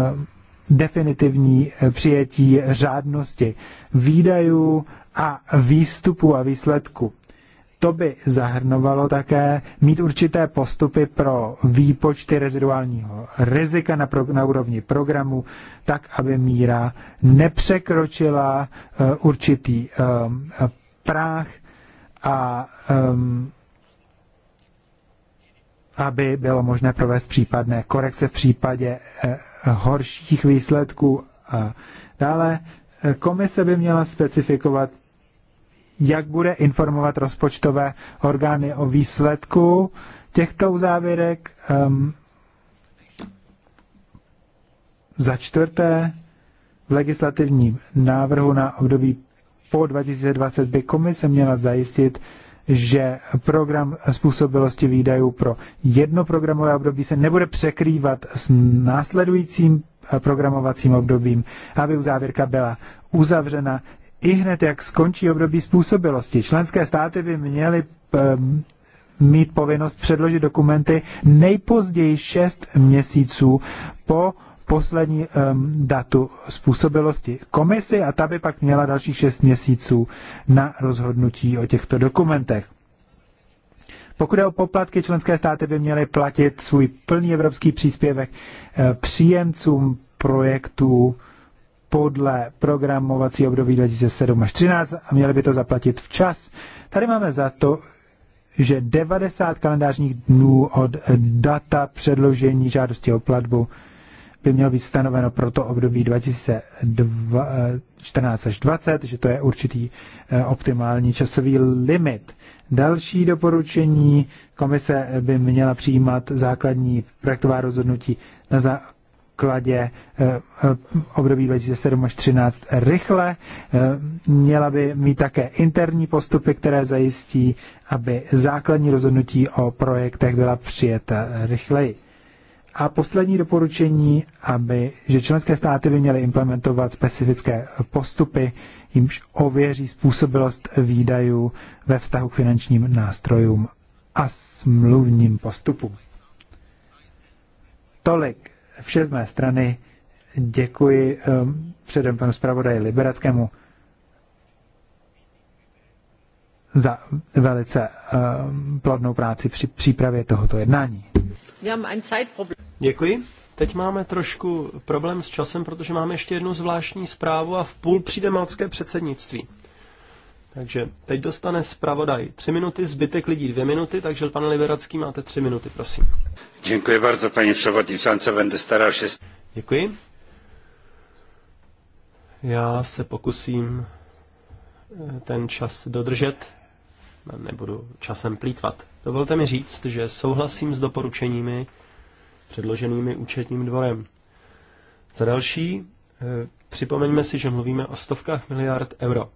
[SPEAKER 3] definitivní eh, přijetí řádnosti výdajů a výstupu a výsledku. To by zahrnovalo také mít určité postupy pro výpočty reziduálního rizika na, pro, na úrovni programu, tak aby míra nepřekročila uh, určitý um, práh a um, aby bylo možné provést případné korekce v případě horších výsledků. A dále komise by měla specifikovat jak bude informovat rozpočtové orgány o výsledku těchto uzávěrek. Um, za čtvrté, v legislativním návrhu na období po 2020 by komise měla zajistit, že program způsobilosti výdajů pro jedno programové období se nebude překrývat s následujícím programovacím obdobím, aby uzávěrka byla uzavřena i hned, jak skončí období způsobilosti. Členské státy by měly ehm, mít povinnost předložit dokumenty nejpozději 6 měsíců po poslední um, datu způsobilosti komisi a ta by pak měla dalších 6 měsíců na rozhodnutí o těchto dokumentech. Pokud je o poplatky, členské státy by měly platit svůj plný evropský příspěvek eh, příjemcům projektů podle programovací období 2007 až 13 a měli by to zaplatit včas. Tady máme za to, že 90 kalendářních dnů od data předložení žádosti o platbu by mělo být stanoveno pro to období 2014 až 20, že to je určitý eh, optimální časový limit. Další doporučení komise by měla přijímat základní projektová rozhodnutí na kladě eh, eh, období 2007 až 2013 rychle. Eh, měla by mít také interní postupy, které zajistí, aby základní rozhodnutí o projektech byla přijeta rychleji. A poslední doporučení, aby, že členské státy by měly implementovat specifické postupy, jimž ověří způsobilost výdajů ve vztahu k finančním nástrojům a smluvním postupům. Tolik vše z mé strany. Děkuji um, předem panu zpravodaji Liberackému za velice um, plodnou práci při přípravě tohoto jednání.
[SPEAKER 1] Děkuji. Teď máme trošku problém s časem, protože máme ještě jednu zvláštní zprávu a v půl přijde malcké předsednictví. Takže teď dostane zpravodaj tři minuty, zbytek lidí dvě minuty, takže pane Liberacký máte tři minuty, prosím.
[SPEAKER 3] Děkuji bardzo, paní předsedající, będę staral se.
[SPEAKER 1] Děkuji. Já se pokusím eh, ten čas dodržet, nebudu časem plítvat. Dovolte mi říct, že souhlasím s doporučeními předloženými účetním dvorem. Za další, eh, připomeňme si, že mluvíme o stovkách miliard euro.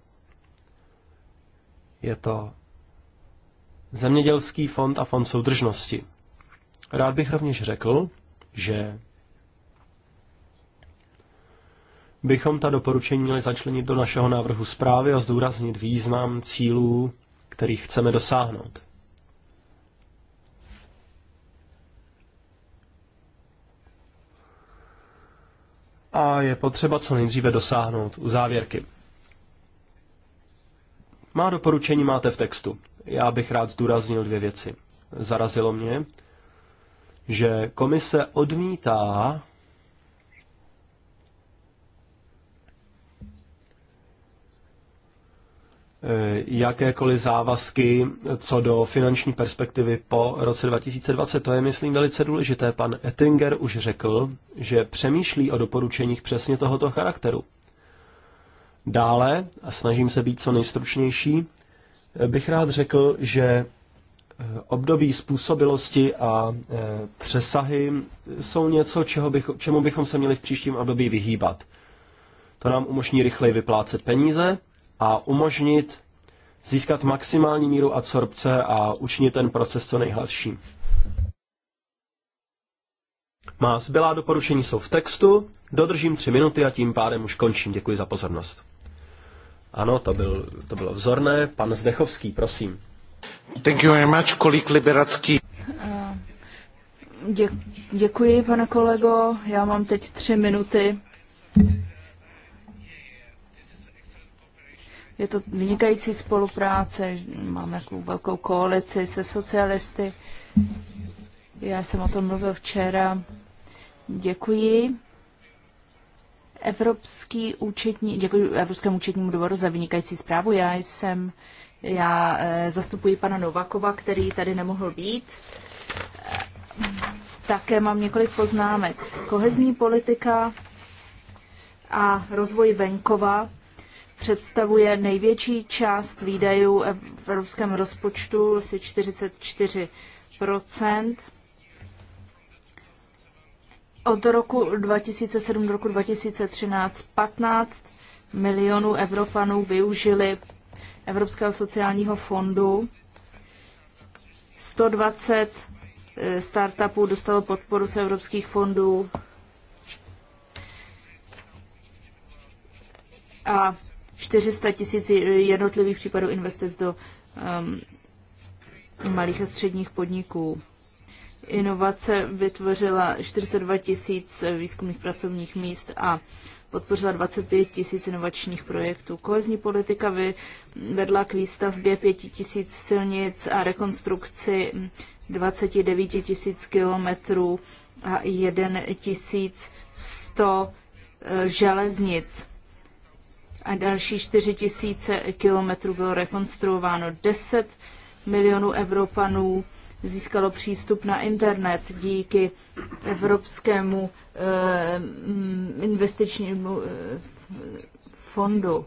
[SPEAKER 1] Je to Zemědělský fond a fond soudržnosti. Rád bych rovněž řekl, že bychom ta doporučení měli začlenit do našeho návrhu zprávy a zdůraznit význam cílů, kterých chceme dosáhnout. A je potřeba co nejdříve dosáhnout u závěrky. Má doporučení máte v textu. Já bych rád zdůraznil dvě věci. Zarazilo mě, že komise odmítá eh, jakékoliv závazky co do finanční perspektivy po roce 2020. To je, myslím, velice důležité. Pan Ettinger už řekl, že přemýšlí o doporučeních přesně tohoto charakteru. Dále, a snažím se být co nejstručnější, bych rád řekl, že eh, období způsobilosti a eh, přesahy jsou něco, čeho bych, čemu bychom se měli v příštím období vyhýbat. To nám umožní rychleji vyplácet peníze a umožnit získat maximální míru adsorbce a učinit ten proces co nejhladší. Má zbylá doporučení jsou v textu, dodržím tři minuty a tím pádem už končím. Děkuji za pozornost. Ano, to, byl, to bylo vzorné. Pan Zdechovský,
[SPEAKER 2] prosím. Thank you very much, kolik liberacký.
[SPEAKER 4] Eh, dě, děkuji, pane kolego. Já mám teď tři minuty. Je to vynikající spolupráce, máme takovou velkou koalici se socialisty. Já jsem o tom mluvil včera. Děkuji. Evropský účetní, děkuji Evropskému účetnímu dvoru za vynikající zprávu. Já jsem, já eh, zastupuji pana Novakova, který tady nemohl být. Také mám několik poznámek. Kohezní politika a rozvoj venkova představuje největší část výdajů v evropském rozpočtu, asi 44 od roku 2007 do roku 2013 15 milionů Evropanů využili Evropského sociálního fondu. 120 eh, startupů dostalo podporu z evropských fondů a 400 tisíc jednotlivých případů investic do um, malých a středních podniků inovace vytvořila 42 tisíc výzkumných pracovních míst a podpořila 25 tisíc inovačních projektů. Kohezní politika vedla k výstavbě 5 tisíc silnic a rekonstrukci 29 tisíc kilometrů a 1 100 e, železnic. A další 4 tisíce kilometrů bylo rekonstruováno. 10 milionů Evropanů získalo přístup na internet díky Evropskému eh, mm, investičnímu eh, fondu.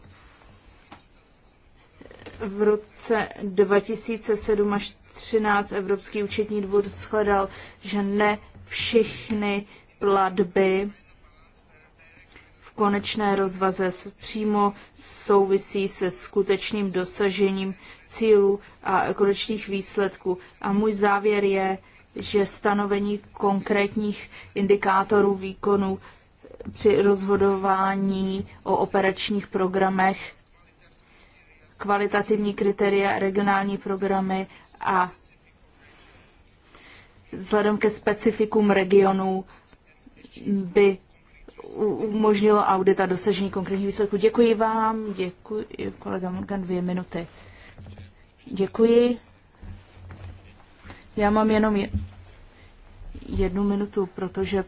[SPEAKER 4] V roce 2007 až 2013 Evropský účetní dvůr shledal, že ne všechny platby konečné rozvaze přímo souvisí se skutečným dosažením cílů a konečných výsledků. A můj závěr je, že stanovení konkrétních indikátorů výkonu při rozhodování o operačních programech, kvalitativní kritéria, regionální programy a vzhledem ke specifikům regionů by umožnilo audita dosažení konkrétních výsledků. Děkuji vám, děkuji, kolega Morgan, dvě minuty. Děkuji. Já mám jenom jednu minutu, protože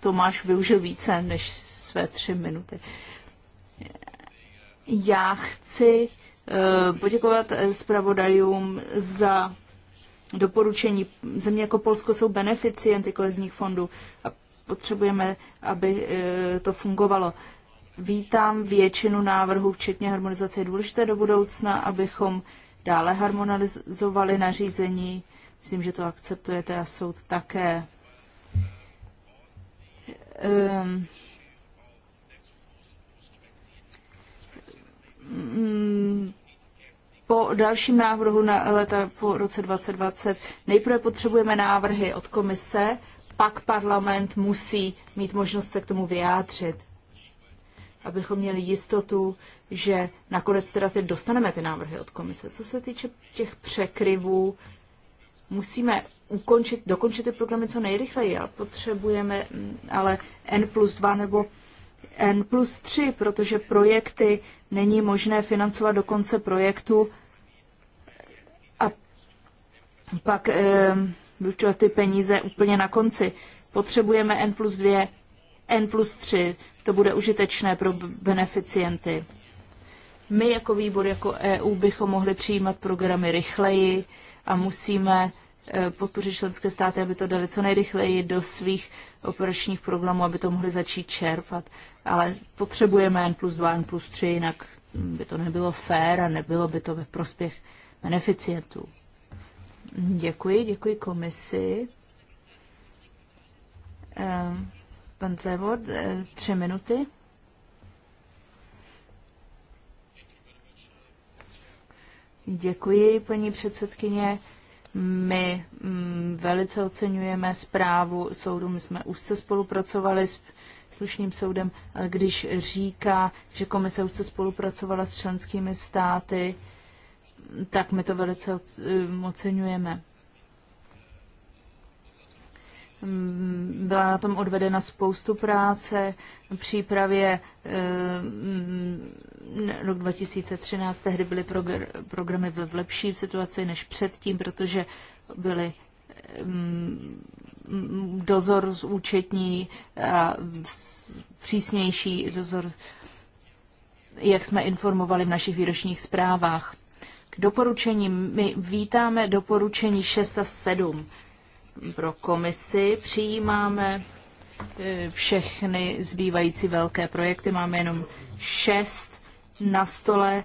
[SPEAKER 4] Tomáš využil více než své tři minuty. Já chci eh, poděkovat eh, zpravodajům za doporučení. Země jako Polsko jsou beneficienty kolezních fondů a potřebujeme, aby e, to fungovalo. Vítám většinu návrhů, včetně harmonizace je důležité do budoucna, abychom dále harmonizovali nařízení. Myslím, že to akceptujete a soud také. Um, po dalším návrhu na leta po roce 2020 nejprve potřebujeme návrhy od komise, pak parlament musí mít možnost se k tomu vyjádřit, abychom měli jistotu, že nakonec teda teď dostaneme ty návrhy od komise. Co se týče těch překryvů, musíme ukončit, dokončit ty programy co nejrychleji, ale potřebujeme mm, ale N plus 2 nebo N plus 3, protože projekty není možné financovat do konce projektu a pak eh, vyučovat ty peníze úplně na konci. Potřebujeme N plus 2, N plus 3, to bude užitečné pro beneficienty. My jako výbor, jako EU, bychom mohli přijímat programy rychleji a musíme eh, podpořit členské státy, aby to dali co nejrychleji do svých operačních programů, aby to mohli začít čerpat. Ale potřebujeme N plus 2, N plus 3, jinak by to nebylo fér a nebylo by to ve prospěch beneficientů. Děkuji, děkuji komisi. Ehm, pan Zevod, eh, tři minuty. Děkuji, paní předsedkyně. My mm, velice oceňujeme zprávu soudu. My jsme úzce spolupracovali s slušným soudem, když říká, že komise úzce spolupracovala s členskými státy, tak my to velice eh, oceňujeme. Mm, byla na tom odvedena spoustu práce, přípravě eh, mm, rok 2013, tehdy byly progr- programy v lepší situaci než předtím, protože byly mm, dozor z účetní a přísnější dozor, jak jsme informovali v našich výročních zprávách. Doporučení, my vítáme doporučení 6 a 7 pro komisi, přijímáme e, všechny zbývající velké projekty, máme jenom šest na stole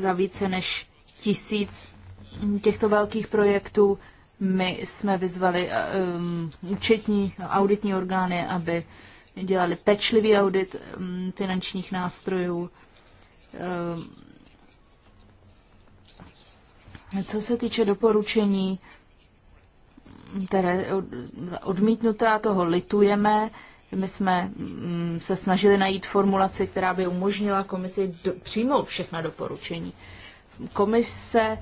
[SPEAKER 4] za více než tisíc těchto velkých projektů. My jsme vyzvali e, um, účetní auditní orgány, aby dělali pečlivý audit um, finančních nástrojů. Um, co se týče doporučení, které odmítnuté a toho litujeme, my jsme mm, se snažili najít formulaci, která by umožnila komisi do, přijmout všechna doporučení. Komise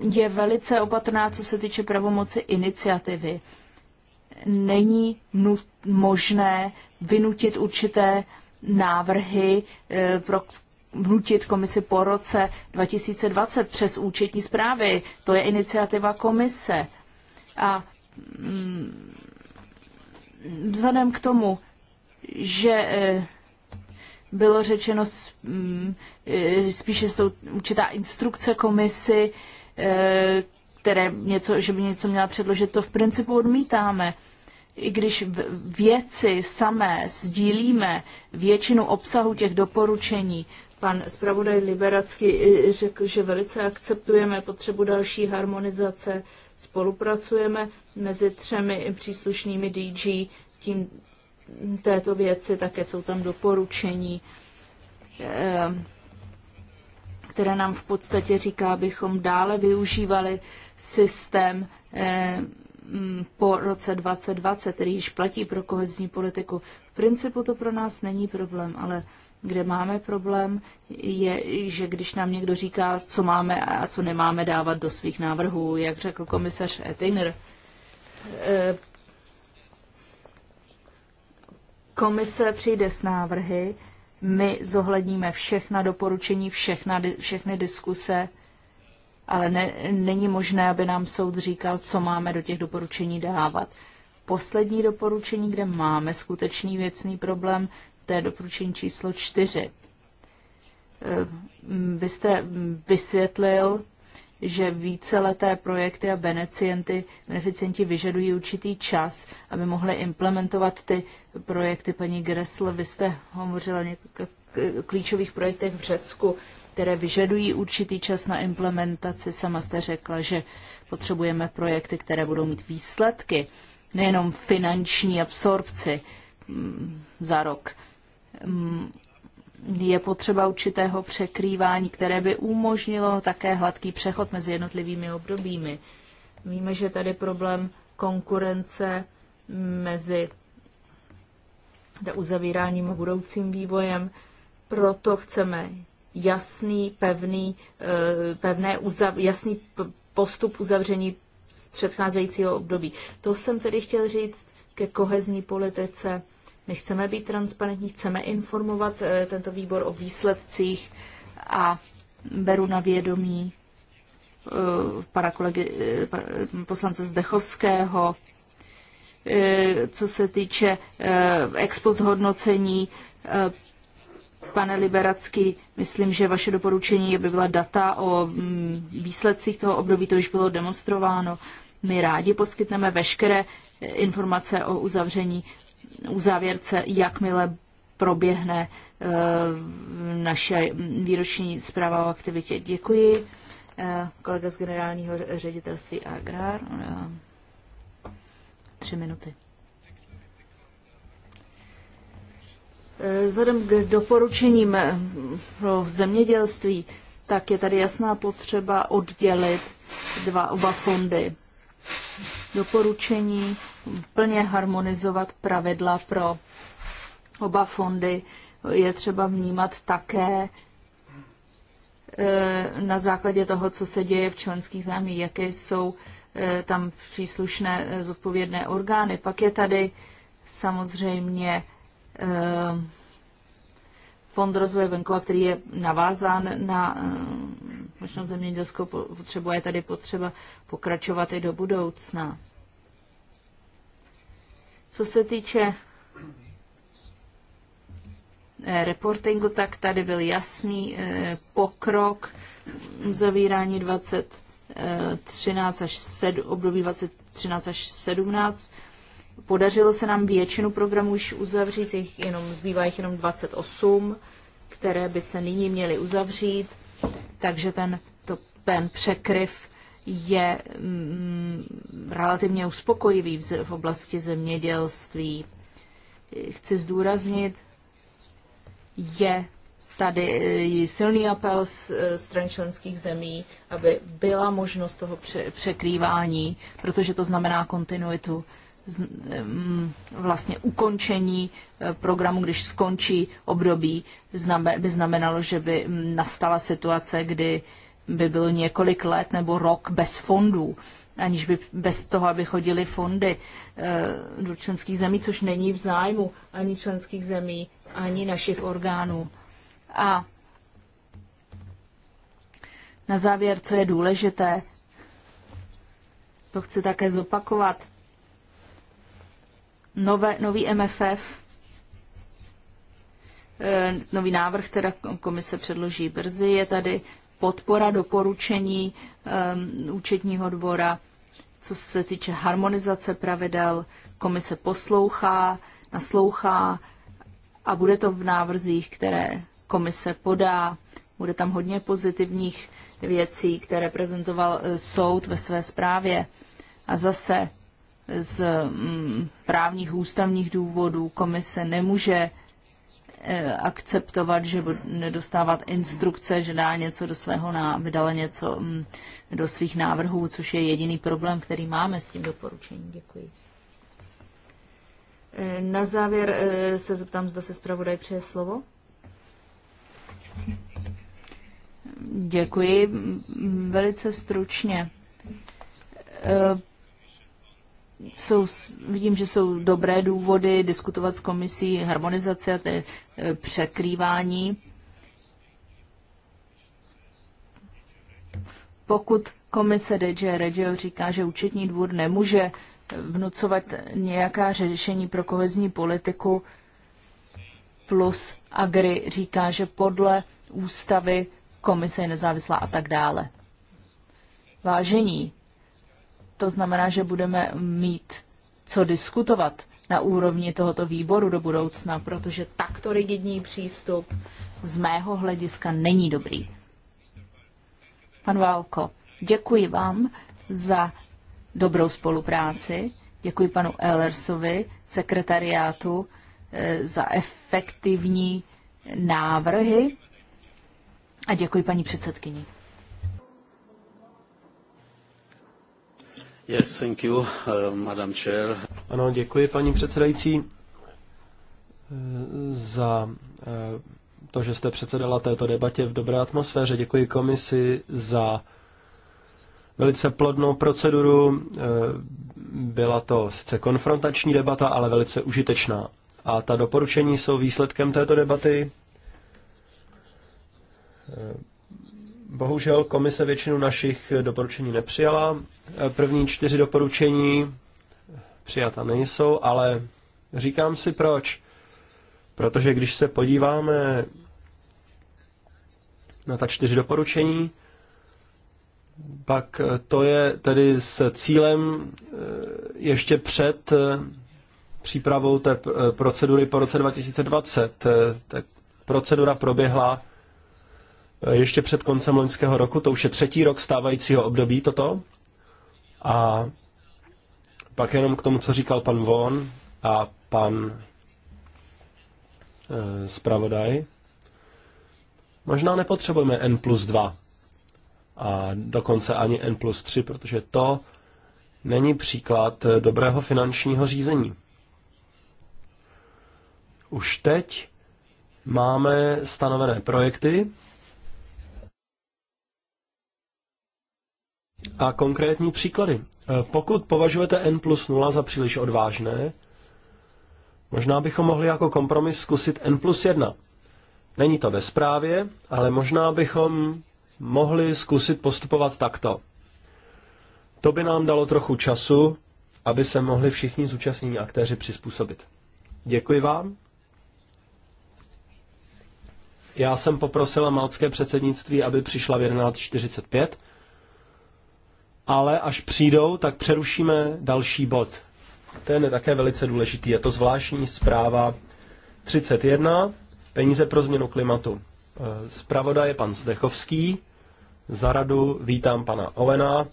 [SPEAKER 4] je velice opatrná, co se týče pravomoci iniciativy. Není nut, možné vynutit určité návrhy e, pro vnutit komisi po roce 2020 přes účetní zprávy. To je iniciativa komise. A mm, vzhledem k tomu, že e, bylo řečeno mm, e, spíše s tou určitá instrukce komisi, e, které něco, že by něco měla předložit, to v principu odmítáme. I když věci samé sdílíme většinu obsahu těch doporučení, Pan zpravodaj Liberacky eh, řekl, že velice akceptujeme potřebu další harmonizace, spolupracujeme mezi třemi příslušnými DG tím této věci, také jsou tam doporučení, eh, které nám v podstatě říká, abychom dále využívali systém eh, po roce 2020, který již platí pro kohezní politiku. V principu to pro nás není problém, ale kde máme problém, je, že když nám někdo říká, co máme a co nemáme dávat do svých návrhů, jak řekl komisař Ettinger, eh, komise přijde s návrhy, my zohledníme všechna doporučení, všechna, všechny diskuse, ale ne, není možné, aby nám soud říkal, co máme do těch doporučení dávat. Poslední doporučení, kde máme skutečný věcný problém, to je doporučení číslo čtyři. Eh, vy jste vysvětlil, že víceleté projekty a beneficienty, beneficienti vyžadují určitý čas, aby mohli implementovat ty projekty. Paní Gressl, vy jste hovořila o klíčových projektech v Řecku, které vyžadují určitý čas na implementaci. Sama jste řekla, že potřebujeme projekty, které budou mít výsledky, nejenom finanční absorpci mm, za rok. Mm, je potřeba určitého překrývání, které by umožnilo také hladký přechod mezi jednotlivými obdobími. Víme, že tady problém konkurence mezi uzavíráním a budoucím vývojem, proto chceme jasný, pevný, eh, pevné uzav, jasný postup uzavření z předcházejícího období. To jsem tedy chtěl říct ke kohezní politice my chceme být transparentní, chceme informovat eh, tento výbor o výsledcích a beru na vědomí eh, pana kolegy, eh, poslance Zdechovského, co se týče ex post hodnocení, pane Liberacky, myslím, že vaše doporučení by byla data o mm, výsledcích toho období, to už bylo demonstrováno. My rádi poskytneme veškeré informace o uzavření uzávěrce, jakmile proběhne eh, naše výroční zpráva o aktivitě. Děkuji. Eh, kolega z generálního ředitelství Agrár. Eh, tři minuty. Vzhledem k doporučením pro zemědělství, tak je tady jasná potřeba oddělit dva oba fondy doporučení plně harmonizovat pravidla pro oba fondy. Je třeba vnímat také eh, na základě toho, co se děje v členských zemích, jaké jsou eh, tam příslušné eh, zodpovědné orgány. Pak je tady samozřejmě Fond rozvoje venkova, který je navázán na eh, možnost zemědělskou potřebu a je tady potřeba pokračovat i do budoucna. Co se týče eh, reportingu, tak tady byl jasný eh, pokrok zavírání 2013 až 7, období 2013 až 17 Podařilo se nám většinu programů už uzavřít, jich jenom, zbývá jich jenom 28, které by se nyní měly uzavřít, takže ten, to, ten překryv je mm, relativně uspokojivý v, v oblasti zemědělství. Chci zdůraznit, je tady e, silný apel z e, stran členských zemí, aby byla možnost toho překrývání, protože to znamená kontinuitu vlastně ukončení eh, programu, když skončí období, by znamenalo, že by mm, nastala situace, kdy by bylo několik let nebo rok bez fondů, aniž by bez toho, aby chodili fondy eh, do členských zemí, což není v zájmu ani členských zemí, ani našich orgánů. A na závěr, co je důležité, to chci také zopakovat, nové, nový MFF, eh, nový návrh, teda komise předloží brzy, je tady podpora doporučení um, účetního dvora, co se týče harmonizace pravidel, komise poslouchá, naslouchá a bude to v návrzích, které komise podá. Bude tam hodně pozitivních věcí, které prezentoval eh, soud ve své zprávě. A zase z mm, právních ústavních důvodů komise nemůže eh, akceptovat, že bude instrukce, že dá něco do svého, vydala něco mm, do svých návrhů, což je jediný problém, který máme s tím doporučením. Děkuji. Eh, na závěr eh, se zeptám, zda se zpravodaj přeje slovo. Děkuji. Velice stručně jsou, vidím, že jsou dobré důvody diskutovat s komisí harmonizace a e, překrývání. Pokud komise DG Regio říká, že účetní dvůr nemůže vnucovat nějaká řešení pro kohezní politiku, plus Agri říká, že podle ústavy komise je nezávislá a tak dále. Vážení, to znamená, že budeme mít co diskutovat na úrovni tohoto výboru do budoucna, protože takto rigidní přístup z mého hlediska není dobrý. Pan Válko, děkuji vám za dobrou spolupráci, děkuji panu Ellersovi, sekretariátu, eh, za efektivní návrhy a děkuji paní předsedkyni.
[SPEAKER 1] Yes, thank you, uh, Madam Chair. Ano, děkuji paní předsedající eh, za eh, to, že jste předsedala této debatě v dobré atmosféře. Děkuji komisi za velice plodnou proceduru. Eh, byla to sice konfrontační debata, ale velice užitečná. A ta doporučení jsou výsledkem této debaty. Bohužel komise většinu našich doporučení nepřijala. První čtyři doporučení přijata nejsou, ale říkám si proč. Protože když se podíváme na ta čtyři doporučení, pak to je tedy s cílem eh, ještě před eh, přípravou té eh, procedury po roce 2020. Ta procedura proběhla E, ještě před koncem loňského roku, to už je třetí rok stávajícího období toto. A pak jenom k tomu, co říkal pan Von a pan e, zpravodaj. Možná nepotřebujeme N plus 2 a dokonce ani N plus 3, protože to není příklad dobrého finančního řízení. Už teď máme stanovené projekty, a konkrétní příklady. Eh, pokud považujete N plus 0 za příliš odvážné, možná bychom mohli jako kompromis zkusit N plus 1. Není to ve zprávě, ale možná bychom mohli zkusit postupovat takto. To by nám dalo trochu času, aby se mohli všichni zúčastnění aktéři přizpůsobit. Děkuji vám. Já jsem poprosila malcké předsednictví, aby přišla v 11.45 ale až přijdou, tak přerušíme další bod. Ten je také velice důležitý. Je to zvláštní zpráva 31, peníze pro změnu klimatu. Eh, Zpravoda je pan Zdechovský. Za radu vítám pana Ovena,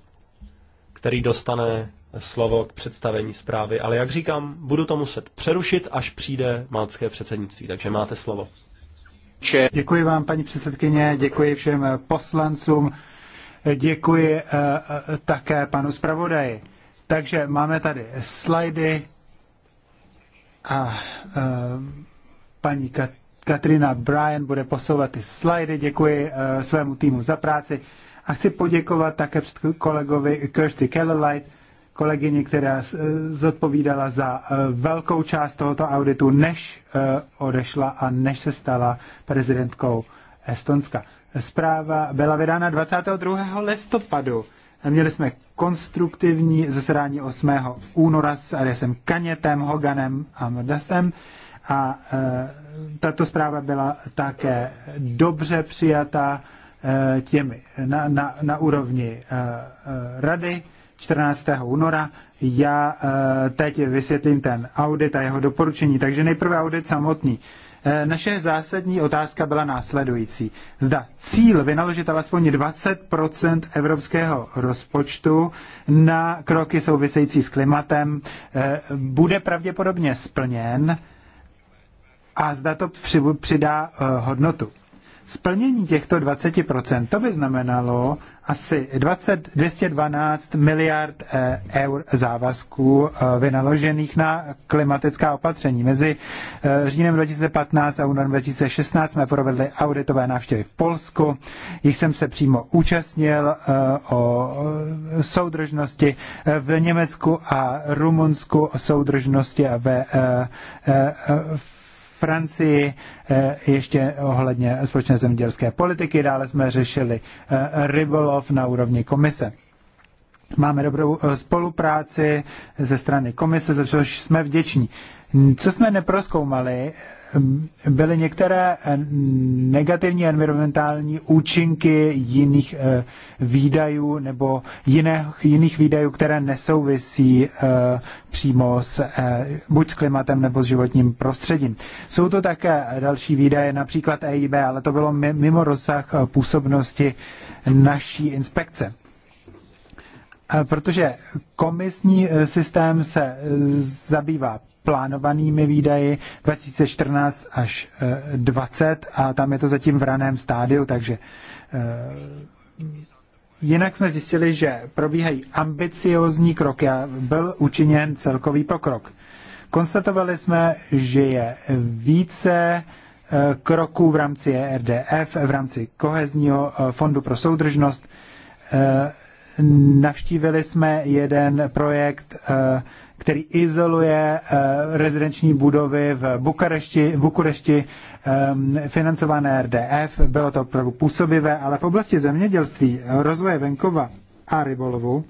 [SPEAKER 1] který dostane slovo k představení zprávy. Ale jak říkám, budu to muset přerušit, až přijde malcké předsednictví. Takže máte slovo.
[SPEAKER 3] Děkuji vám, paní předsedkyně, děkuji všem poslancům Děkuji eh, eh, také panu zpravodaji. Takže máme tady slajdy a eh, paní Katrina Bryan bude posouvat ty slajdy. Děkuji svému týmu za práci a chci poděkovat také kolegovi Kirsty Kellerlight, kolegyni, která zodpovídala za velkou část tohoto auditu, než odešla a než se stala prezidentkou Estonska zpráva byla vydána 22. listopadu. Měli jsme konstruktivní zasedání 8. února s Ariasem Kanětem, Hoganem a Mrdasem a e, tato zpráva byla také dobře přijata e, těmi na, na, na úrovni e, e rady 14. února. Já e, teď vysvětlím ten audit a jeho doporučení. Takže nejprve audit samotný. E, Eh, naše zásadní otázka byla následující. Zda cíl vynaložit alespoň 20 evropského rozpočtu na kroky související s klimatem eh, bude pravděpodobně splněn a zda to přidá eh, hodnotu. Splnění těchto 20%, to by znamenalo asi 20, 212 miliard eh, eur závazků eh, vynaložených na klimatická opatření. Mezi eh, říjnem 2015 a únorem 2016 jsme provedli auditové návštěvy v Polsku, jich jsem se přímo účastnil o soudržnosti v Německu a Rumunsku o soudržnosti a ve, v Francii, eh, ještě ohledně společné zemědělské politiky, dále jsme řešili eh, rybolov na úrovni komise. Máme dobrou eh, spolupráci ze strany komise, za což jsme vděční. Co jsme neproskoumali, byly některé eh, negativní environmentální účinky jiných eh, výdajů nebo jiných, jiných výdajů, které nesouvisí eh, přímo s, buď s klimatem nebo s životním prostředím. Jsou to také další výdaje, například EIB, ale to bylo mimo rozsah působnosti naší inspekce. Protože komisní systém se zabývá plánovanými výdaji 2014 až 20 eh, a tam je to zatím v raném stádiu, takže eh, Jinak jsme zjistili, že probíhají ambiciozní kroky a byl učiněn celkový pokrok. Konstatovali jsme, že je více eh, kroků v rámci e RDF, v rámci kohezního fondu pro soudržnost. Navštívili jsme jeden projekt který izoluje eh, rezidenční budovy v Bukarešti, Bukurešti, eh, financované RDF. Bylo to opravdu působivé, ale v oblasti zemědělství, rozvoje venkova a rybolovu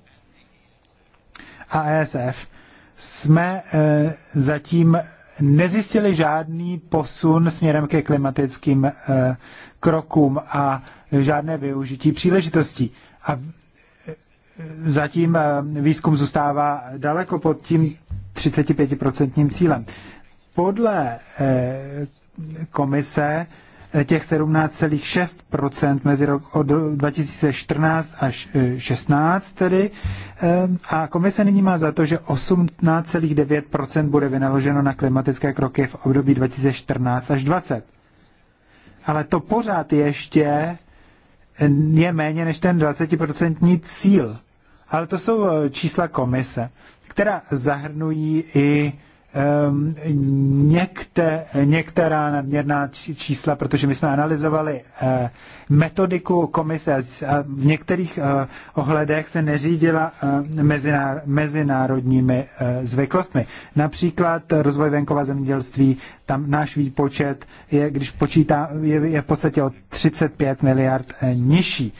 [SPEAKER 3] a ESF jsme eh, zatím nezjistili žádný posun směrem ke klimatickým krokům a žádné využití příležitostí. A zatím eh, výzkum zůstává daleko pod tím 35% cílem. Podle eh, komise eh, těch 17,6% mezi rok od 2014 až 16 tedy. A komise nyní má za to, že 18,9% bude vynaloženo na klimatické kroky v období 2014 až 20. Ale to pořád ještě je méně než ten 20% cíl. Ale to jsou eh, čísla komise, která zahrnují i Ehm, někte, některá nadměrná čísla, protože my jsme analyzovali eh, metodiku komise a v některých eh, ohledech se neřídila eh, mezinárodními zvyklostmi. Například rozvoj venkova zemědělství, tam náš výpočet je, když počítá, je, je v podstatě o 35 miliard nižší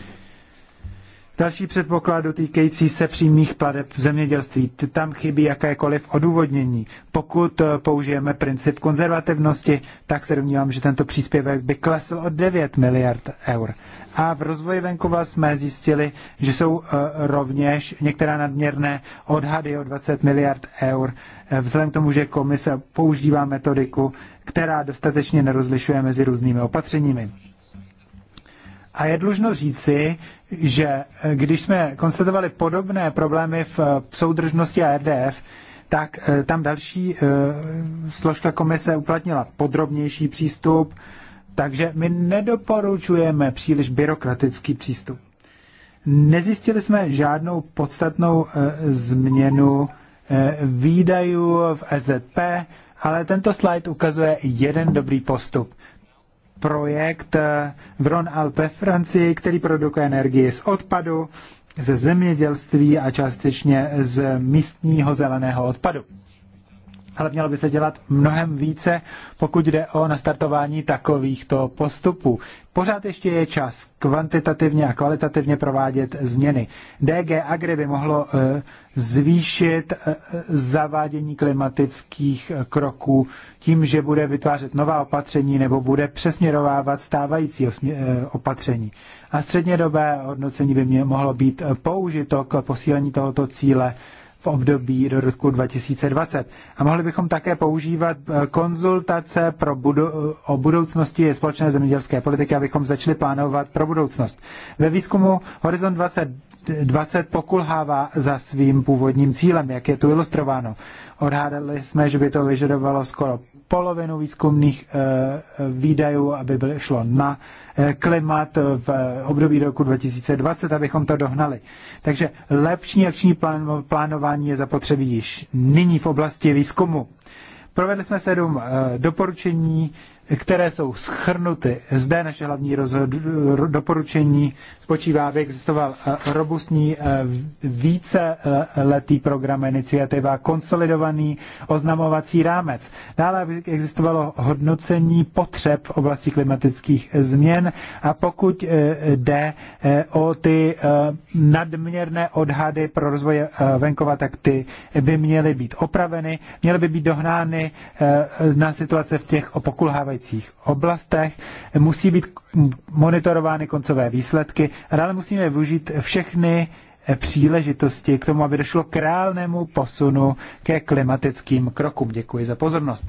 [SPEAKER 3] Další předpoklad dotýkající se přímých pladeb zemědělství. Tam chybí jakékoliv odůvodnění. Pokud eh, použijeme princip konzervativnosti, tak se domnívám, že tento příspěvek by klesl o 9 miliard eur. A v rozvoji venkova jsme zjistili, že jsou eh, rovněž některá nadměrné odhady o 20 miliard eur, eh, vzhledem k tomu, že komise používá metodiku, která dostatečně nerozlišuje mezi různými opatřeními. A je dlužno říci, že eh, když jsme konstatovali podobné problémy v eh, soudržnosti a RDF, tak eh, tam další složka komise uplatnila podrobnější přístup, takže my nedoporučujeme příliš byrokratický přístup. Nezjistili jsme žádnou podstatnou změnu výdajů v EZP, ale tento slide ukazuje jeden dobrý postup projekt eh, v Alpe alpes Francii, který produkuje energii z odpadu, ze zemědělství a částečně z místního zeleného odpadu ale mělo by se dělat mnohem více, pokud jde o nastartování takovýchto postupů. Pořád ještě je čas kvantitativně a kvalitativně provádět změny. DG Agri by mohlo eh, zvýšit eh, zavádění klimatických eh, kroků tím, že bude vytvářet nová opatření nebo bude přesměrovávat stávající opatření. A střednědobé hodnocení by mě mohlo být použito k posílení tohoto cíle v období do roku 2020. A mohli bychom také používat eh, konzultace pro budu- eh, o budoucnosti společné zemědělské politiky, abychom začali plánovat pro budoucnost. Ve výzkumu Horizon 2020 pokulhává za svým původním cílem, jak je tu ilustrováno. Odhádali jsme, že by to vyžadovalo skoro polovinu výzkumných eh, výdajů, aby bylo, šlo na eh, klimat v období roku 2020, abychom to dohnali. Takže lepší akční plán, plánování je zapotřebí již nyní v oblasti výzkumu. Provedli jsme sedm eh, doporučení, které jsou schrnuty. Zde naše hlavní rozhod- doporučení spočívá, aby existoval eh, robustní eh, víceletý program iniciativa, konsolidovaný oznamovací rámec. Dále, by existovalo hodnocení potřeb v oblasti klimatických změn a pokud eh, jde o ty nadměrné odhady pro rozvoj venkova, tak ty by měly být opraveny, měly by být dohnány na situace v těch pokulhávajících oblastech, musí být monitorovány koncové výsledky ale musíme využít všechny eh, příležitosti k tomu, aby došlo k reálnému posunu ke klimatickým krokům. Děkuji za pozornost.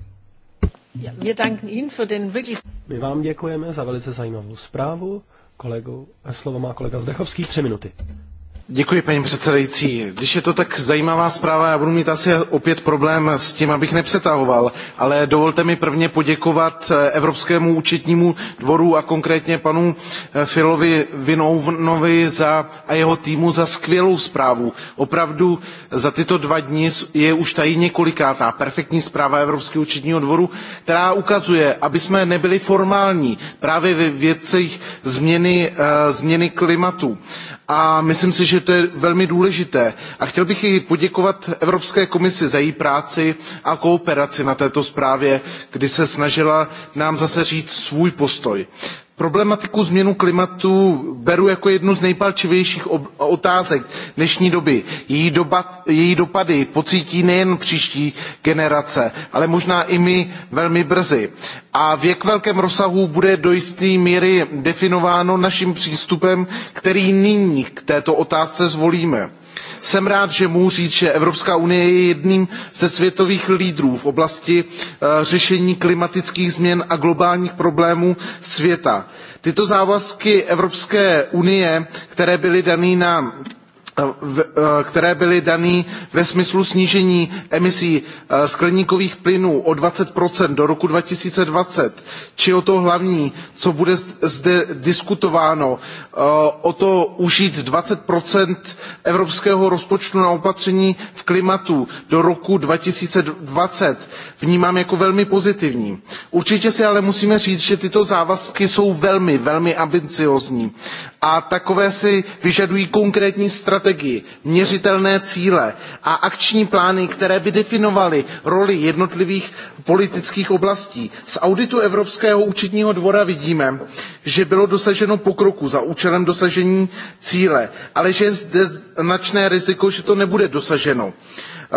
[SPEAKER 1] My vám děkujeme za velice zajímavou zprávu. Kolegu, slovo má kolega Zdechovský, tři minuty.
[SPEAKER 2] Děkuji, paní předsedající. Když je to tak zajímavá zpráva, já budu mít asi opět problém s tím, abych nepřetahoval, ale dovolte mi prvně poděkovat eh, Evropskému účetnímu dvoru a konkrétně panu eh, Filovi Vinovnovi za, a jeho týmu za skvělou zprávu. Opravdu eh, za tyto dva dny je už tady několikátá perfektní zpráva Evropského účetního dvoru, která ukazuje, aby jsme nebyli formální právě ve věcech změny, změny klimatu. A myslím si, že že to je velmi důležité. A chtěl bych i poděkovat Evropské komisi za její práci a kooperaci na této zprávě, kdy se snažila nám zase říct svůj postoj. Problematiku změnu klimatu beru jako jednu z nejpalčivějších otázek dnešní doby. Její, doba, její dopady pocítí nejen příští generace, ale možná i my velmi brzy. A v jak velkém rozsahu bude do jisté míry definováno naším přístupem, který nyní k této otázce zvolíme jsem rád, že mohu říct, že Evropská unie je jedním ze světových lídrů v oblasti eh, řešení klimatických změn a globálních problémů světa. Tyto závazky Evropské unie, které byly dané na Eh, eh, které byly dané ve smyslu snížení emisí eh, skleníkových plynů o 20 do roku 2020, či o to hlavní, co bude zde diskutováno, o to užít 20 evropského rozpočtu na opatření v klimatu do roku 2020, vnímám jako velmi pozitivní. Určitě si ale musíme říct, že tyto závazky jsou velmi, velmi ambiciózní a takové si vyžadují konkrétní strategii strategii, měřitelné cíle a akční plány, které by definovaly roli jednotlivých politických oblastí. Z auditu Evropského účetního dvora vidíme, že bylo dosaženo pokroku za účelem dosažení cíle, ale že je zde značné riziko, že to nebude dosaženo. Eh,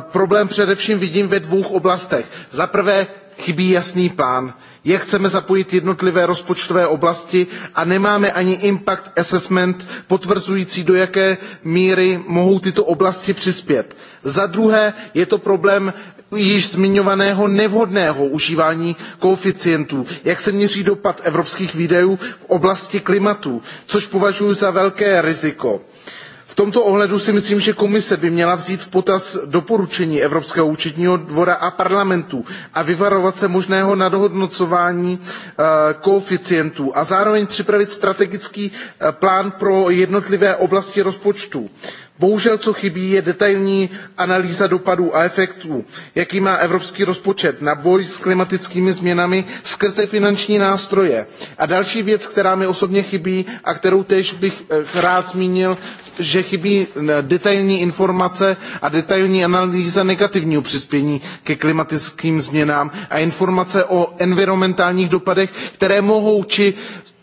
[SPEAKER 2] problém především vidím ve dvou oblastech. Za prvé chybí jasný plán jak chceme zapojit jednotlivé rozpočtové oblasti a nemáme ani impact assessment potvrzující do jaké míry mohou tyto oblasti přispět. za druhé je to problém již zmiňovaného nevhodného užívání koeficientů jak se měří dopad evropských výdajů v oblasti klimatu což považuji za velké riziko. za tomto ohledu si myslím že komise by měla vzít v potaz doporučení evropského účetního dvora a Parlamentu a vyvarovat se možného nadhodnocování eh, koeficientů a zároveň připravit strategický eh, plán pro jednotlivé oblasti rozpočtu. Bohužel, co chybí, je detailní analýza dopadů a efektů, jaký má evropský rozpočet na boj s klimatickými změnami skrze finanční nástroje. A další věc, která mi osobně chybí a kterou též bych eh, rád zmínil, že chybí eh, detailní informace a detailní analýza negativního přispění ke klimatickým změnám a informace o environmentálních dopadech, které mohou či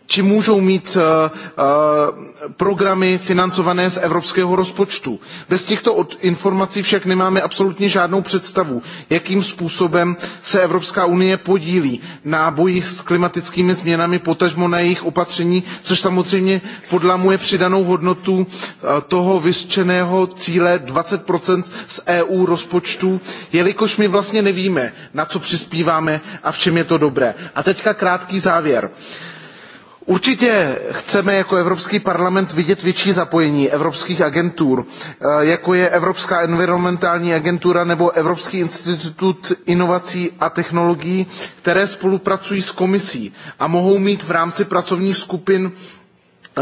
[SPEAKER 2] či můžou mít eh, eh, programy financované z evropského rozpočtu. Bez těchto informací však nemáme absolutně žádnou představu, jakým způsobem se Evropská unie podílí na boji s klimatickými změnami, potažmo na jejich opatření, což samozřejmě podlamuje přidanou hodnotu eh, toho vyřčeného cíle 20% z EU rozpočtu, jelikož my vlastně nevíme, na co přispíváme a v čem je to dobré. A teďka krátký závěr. Uh, Určitě chceme jako Evropský parlament vidět větší zapojení evropských agentur, eh, jako je Evropská environmentální agentura nebo Evropský institut inovací a technologií, které spolupracují s komisí a mohou mít v rámci pracovních skupin eh,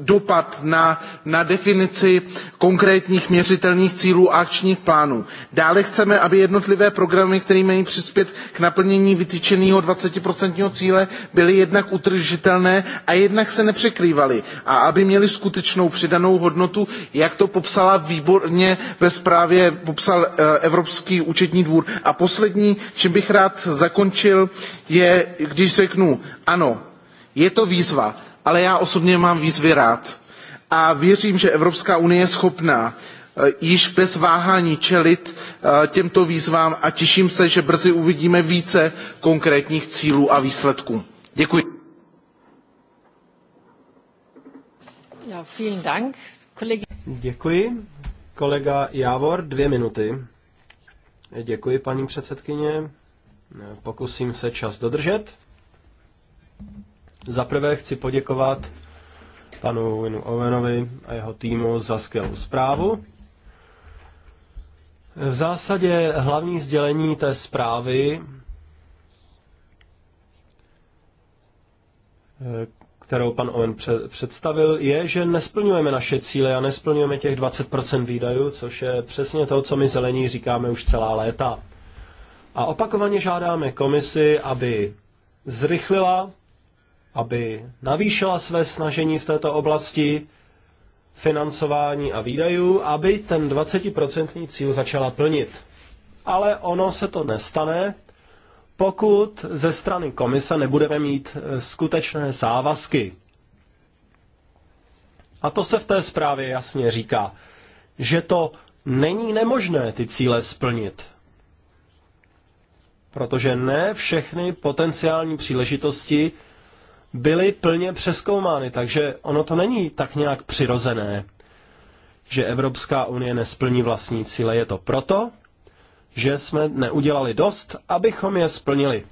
[SPEAKER 2] dopad na, na definici konkrétních měřitelných cílů a akčních plánů. Dále chceme, aby jednotlivé programy, které mají přispět k naplnění vytyčeného 20% cíle, byly jednak utržitelné a jednak se nepřekrývaly a aby měly skutečnou přidanou hodnotu, jak to popsala výborně ve zprávě popsal eh, Evropský účetní dvůr. A poslední, čím bych rád zakončil, je, když řeknu, ano, je to výzva, ale já osobně mám výzvy rád. A věřím, že Evropská unie je schopná eh, již bez váhání čelit eh, těmto výzvám a těším se, že brzy uvidíme více konkrétních cílů a výsledků. Děkuji.
[SPEAKER 1] Děkuji. Kolega Jávor, dvě minuty. Děkuji, paní předsedkyně. Pokusím se čas dodržet. Za prvé chci poděkovat panu Winu Owenovi a jeho týmu za skvělou zprávu. V zásadě hlavní sdělení té zprávy, eh, kterou pan Owen představil, je, že nesplňujeme naše cíle a nesplňujeme těch 20% výdajů, což je přesně to, co my zelení říkáme už celá léta. A opakovaně žádáme komisi, aby zrychlila aby navýšila své snažení v této oblasti financování a výdajů, aby ten 20% cíl začala plnit. Ale ono se to nestane, pokud ze strany komise nebudeme mít eh, skutečné závazky. A to se v té zprávě jasně říká, že to není nemožné ty cíle splnit. Protože ne všechny potenciální příležitosti byly plně přeskoumány, takže ono to není tak nějak přirozené, že Evropská unie nesplní vlastní cíle. Je to proto, že jsme neudělali dost, abychom je splnili.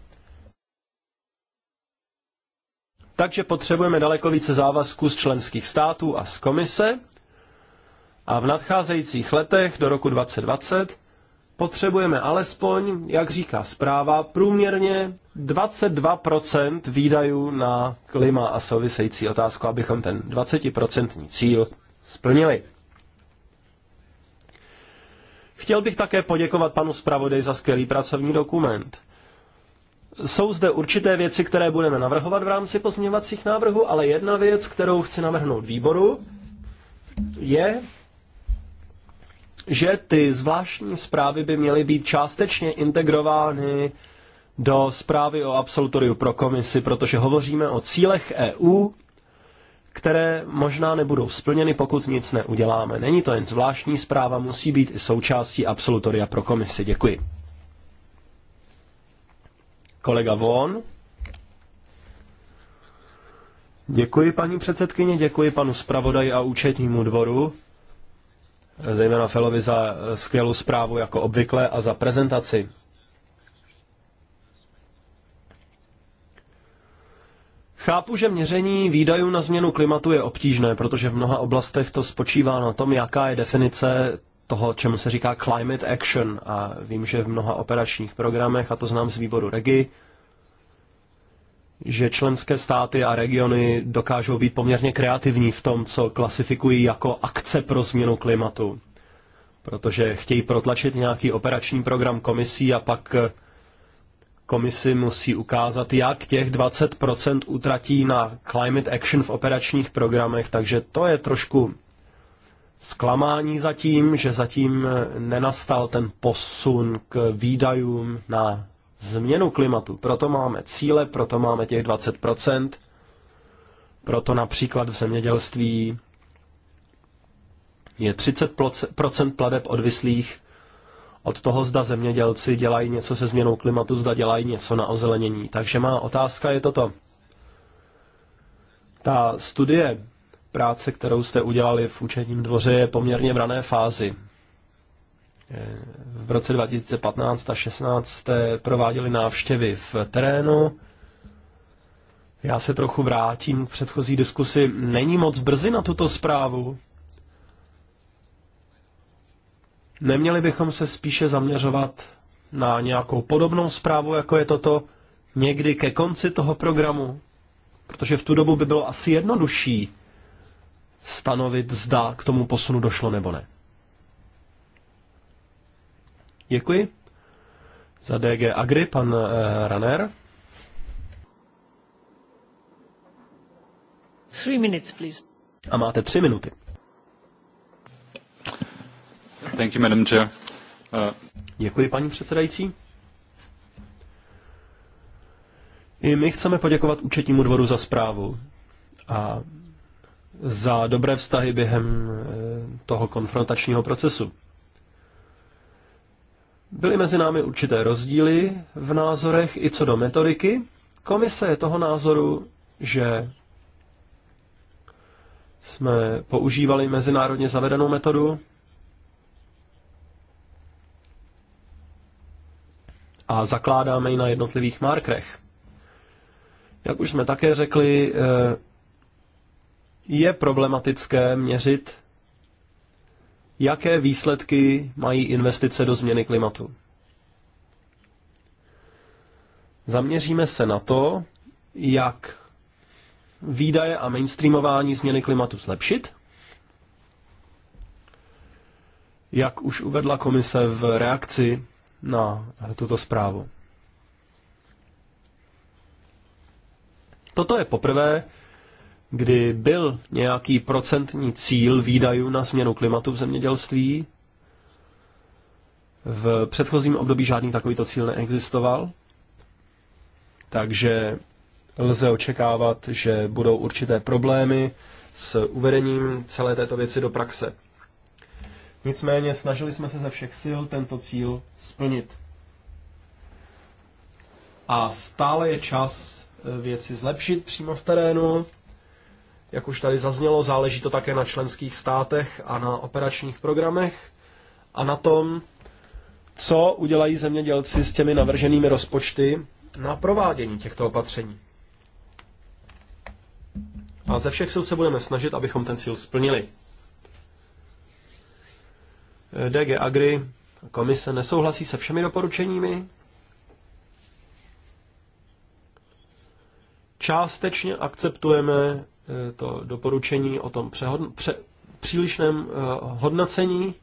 [SPEAKER 1] Takže potřebujeme daleko více závazků z členských států a z komise a v nadcházejících letech do roku 2020 potřebujeme alespoň, jak říká zpráva, průměrně 22% výdajů na klima a související otázku, abychom ten 20% cíl splnili. Chtěl bych také poděkovat panu zpravodaj za skvělý pracovní dokument. Jsou zde určité věci, které budeme navrhovat v rámci pozměňovacích návrhů, ale jedna věc, kterou chci navrhnout výboru, je, že ty zvláštní zprávy by měly být částečně integrovány do zprávy o absolutoriu pro komisi, protože hovoříme o cílech EU, které možná nebudou splněny, pokud nic neuděláme. Není to jen zvláštní zpráva, musí být i součástí absolutoria pro komisi. Děkuji. Kolega Von. Děkuji paní předsedkyně, děkuji panu zpravodaji a účetnímu dvoru zejména Felovi za skvělou zprávu jako obvykle a za prezentaci. Chápu, že měření výdajů na změnu klimatu je obtížné, protože v mnoha oblastech to spočívá na tom, jaká je definice toho, čemu se říká climate action. A vím, že v mnoha operačních programech, a to znám z výboru REGI, že členské státy a regiony dokážou být poměrně kreativní v tom, co klasifikují jako akce pro změnu klimatu. Protože chtějí protlačit nějaký operační program komisí a pak eh, komisi musí ukázat, jak těch 20% utratí na climate action v operačních programech, takže to je trošku zklamání zatím, že zatím eh, nenastal ten posun k výdajům na změnu klimatu. Proto máme cíle, proto máme těch 20%, proto například v zemědělství je 30% pladeb odvislých od toho, zda zemědělci dělají něco se změnou klimatu, zda dělají něco na ozelenění. Takže má otázka je toto. Ta studie práce, kterou jste udělali v účetním dvoře, je poměrně v rané fázi v roce 2015 a 16 jste prováděli návštěvy v terénu. Já se trochu vrátím k předchozí diskusi. Není moc brzy na tuto zprávu? Neměli bychom se spíše zaměřovat na nějakou podobnou zprávu, jako je toto, někdy ke konci toho programu? Protože v tu dobu by bylo asi jednodušší stanovit, zda k tomu posunu došlo nebo ne. Děkuji. Za DG Agri, pan eh, Runner.
[SPEAKER 4] Three minutes, please.
[SPEAKER 1] A máte tři minuty. Thank you, Madam Chair. Uh... Děkuji, paní předsedající. I my chceme poděkovat účetnímu dvoru za zprávu a za dobré vztahy během eh, toho konfrontačního procesu. Byly mezi námi určité rozdíly v názorech i co do metodiky. Komise je toho názoru, že jsme používali mezinárodně zavedenou metodu a zakládáme ji na jednotlivých markrech. Jak už jsme také řekli, eh, je problematické měřit jaké výsledky mají investice do změny klimatu. Zaměříme se na to, jak výdaje a mainstreamování změny klimatu zlepšit. Jak už uvedla komise v reakci na tuto zprávu. Toto je poprvé, kdy byl nějaký procentní cíl výdajů na změnu klimatu v zemědělství. V předchozím období žádný takovýto cíl neexistoval, takže lze očekávat, že budou určité problémy s uvedením celé této věci do praxe. Nicméně snažili jsme se ze všech sil tento cíl splnit. A stále je čas eh, věci zlepšit přímo v terénu, jak už tady zaznělo, záleží to také na členských státech a na operačních programech a na tom, co udělají zemědělci s těmi navrženými rozpočty na provádění těchto opatření. A ze všech sil se budeme snažit, abychom ten cíl splnili. DG Agri, komise nesouhlasí se všemi doporučeními. Částečně akceptujeme Eh, to doporučení o tom přehodn- pře- přílišném eh, hodnocení,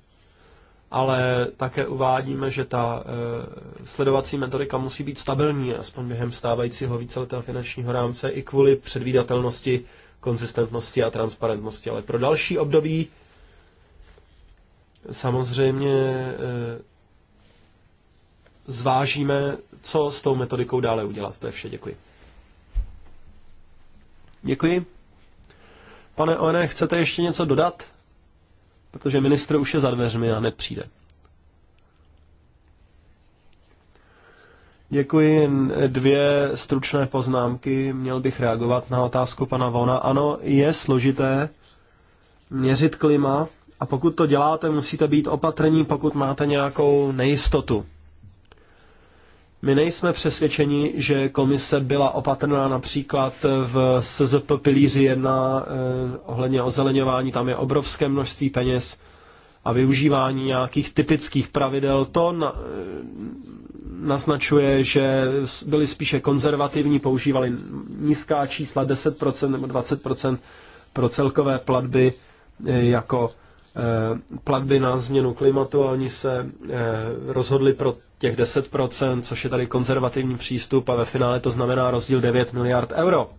[SPEAKER 1] ale také uvádíme, že ta eh, sledovací metodika musí být stabilní, aspoň během stávajícího víceletého finančního rámce, i kvůli předvídatelnosti, konzistentnosti a transparentnosti. Ale pro další období samozřejmě zvážíme, co s tou metodikou dále udělat. To je vše, děkuji. Děkuji. Pane Oene, chcete ještě něco dodat? Protože ministr už je za dveřmi a přijde. Děkuji. Dvě stručné poznámky. Měl bych reagovat na otázku pana Vona. Ano, je složité měřit klima a pokud to děláte, musíte být opatrní, pokud máte nějakou nejistotu. My nejsme přesvědčeni, že komise byla opatrná například v SZP pilíři 1 eh, ohledně ozeleňování, tam je obrovské množství peněz a využívání nějakých typických pravidel. To na, eh, naznačuje, že byli spíše konzervativní, používali nízká čísla 10% nebo 20% pro celkové platby eh, jako Eh, platby na změnu klimatu a oni se eh, rozhodli pro těch 10%, což je tady konzervativní přístup a ve finále to znamená rozdíl 9 miliard euro.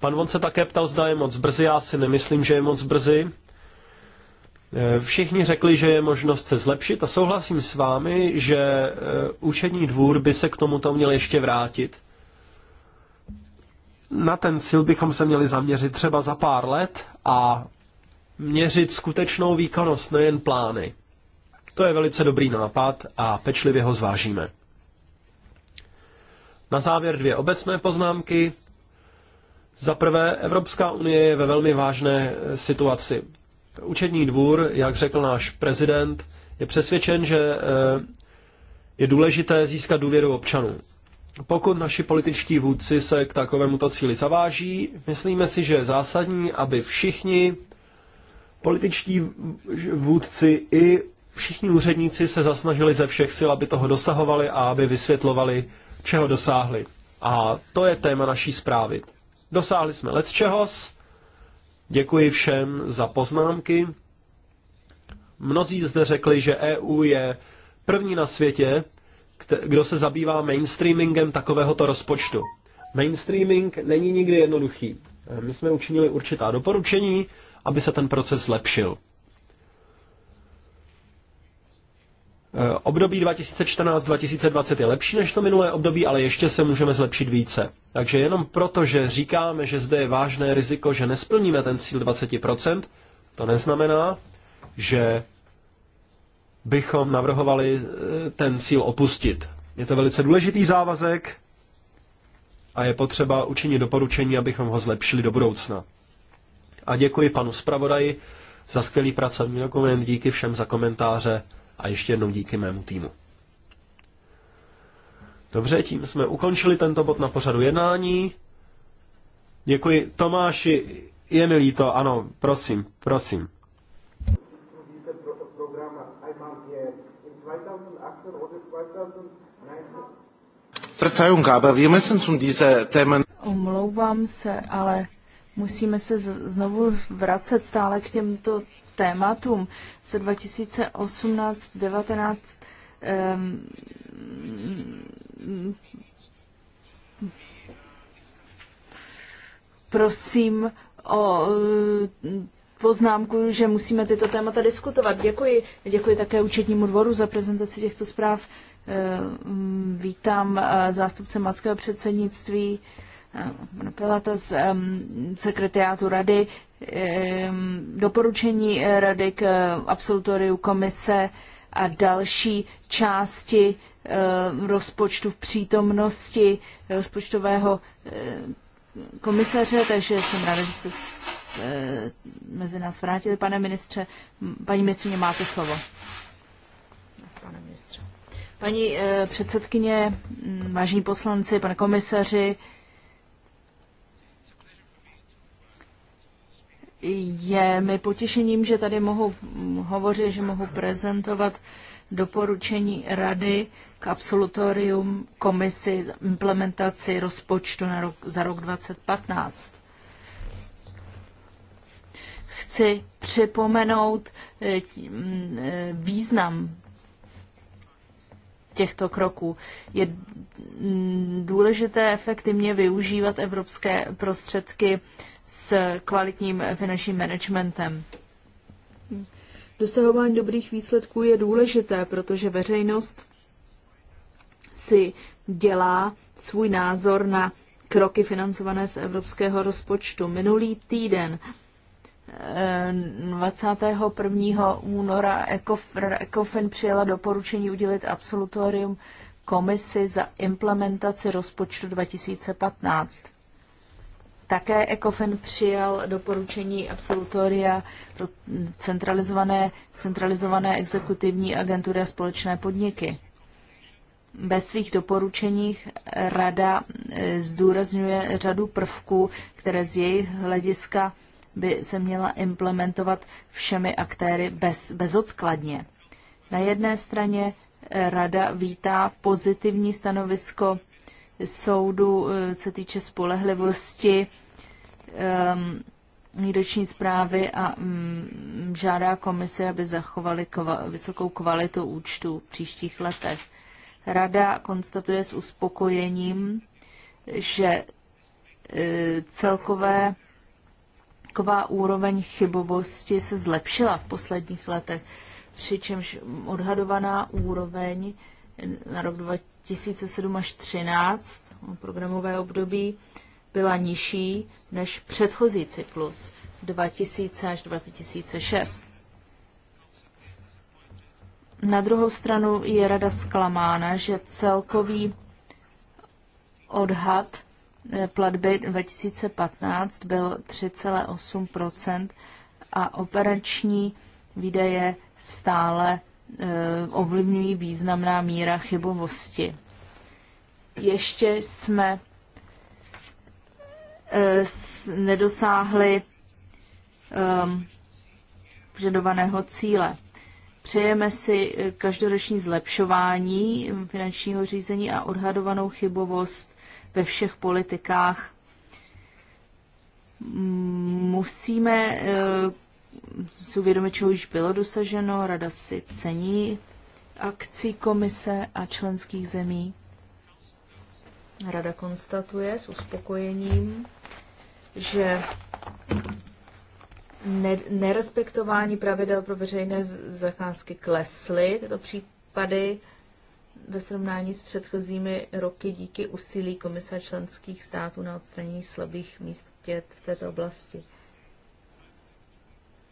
[SPEAKER 1] Pan Von se také ptal, zda je moc brzy. Já si nemyslím, že je moc brzy. Eh, všichni řekli, že je možnost se zlepšit a souhlasím s vámi, že účetní dvůr by se k tomuto měl ještě vrátit. Na ten cíl bychom se měli zaměřit třeba za pár let a měřit skutečnou výkonnost, nejen plány. To je velice dobrý nápad a pečlivě ho zvážíme. Na závěr dvě obecné poznámky. Za prvé, Evropská unie je ve velmi vážné eh, situaci. Učední dvůr, jak řekl náš prezident, je přesvědčen, že eh, je důležité získat důvěru občanů. Pokud naši političtí vůdci se k takovémuto cíli zaváží, myslíme si, že je zásadní, aby všichni Političtí vůdci i všichni úředníci se zasnažili ze všech sil, aby toho dosahovali a aby vysvětlovali, čeho dosáhli. A to je téma naší zprávy. Dosáhli jsme let čehos. Děkuji všem za poznámky. Mnozí zde řekli, že EU je první na světě, kdo se zabývá mainstreamingem takovéhoto rozpočtu. Mainstreaming není nikdy jednoduchý. My jsme učinili určitá doporučení, aby se ten proces zlepšil. E, období 2014-2020 je lepší než to minulé období, ale ještě se můžeme zlepšit více. Takže jenom proto, že říkáme, že zde je vážné riziko, že nesplníme ten cíl 20%, to neznamená, že bychom navrhovali e, ten cíl opustit. Je to velice důležitý závazek a je potřeba učinit doporučení, abychom ho zlepšili do budoucna. A děkuji panu zpravodaji za skvělý pracovní dokument, díky všem za komentáře a ještě jednou díky mému týmu. Dobře, tím jsme ukončili tento bod na pořadu jednání. Děkuji. Tomáši, je mi líto, ano, prosím, prosím.
[SPEAKER 2] Verzeihung, aber wir müssen zu dieser Themen.
[SPEAKER 4] Omlouvám se, ale musíme se znovu vracet stále k těmto tématům. Co 2018-19 um, prosím o e, poznámku, že musíme tyto témata diskutovat. Děkuji. Děkuji také účetnímu dvoru za prezentaci těchto zpráv. E, vítám e, zástupce mackého předsednictví um, sekretariátu rady, doporučení eh, rady k eh, absolutoriu komise a další části eh, rozpočtu v přítomnosti rozpočtového komisaře, takže jsem ráda, že jste mezi nás vrátili, pane ministře. Paní ministrině, máte slovo. Pane ministře. Paní předsedkyně, vážení poslanci, pane komisaři, je mi potěšením, že tady mohu hovořit, že mohu prezentovat doporučení Rady k absolutorium komisi implementaci rozpočtu na rok, za rok 2015. Chci připomenout eh, eh, význam těchto kroků. Je důležité efektivně využívat evropské prostředky s kvalitním finančním managementem. Dosahování dobrých výsledků je důležité, protože veřejnost si dělá svůj názor na kroky financované z evropského rozpočtu. Minulý týden 21. Eh, února ECOFIN přijela doporučení udělit absolutorium komisi za implementaci rozpočtu 2015. Také ECOFIN přijal doporučení absolutoria pro centralizované, centralizované exekutivní agentury a společné podniky. Ve svých doporučeních Rada eh, zdůrazňuje řadu prvků, které z jejich hlediska by se měla implementovat všemi aktéry bez, bezodkladně. Na jedné straně eh, rada vítá pozitivní stanovisko soudu, eh, co týče spolehlivosti um, zprávy a um, žádá komise, aby zachovali kva- vysokou kvalitu účtu v příštích letech. Rada konstatuje s uspokojením, že eh, celkové celková úroveň chybovosti se zlepšila v posledních letech, přičemž odhadovaná úroveň na rok 2007 až 2013 programové období byla nižší než předchozí cyklus 2000 až 2006. Na druhou stranu je rada zklamána, že celkový odhad Eh, platby 2015 byl 3,8 a operační výdaje stále eh, ovlivňují významná míra chybovosti. Ještě jsme eh, nedosáhli ehm, požadovaného cíle. Přejeme si každoroční zlepšování finančního řízení a odhadovanou chybovost ve všech politikách. Musíme eh, si uvědomit, čeho již bylo dosaženo. Rada si cení akcí komise a členských zemí. Rada konstatuje s uspokojením, že nerespektování pravidel pro veřejné zakázky klesly, tyto případy ve srovnání s předchozími roky díky úsilí Komise členských států na odstranění slabých míst v této oblasti.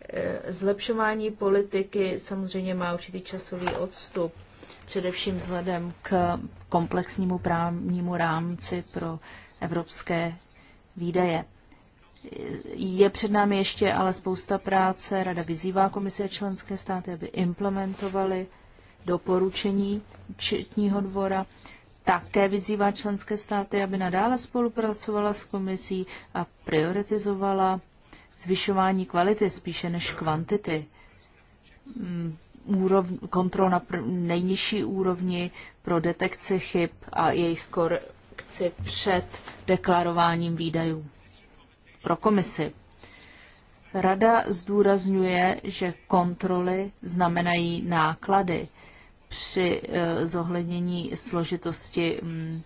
[SPEAKER 4] E, zlepšování politiky samozřejmě má určitý časový odstup, především vzhledem k komplexnímu právnímu rámci pro evropské výdaje. Je před námi ještě ale spousta práce. Rada vyzývá komise členské státy, aby implementovali doporučení účetního dvora také vyzývá členské státy, aby nadále spolupracovala s komisí a prioritizovala zvyšování kvality spíše než kvantity. Mm, úrov, kontrol na pr- nejnižší úrovni pro detekci chyb a jejich korekci před deklarováním výdajů. Pro komisi. Rada zdůrazňuje, že kontroly znamenají náklady při eh, zohlednění složitosti mm,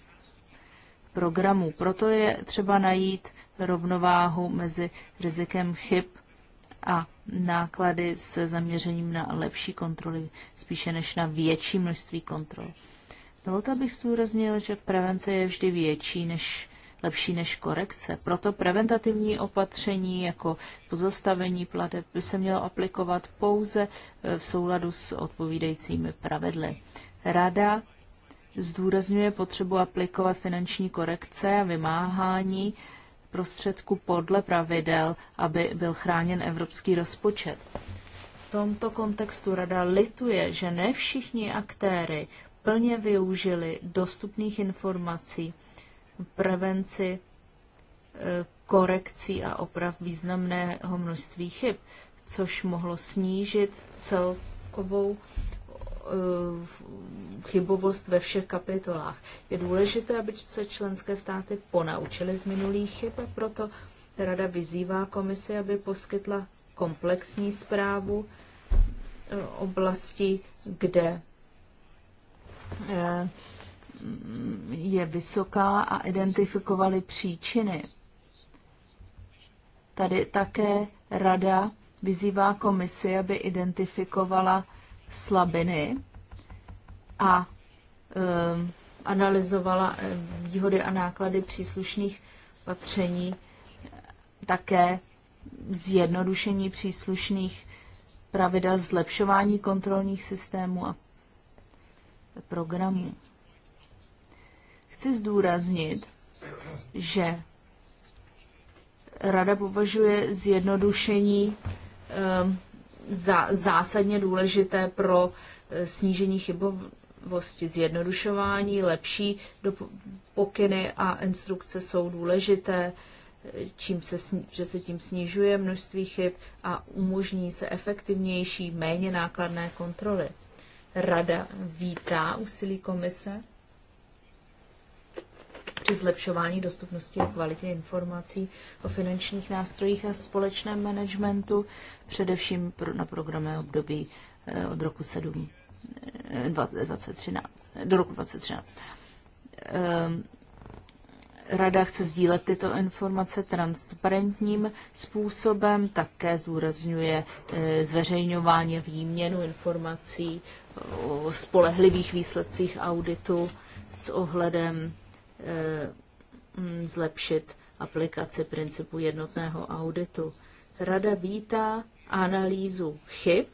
[SPEAKER 4] programů. Proto je třeba najít rovnováhu mezi rizikem chyb a náklady se zaměřením na lepší kontroly, spíše než na větší množství kontrol. Dovolte, abych zúraznil, že prevence je vždy větší než lepší než korekce. Proto preventativní opatření jako pozastavení plateb by se mělo aplikovat pouze e, v souladu s odpovídajícími pravidly. Rada zdůrazňuje potřebu aplikovat finanční korekce a vymáhání prostředku podle pravidel, aby byl chráněn evropský rozpočet. V tomto kontextu Rada lituje, že ne všichni aktéry plně využili dostupných informací prevenci e, korekcí a oprav významného množství chyb, což mohlo snížit celkovou e, chybovost ve všech kapitolách. Je důležité, aby se členské státy ponaučily z minulých chyb a proto Rada vyzývá komisi, aby poskytla komplexní zprávu e, oblasti, kde je vysoká a identifikovali příčiny. Tady také rada vyzývá komisi, aby identifikovala slabiny a e, analyzovala eh, výhody a náklady příslušných patření, také zjednodušení příslušných pravidel, zlepšování kontrolních systémů a programů. Chci zdůraznit, že Rada považuje zjednodušení ehm, za zásadně důležité pro eh, snížení chybovosti. Zjednodušování, lepší pokyny a instrukce jsou důležité, eh, čím se, že se tím snižuje množství chyb a umožní se efektivnější, méně nákladné kontroly. Rada vítá úsilí komise při zlepšování dostupnosti a kvality informací o finančních nástrojích a společném managementu, především na programe období eh, od roku 7, 2013, eh, do roku 2013. Ehm, Rada chce sdílet tyto informace transparentním způsobem, také zúrazňuje eh, zveřejňování a výměnu informací o spolehlivých výsledcích auditu s ohledem Eh, mm, zlepšit aplikaci principu jednotného auditu. Rada vítá analýzu chyb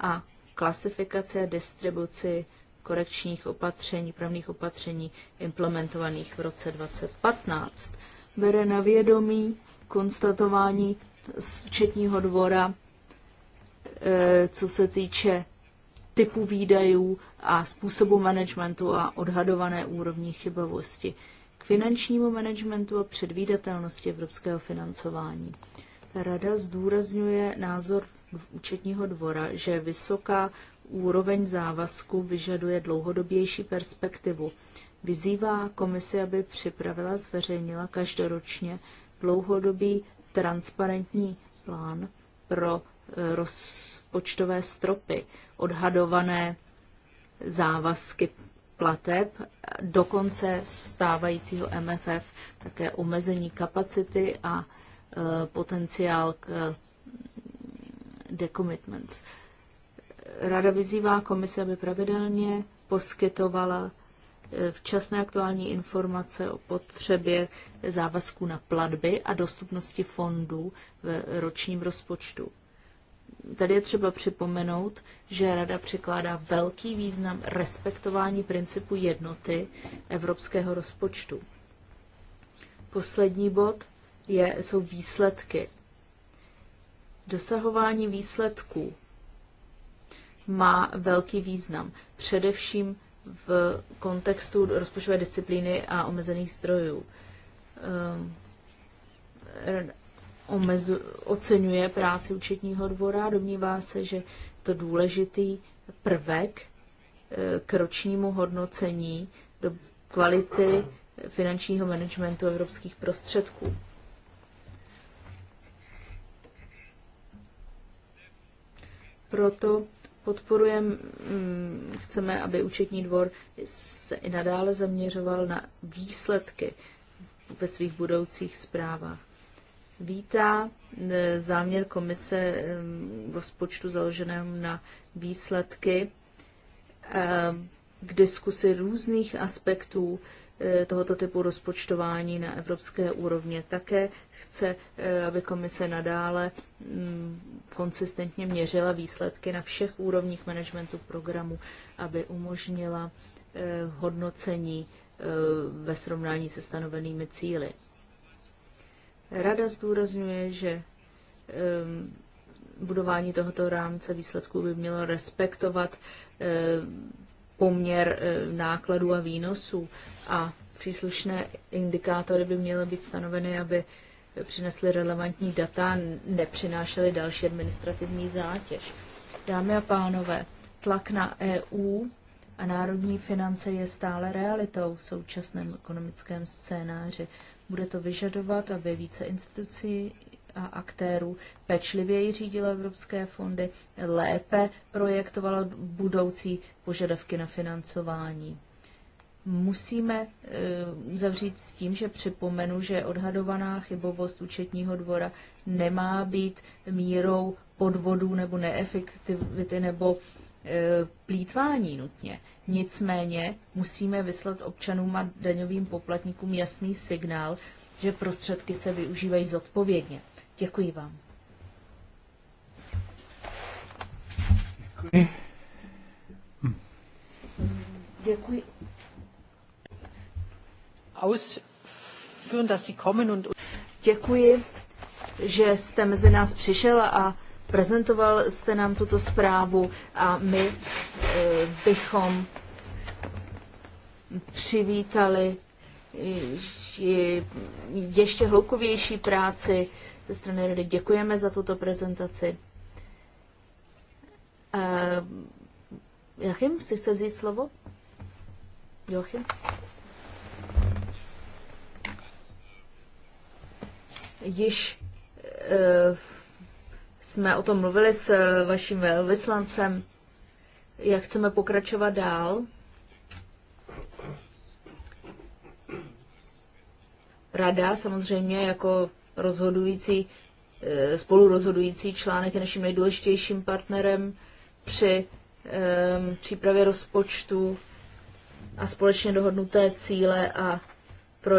[SPEAKER 4] a klasifikace a distribuci korekčních opatření, pravných opatření implementovaných v roce 2015. Bere na vědomí konstatování z Četního dvora, eh, co se týče typu výdajů a způsobu managementu a odhadované úrovni chybovosti k finančnímu managementu a předvídatelnosti evropského financování. Ta rada zdůrazňuje názor účetního dvora, že vysoká úroveň závazku vyžaduje dlouhodobější perspektivu. Vyzývá komisi, aby připravila, zveřejnila každoročně dlouhodobý transparentní plán pro eh, rozpočtové stropy, odhadované závazky plateb, dokonce stávajícího MFF, také omezení kapacity a e, potenciál k e, decommitments. Rada vyzývá komise, aby pravidelně poskytovala e, včasné aktuální informace o potřebě závazků na platby a dostupnosti fondů v ročním rozpočtu tady je třeba připomenout, že Rada překládá velký význam respektování principu jednoty evropského rozpočtu. Poslední bod je, jsou výsledky. Dosahování výsledků má velký význam, především v kontextu rozpočtové disciplíny a omezených zdrojů. Ehm, omezu, oceňuje práci účetního dvora, domnívá se, že to důležitý prvek e, k ročnímu hodnocení do kvality finančního managementu evropských prostředků. Proto podporujeme, mm, chceme, aby účetní dvor se i nadále zaměřoval na výsledky ve svých budoucích zprávách vítá e, záměr komise e, rozpočtu založeném na výsledky k e, diskusi různých aspektů tohoto typu rozpočtování na evropské úrovně. Také chce, aby komise nadále mm, konsistentně měřila výsledky na všech úrovních managementu programu, aby umožnila hodnocení ve srovnání se stanovenými cíly. Rada zdůrazňuje, že ehm, budování tohoto rámce výsledků by mělo respektovat ehm, poměr ehm, nákladů a výnosů a příslušné indikátory by měly být stanoveny, aby přinesly relevantní data a nepřinášely další administrativní zátěž. Dámy a pánové, tlak na EU a národní finance je stále realitou v současném ekonomickém scénáři. Bude to vyžadovat, aby více institucí a aktérů pečlivěji řídila evropské fondy, lépe projektovala budoucí požadavky na financování. Musíme eh, zavřít s tím, že připomenu, že odhadovaná chybovost účetního dvora nemá být mírou podvodů nebo neefektivity nebo E, plítvání nutně. Nicméně musíme vyslat občanům a daňovým poplatníkům jasný signál, že prostředky se využívají zodpovědně. Děkuji vám. Děkuji. Hm. Děkuji. Ausführen, dass Sie kommen und Děkuji, že jste mezi nás přišel a Prezentoval jste nám tuto zprávu a my eh, bychom přivítali ještě hloukovější práci ze strany Rady. Děkujeme za tuto prezentaci. Eh, Jachim, si chce vzít slovo? Joachim? Již uh, jsme o tom mluvili s eh, vaším velvyslancem, jak chceme pokračovat dál. Rada samozřejmě jako rozhodující, eh, spolurozhodující článek je naším nejdůležitějším partnerem při um, přípravě rozpočtu a společně dohodnuté cíle a pro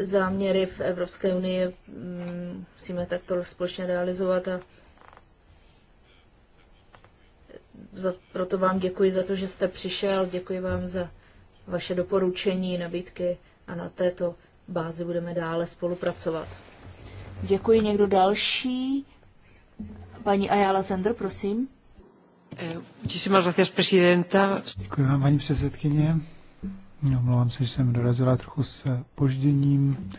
[SPEAKER 4] záměry v Evropské unii mm, musíme takto společně realizovat a za, proto vám děkuji za to, že jste přišel, děkuji vám za vaše doporučení, nabídky a na této bázi budeme dále spolupracovat. Děkuji. Někdo další? Paní Ayala Zender, prosím. Eh, muchísimas gracias, presidenta.
[SPEAKER 3] Děkuji vám, paní předsedkyně. Omlouvám se, že jsem dorazila trochu s požděním,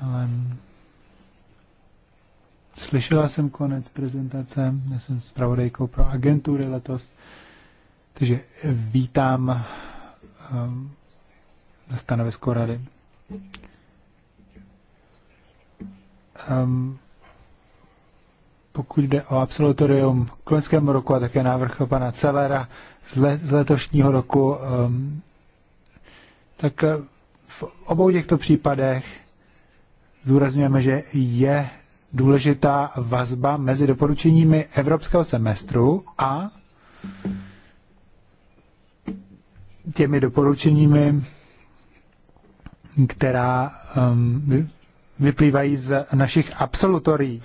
[SPEAKER 3] ale Slyšela jsem konec prezentace, já jsem zpravodajkou pro agentury letos, takže vítám um, stanovisko rady. Um, pokud jde o absolutorium k loňskému roku a také návrh pana Celera z, le, z letošního roku, um, tak eh, v obou těchto případech zúrazňujeme, že je důležitá vazba mezi doporučeními evropského semestru a těmi doporučeními, která um, vyplývají z našich absolutorií,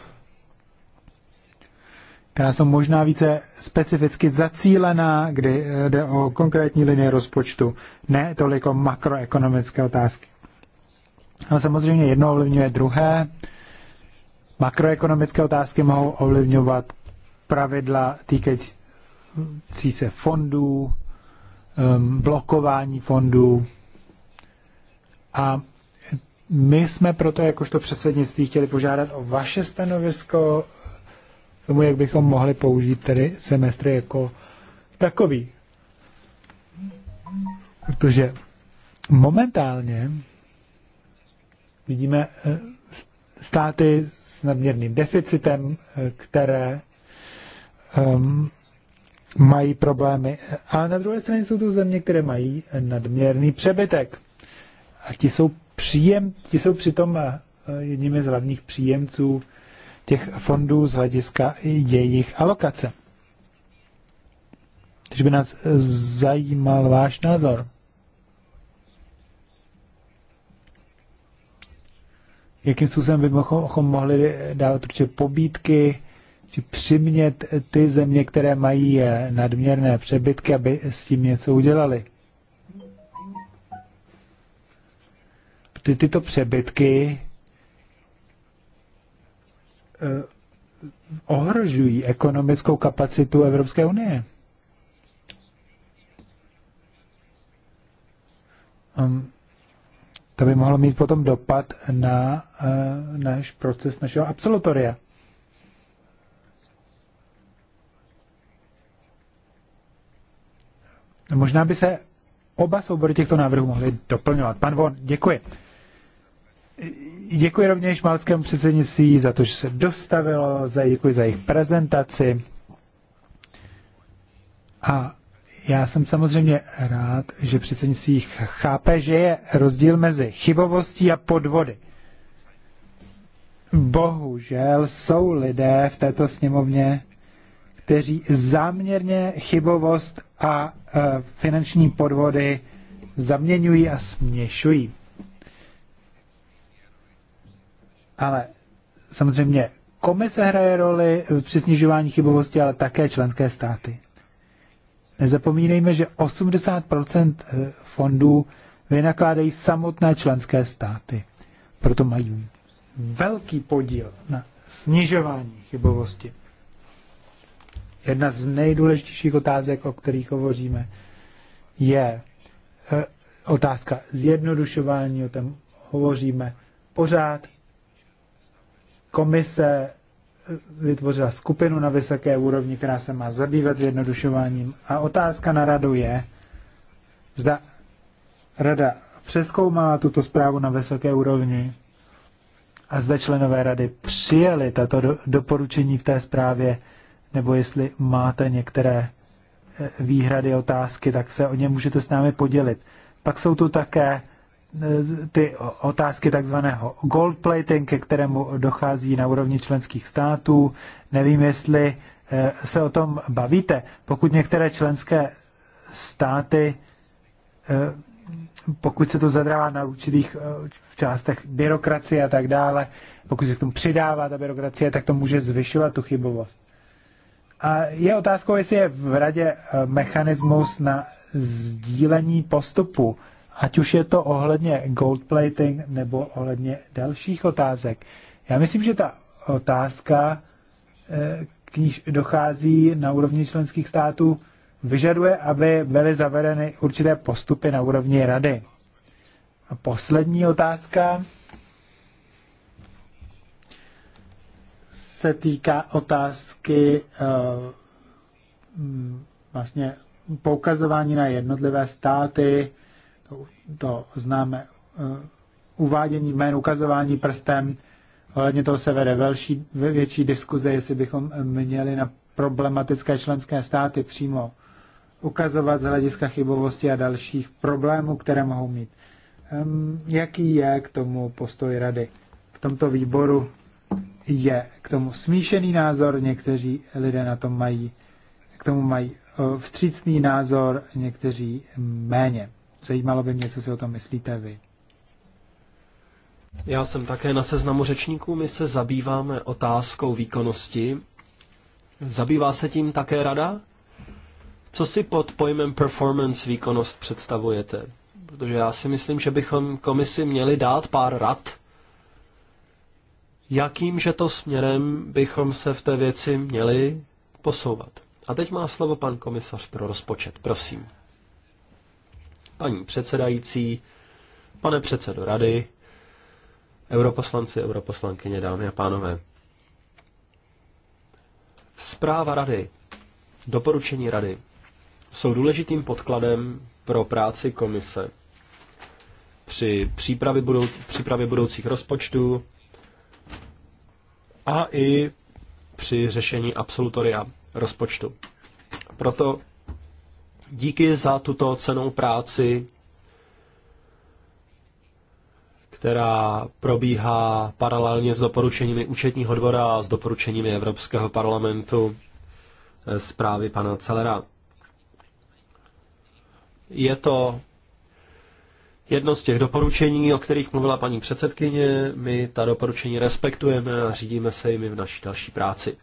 [SPEAKER 3] která jsou možná více specificky zacílená, kdy eh, jde o konkrétní linie rozpočtu, ne toliko makroekonomické otázky. Ale samozřejmě jedno ovlivňuje druhé. Makroekonomické otázky mohou ovlivňovat pravidla týkající se fondů, blokování fondů. A my jsme proto, jakožto předsednictví, chtěli požádat o vaše stanovisko tomu, jak bychom mohli použít tedy semestry jako takový. Protože momentálně vidíme eh, státy nadměrným deficitem, které um, mají problémy. A na druhé straně jsou to země, které mají nadměrný přebytek. A ti jsou, příjem, ti jsou přitom eh, jedními z hlavních příjemců těch fondů z hlediska jejich alokace. Když by nás zajímal váš názor. jakým způsobem bychom mohli dávat určitě pobídky, či přimět ty země, které mají nadměrné přebytky, aby s tím něco udělali. Ty, tyto přebytky eh, ohrožují ekonomickou kapacitu Evropské unie. Um, to by mohlo mít potom dopad na uh, náš proces našeho absolutoria. Možná by se oba soubory těchto návrhů mohly doplňovat. Pan Von, děkuji. Děkuji rovněž malskému předsednictví za to, že se dostavilo, za, děkuji za jejich prezentaci. A já jsem samozřejmě rád, že předsednictví chápe, že je rozdíl mezi chybovostí a podvody. Bohužel jsou lidé v této sněmovně, kteří záměrně chybovost a e, finanční podvody zaměňují a směšují. Ale samozřejmě komise hraje roli při snižování chybovosti, ale také členské státy. Nezapomínejme, že 80% eh, fondů vynakládají samotné členské státy. Proto mají velký podíl na snižování chybovosti. Jedna z nejdůležitějších otázek, o kterých hovoříme, je eh, otázka zjednodušování, o tom hovoříme pořád. Komise vytvořila skupinu na vysoké úrovni, která se má zabývat zjednodušováním. A otázka na radu je, zda rada přeskoumala tuto zprávu na vysoké úrovni a zda členové rady přijeli tato doporučení v té zprávě, nebo jestli máte některé eh, výhrady, otázky, tak se o ně můžete s námi podělit. Pak jsou tu také ty otázky takzvaného gold plating, ke kterému dochází na úrovni členských států. Nevím, jestli eh, se o tom bavíte. Pokud některé členské státy, eh, pokud se to zadrává na určitých eh, částech byrokracie a tak dále, pokud se k tomu přidává ta byrokracie, tak to může zvyšovat tu chybovost. A je otázkou, jestli je v radě mechanismus na sdílení postupu ať už je to ohledně goldplating nebo ohledně dalších otázek. Já myslím, že ta otázka, eh, k níž dochází na úrovni členských států, vyžaduje, aby byly zavedeny určité postupy na úrovni rady. A poslední otázka se týká otázky eh, vlastně poukazování na jednotlivé státy, to, známe eh, uvádění jmén, ukazování prstem. Ohledně toho se vede velší, větší diskuze, jestli bychom měli na problematické členské státy přímo ukazovat z hlediska chybovosti a dalších problémů, které mohou mít. Jaký je k tomu postoj rady? V tomto výboru je k tomu smíšený názor, někteří lidé na tom mají, k tomu mají eh, vstřícný názor, někteří méně. Zajímalo by mě, co si o tom myslíte vy.
[SPEAKER 1] Já jsem také na seznamu řečníků. My se zabýváme otázkou výkonnosti. Zabývá se tím také rada? Co si pod pojmem performance výkonnost představujete? Protože já si myslím, že bychom komisi měli dát pár rad, jakým že to směrem bychom se v té věci měli posouvat. A teď má slovo pan komisař pro rozpočet, prosím. Paní předsedající, pane předsedo rady, europoslanci, europoslankyně, dámy a pánové. Zpráva rady, doporučení rady jsou důležitým podkladem pro práci komise při přípravě, budou, přípravě budoucích rozpočtů a i při řešení absolutoria rozpočtu. Proto Díky za tuto cenou práci, která probíhá paralelně s doporučeními účetního dvora a s doporučeními Evropského parlamentu eh, zprávy pana Celera. Je to jedno z těch doporučení, o kterých mluvila paní předsedkyně. My ta doporučení respektujeme a řídíme se jimi v naší další práci.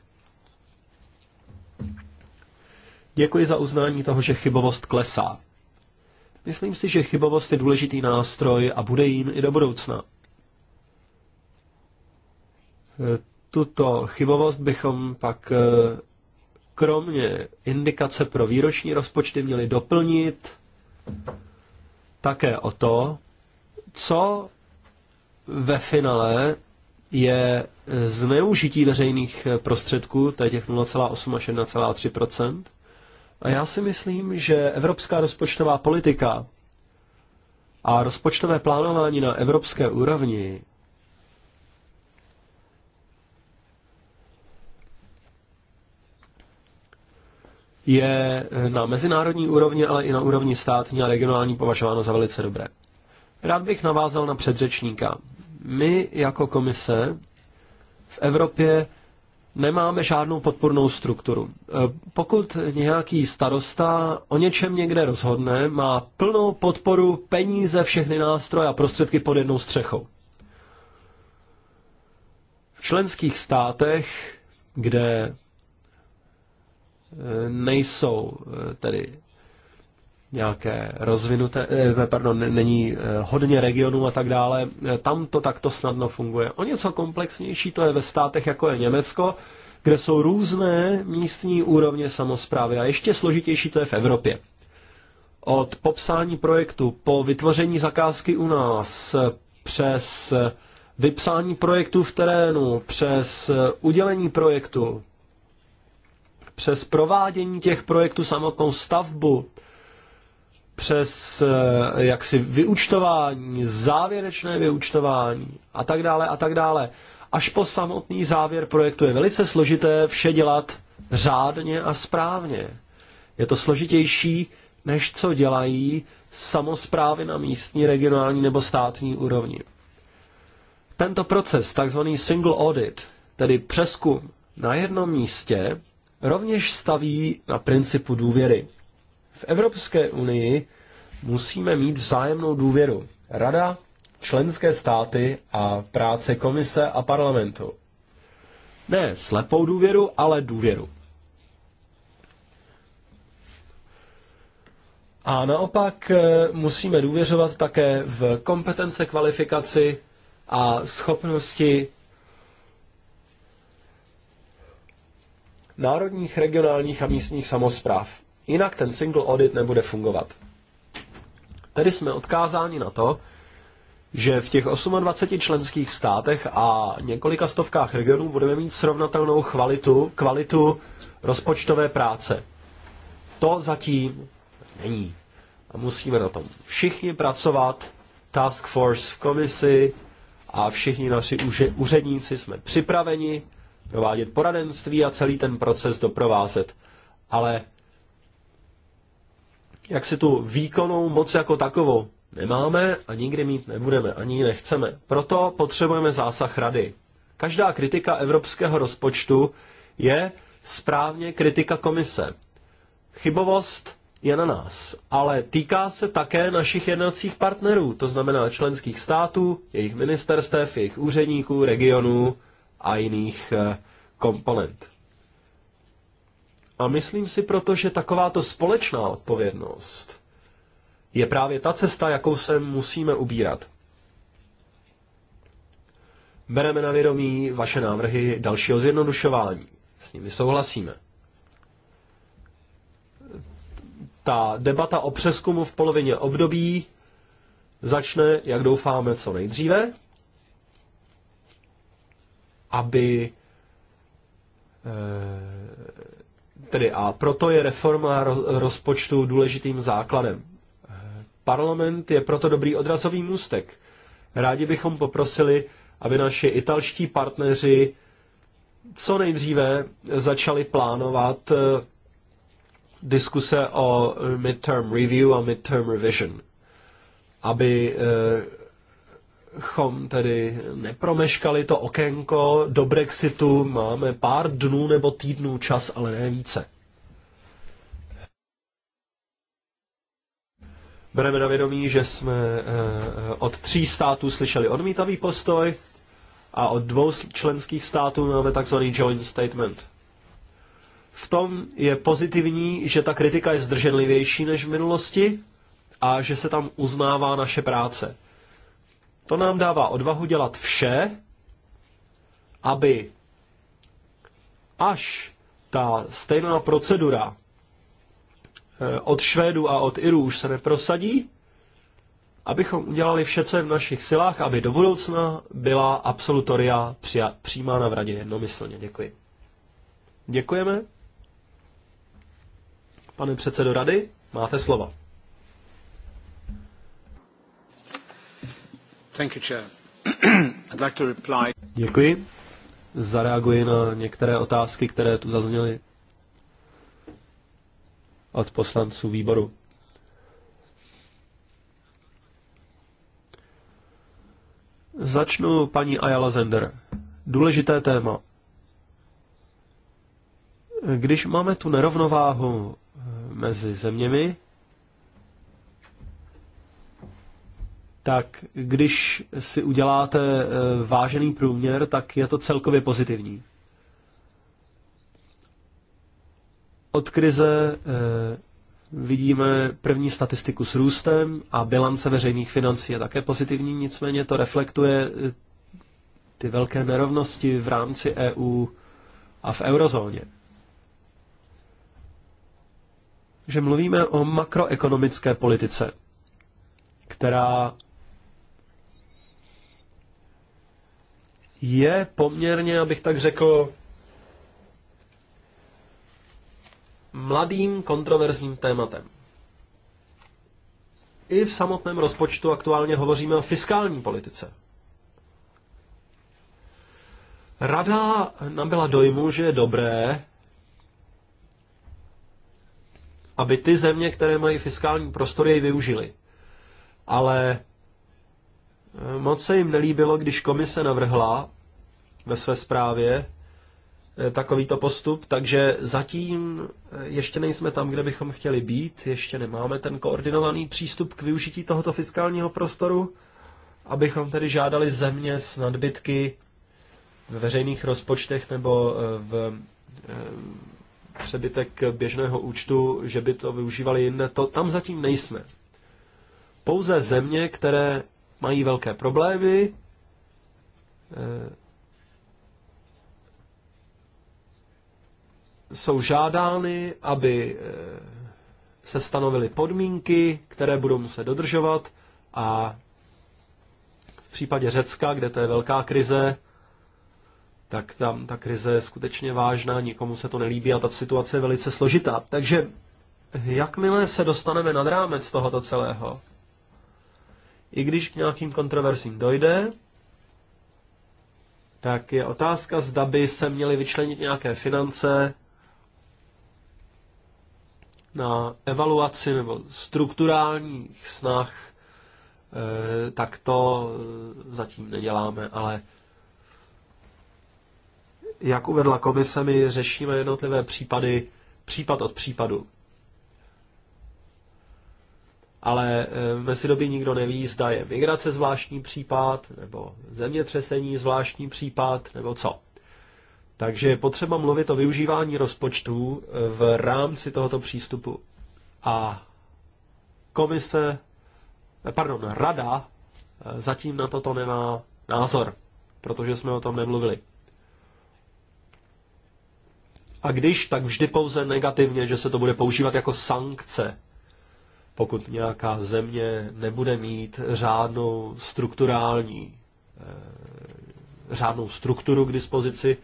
[SPEAKER 1] Děkuji za uznání toho, že chybovost klesá. Myslím si, že chybovost je důležitý nástroj a bude jím i do budoucna. Tuto chybovost bychom pak eh, kromě indikace pro výroční rozpočty měli doplnit také o to, co ve finále je eh, zneužití veřejných eh, prostředků, to je těch 0,8 až 1,3 a já si myslím, že evropská rozpočtová politika a rozpočtové plánování na evropské úrovni je na mezinárodní úrovni, ale i na úrovni státní a regionální považováno za velice dobré. Rád bych navázal na předřečníka. My jako komise v Evropě nemáme žádnou podpornou strukturu. E, pokud nějaký starosta o něčem někde rozhodne, má plnou podporu, peníze, všechny nástroje a prostředky pod jednou střechou. V členských státech, kde e, nejsou e, tedy nějaké rozvinuté, eh, pardon, není eh, hodně regionů a tak dále, eh, tam to takto snadno funguje. O něco komplexnější to je ve státech, jako je Německo, kde jsou různé místní úrovně samozprávy a ještě složitější to je v Evropě. Od popsání projektu po vytvoření zakázky u nás přes vypsání projektu v terénu, přes udělení projektu, přes provádění těch projektů samotnou stavbu, přes eh, jaksi vyučtování, závěrečné vyučtování a tak dále a tak dále, až po samotný závěr projektu je velice složité vše dělat řádně a správně. Je to složitější, než co dělají samozprávy na místní, regionální nebo státní úrovni. Tento proces, takzvaný single audit, tedy přeskum na jednom místě, rovněž staví na principu důvěry. V Evropské unii musíme mít vzájemnou důvěru. Rada, členské státy a práce komise a parlamentu. Ne slepou důvěru, ale důvěru. A naopak e, musíme důvěřovat také v kompetence, kvalifikaci a schopnosti národních, regionálních a místních samozpráv. Jinak ten single audit nebude fungovat. Tedy jsme odkázáni na to, že v těch 28 členských státech a několika stovkách regionů budeme mít srovnatelnou kvalitu, kvalitu rozpočtové práce. To zatím není. A musíme na tom všichni pracovat, task force v komisi a všichni naši úředníci jsme připraveni provádět poradenství a celý ten proces doprovázet. Ale jak si tu výkonnou moc jako takovou nemáme a nikdy mít nebudeme, ani ji nechceme. Proto potřebujeme zásah rady. Každá kritika evropského rozpočtu je správně kritika komise. Chybovost je na nás, ale týká se také našich jednacích partnerů, to znamená členských států, jejich ministerstev, jejich úředníků, regionů a jiných eh, komponent. A myslím si proto, že takováto společná odpovědnost je právě ta cesta, jakou se musíme ubírat. Bereme na vědomí vaše návrhy dalšího zjednodušování. S nimi souhlasíme. Ta debata o přeskumu v polovině období začne, jak doufáme, co nejdříve, aby eh, Tedy a proto je reforma rozpočtu důležitým základem. Parlament je proto dobrý odrazový můstek. Rádi bychom poprosili, aby naši italští partneři co nejdříve začali plánovat eh, diskuse o midterm review a midterm revision, aby eh, chom tedy nepromeškali to okénko do Brexitu. Máme pár dnů nebo týdnů čas, ale ne více. Bereme na vědomí, že jsme eh, od tří států slyšeli odmítavý postoj a od dvou členských států máme takzvaný joint statement. V tom je pozitivní, že ta kritika je zdrženlivější než v minulosti a že se tam uznává naše práce. To nám dává odvahu dělat vše, aby až ta stejná procedura eh, od švédu a od Irů už se neprosadí, abychom udělali vše, co je v našich silách, aby do budoucna byla absolutoria přijímána v radě jednomyslně. Děkuji. Děkujeme. Pane předsedo rady, máte slova. Děkuji. Zareaguji na některé otázky, které tu zazněly od poslanců výboru. Začnu paní Ayala Zender. Důležité téma. Když máme tu nerovnováhu mezi zeměmi, tak když si uděláte e, vážený průměr, tak je to celkově pozitivní. Od krize e, vidíme první statistiku s růstem a bilance veřejných financí je také pozitivní, nicméně to reflektuje e, ty velké nerovnosti v rámci EU a v eurozóně. Že mluvíme o makroekonomické politice, která je poměrně, abych tak řekl, mladým kontroverzním tématem. I v samotném rozpočtu aktuálně hovoříme o fiskální politice. Rada nabyla dojmu, že je dobré, aby ty země, které mají fiskální prostor, jej využily. Ale Eh, moc se jim nelíbilo, když komise navrhla ve své zprávě eh, takovýto postup, takže zatím eh, ještě nejsme tam, kde bychom chtěli být, ještě nemáme ten koordinovaný přístup k využití tohoto fiskálního prostoru, abychom tedy žádali země s nadbytky ve veřejných rozpočtech nebo v přebytek běžného účtu, že by to využívali jinde, to tam zatím nejsme. Pouze země, které mají velké problémy. Eh, jsou žádány, aby eh, se stanovily podmínky, které budou muset dodržovat a v případě Řecka, kde to je velká krize, tak tam ta krize je skutečně vážná, nikomu se to nelíbí a ta situace je velice složitá. Takže jakmile se dostaneme nad rámec tohoto celého, i když k nějakým kontroverzím dojde, tak je otázka, zda by se měly vyčlenit nějaké finance na evaluaci nebo strukturálních snah, eh, tak to eh, zatím neděláme, ale jak uvedla komise, my řešíme jednotlivé případy případ od případu ale mezi době nikdo neví, zda je migrace zvláštní případ, nebo zemětřesení zvláštní případ, nebo co. Takže je potřeba mluvit o využívání rozpočtů e, v rámci tohoto přístupu. A komise, e, pardon, rada e, zatím na toto nemá názor, protože jsme o tom nemluvili. A když, tak vždy pouze negativně, že se to bude používat jako sankce pokud nějaká země nebude mít řádnou strukturální, eh, řádnou strukturu k dispozici,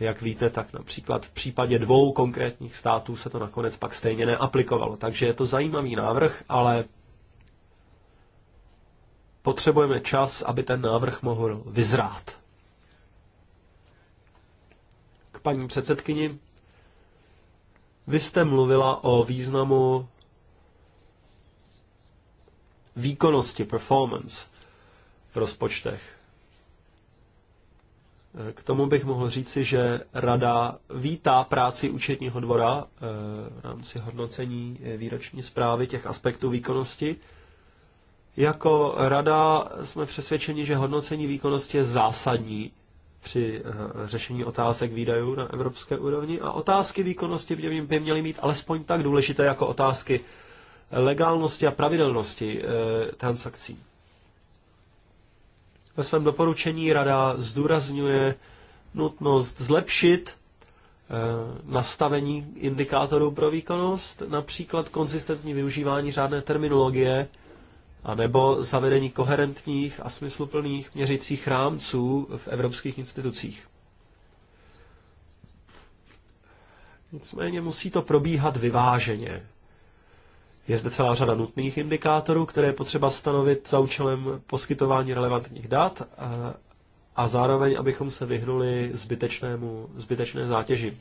[SPEAKER 1] jak víte, tak například v případě dvou konkrétních států se to nakonec pak stejně neaplikovalo. Takže je to zajímavý návrh, ale potřebujeme čas, aby ten návrh mohl vyzrát. K paní předsedkyni, vy jste mluvila o významu výkonnosti, performance v rozpočtech. Eh, k tomu bych mohl říci, že rada vítá práci účetního dvora eh, v rámci hodnocení eh, výroční zprávy těch aspektů výkonnosti. Jako rada jsme přesvědčeni, že hodnocení výkonnosti je zásadní při řešení otázek výdajů na evropské úrovni a otázky výkonnosti by měly mít alespoň tak důležité jako otázky legálnosti a pravidelnosti eh, transakcí. Ve svém doporučení rada zdůrazňuje nutnost zlepšit eh, nastavení indikátorů pro výkonnost, například konzistentní využívání řádné terminologie, a nebo zavedení koherentních a smysluplných měřicích rámců v evropských institucích. Nicméně musí to probíhat vyváženě. Je zde celá řada nutných indikátorů, které je potřeba stanovit za účelem poskytování relevantních dat a zároveň, abychom se vyhnuli zbytečnému, zbytečné zátěži.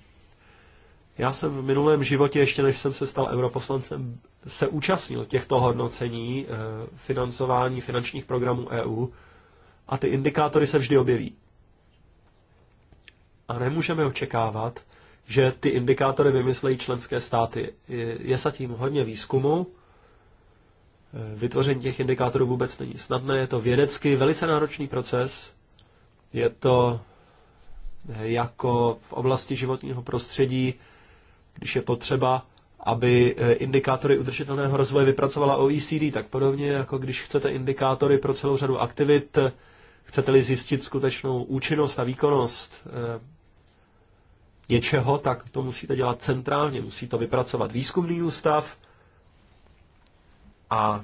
[SPEAKER 1] Já jsem v minulém životě, ještě než jsem se stal europoslancem, se účastnil těchto hodnocení e, financování finančních programů EU a ty indikátory se vždy objeví. A nemůžeme očekávat, že ty indikátory vymyslejí členské státy. Je zatím hodně výzkumu, eh, vytvoření těch indikátorů vůbec není snadné, je to vědecky velice náročný proces, je to eh, jako v oblasti životního prostředí, když je potřeba, aby eh, indikátory udržitelného rozvoje vypracovala OECD, tak podobně jako když chcete indikátory pro celou řadu aktivit, chcete-li zjistit skutečnou účinnost a výkonnost něčeho, tak to musíte dělat centrálně. Musí to vypracovat výzkumný ústav a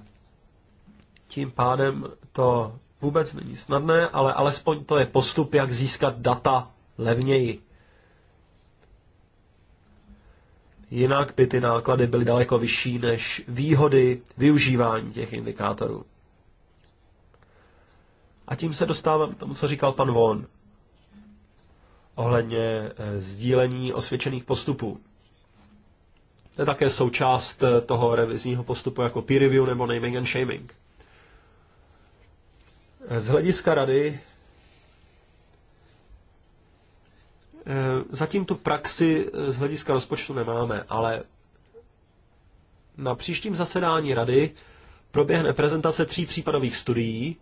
[SPEAKER 1] tím pádem to vůbec není snadné, ale alespoň to je postup, jak získat data levněji. Jinak by ty náklady byly daleko vyšší než výhody využívání těch indikátorů. A tím se dostávám k tomu, co říkal pan Von ohledně eh, sdílení osvědčených postupů. To je také součást eh, toho revizního postupu jako peer review nebo naming and shaming. Eh, z hlediska rady zatím tu praxi z hlediska rozpočtu nemáme, ale na příštím zasedání rady proběhne prezentace tří případových studií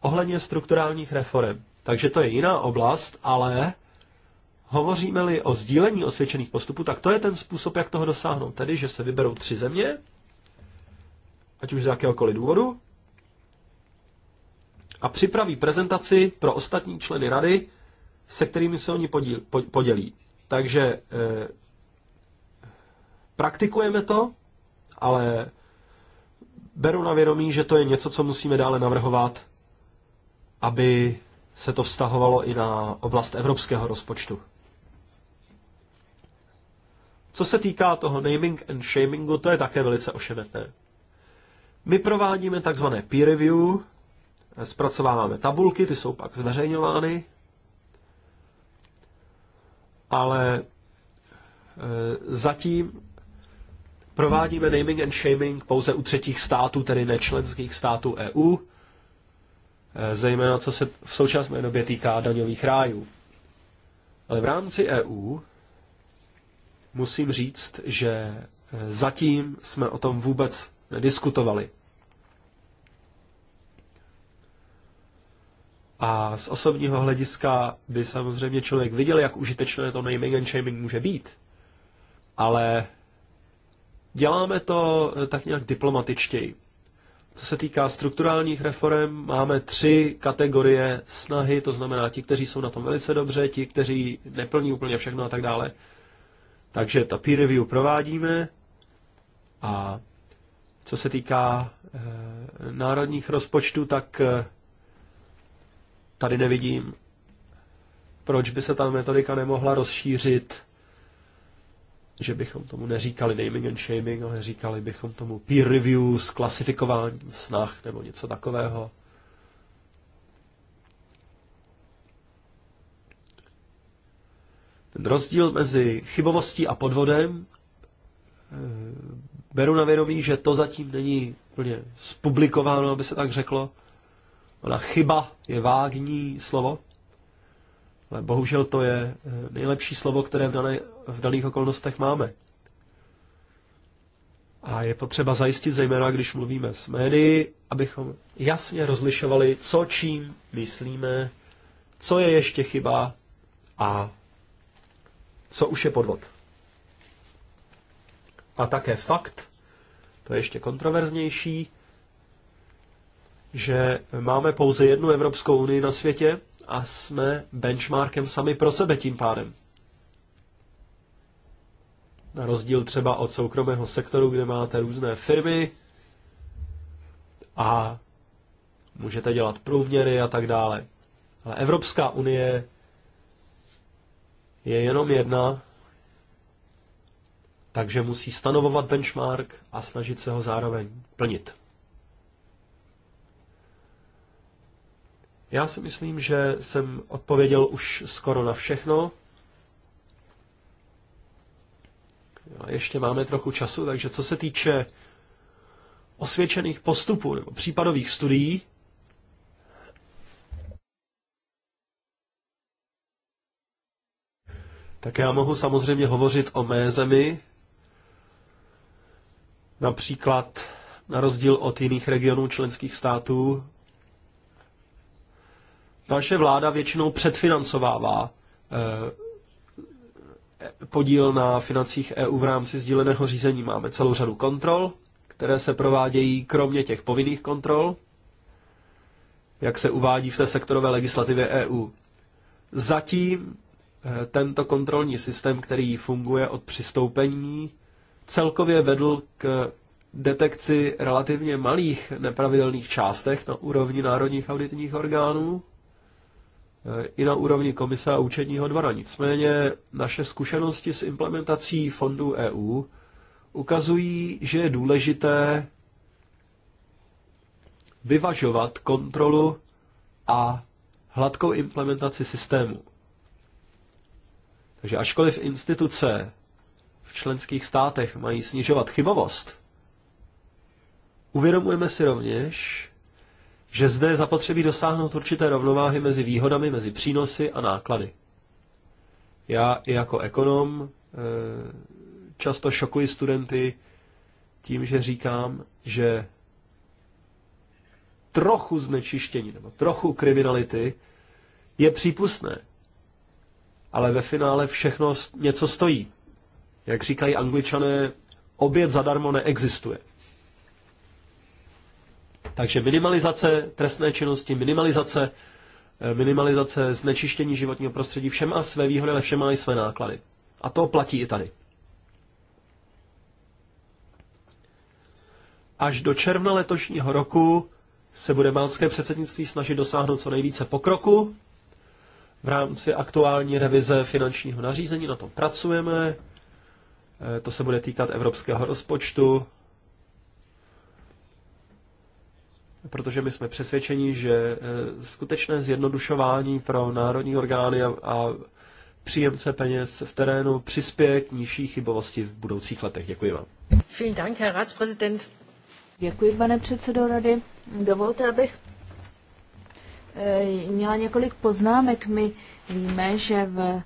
[SPEAKER 1] ohledně strukturálních reform. Takže to je jiná oblast, ale Hovoříme-li o sdílení osvědčených postupů, tak to je ten způsob, jak toho dosáhnout. Tedy, že se vyberou tři země, ať už z jakéhokoliv důvodu, a připraví prezentaci pro ostatní členy rady, se kterými se oni podíl, podělí. Takže eh, praktikujeme to, ale beru na vědomí, že to je něco, co musíme dále navrhovat, aby se to vztahovalo i na oblast evropského rozpočtu. Co se týká toho naming and shamingu, to je také velice ošemetné. My provádíme takzvané peer review, zpracováváme tabulky, ty jsou pak zveřejňovány, ale e, zatím provádíme naming and shaming pouze u třetích států, tedy nečlenských států EU, e, zejména co se v současné době týká daňových rájů. Ale v rámci EU musím říct, že eh, zatím jsme o tom vůbec nediskutovali. A z osobního hlediska by samozřejmě člověk viděl, jak užitečné to naming and shaming může být. Ale děláme to eh, tak nějak diplomatičtěji. Co se týká strukturálních reform, máme tři kategorie snahy, to znamená ti, kteří jsou na tom velice dobře, ti, kteří neplní úplně všechno a tak dále. Takže ta peer review provádíme a co se týká eh, národních rozpočtů, tak eh, tady nevidím, proč by se ta metodika nemohla rozšířit, že bychom tomu neříkali naming and shaming, ale říkali bychom tomu peer review s klasifikováním snah nebo něco takového. Ten rozdíl mezi chybovostí a podvodem eh, beru na vědomí, že to zatím není úplně spublikováno, aby se tak řeklo. Ona chyba je vágní slovo, ale bohužel to je eh, nejlepší slovo, které v, dané, v daných okolnostech máme. A je potřeba zajistit, zejména když mluvíme s médií, abychom jasně rozlišovali, co čím myslíme, co je ještě chyba a co už je podvod. A také fakt, to je ještě kontroverznější, že máme pouze jednu Evropskou unii na světě a jsme benchmarkem sami pro sebe tím pádem. Na rozdíl třeba od soukromého sektoru, kde máte různé firmy a můžete dělat průměry a tak dále. Ale Evropská unie je jenom jedna, takže musí stanovovat benchmark a snažit se ho zároveň plnit. Já si myslím, že jsem odpověděl už skoro na všechno. A ještě máme trochu času, takže co se týče osvědčených postupů nebo případových studií, Tak já mohu samozřejmě hovořit o mé zemi, například na rozdíl od jiných regionů členských států. Naše vláda většinou předfinancovává eh, podíl na financích EU v rámci sdíleného řízení. Máme celou řadu kontrol, které se provádějí kromě těch povinných kontrol, jak se uvádí v té sektorové legislativě EU. Zatím Eh, tento kontrolní systém, který funguje od přistoupení, celkově vedl k detekci relativně malých nepravidelných částech na úrovni národních auditních orgánů eh, i na úrovni komise a účetního dvora. Nicméně naše zkušenosti s implementací fondů EU ukazují, že je důležité vyvažovat kontrolu a hladkou implementaci systému. Takže ačkoliv instituce v členských státech mají snižovat chybovost, uvědomujeme si rovněž, že zde zapotřebí dosáhnout určité rovnováhy mezi výhodami, mezi přínosy a náklady. Já i jako ekonom eh, často šokuji studenty tím, že říkám, že trochu znečištění nebo trochu kriminality je přípustné ale ve finále všechno něco stojí. Jak říkají angličané, oběd zadarmo neexistuje. Takže minimalizace trestné činnosti, minimalizace, eh, minimalizace znečištění životního prostředí, všem má své výhody, ale všem má i své náklady. A to platí i tady. Až do června letošního roku se bude malské předsednictví snažit dosáhnout co nejvíce pokroku v rámci aktuální revize finančního nařízení, na tom pracujeme. Eh, to se bude týkat evropského rozpočtu, protože my jsme přesvědčeni, že eh, skutečné zjednodušování pro národní orgány a příjemce peněz v terénu přispěje k nižší chybovosti v budoucích letech. Děkuji vám.
[SPEAKER 4] Vielen Dank, Herr Ratsprezident. Děkuji, pane předsedo rady. Dovolte, abych Eh, měla několik poznámek. My víme, že v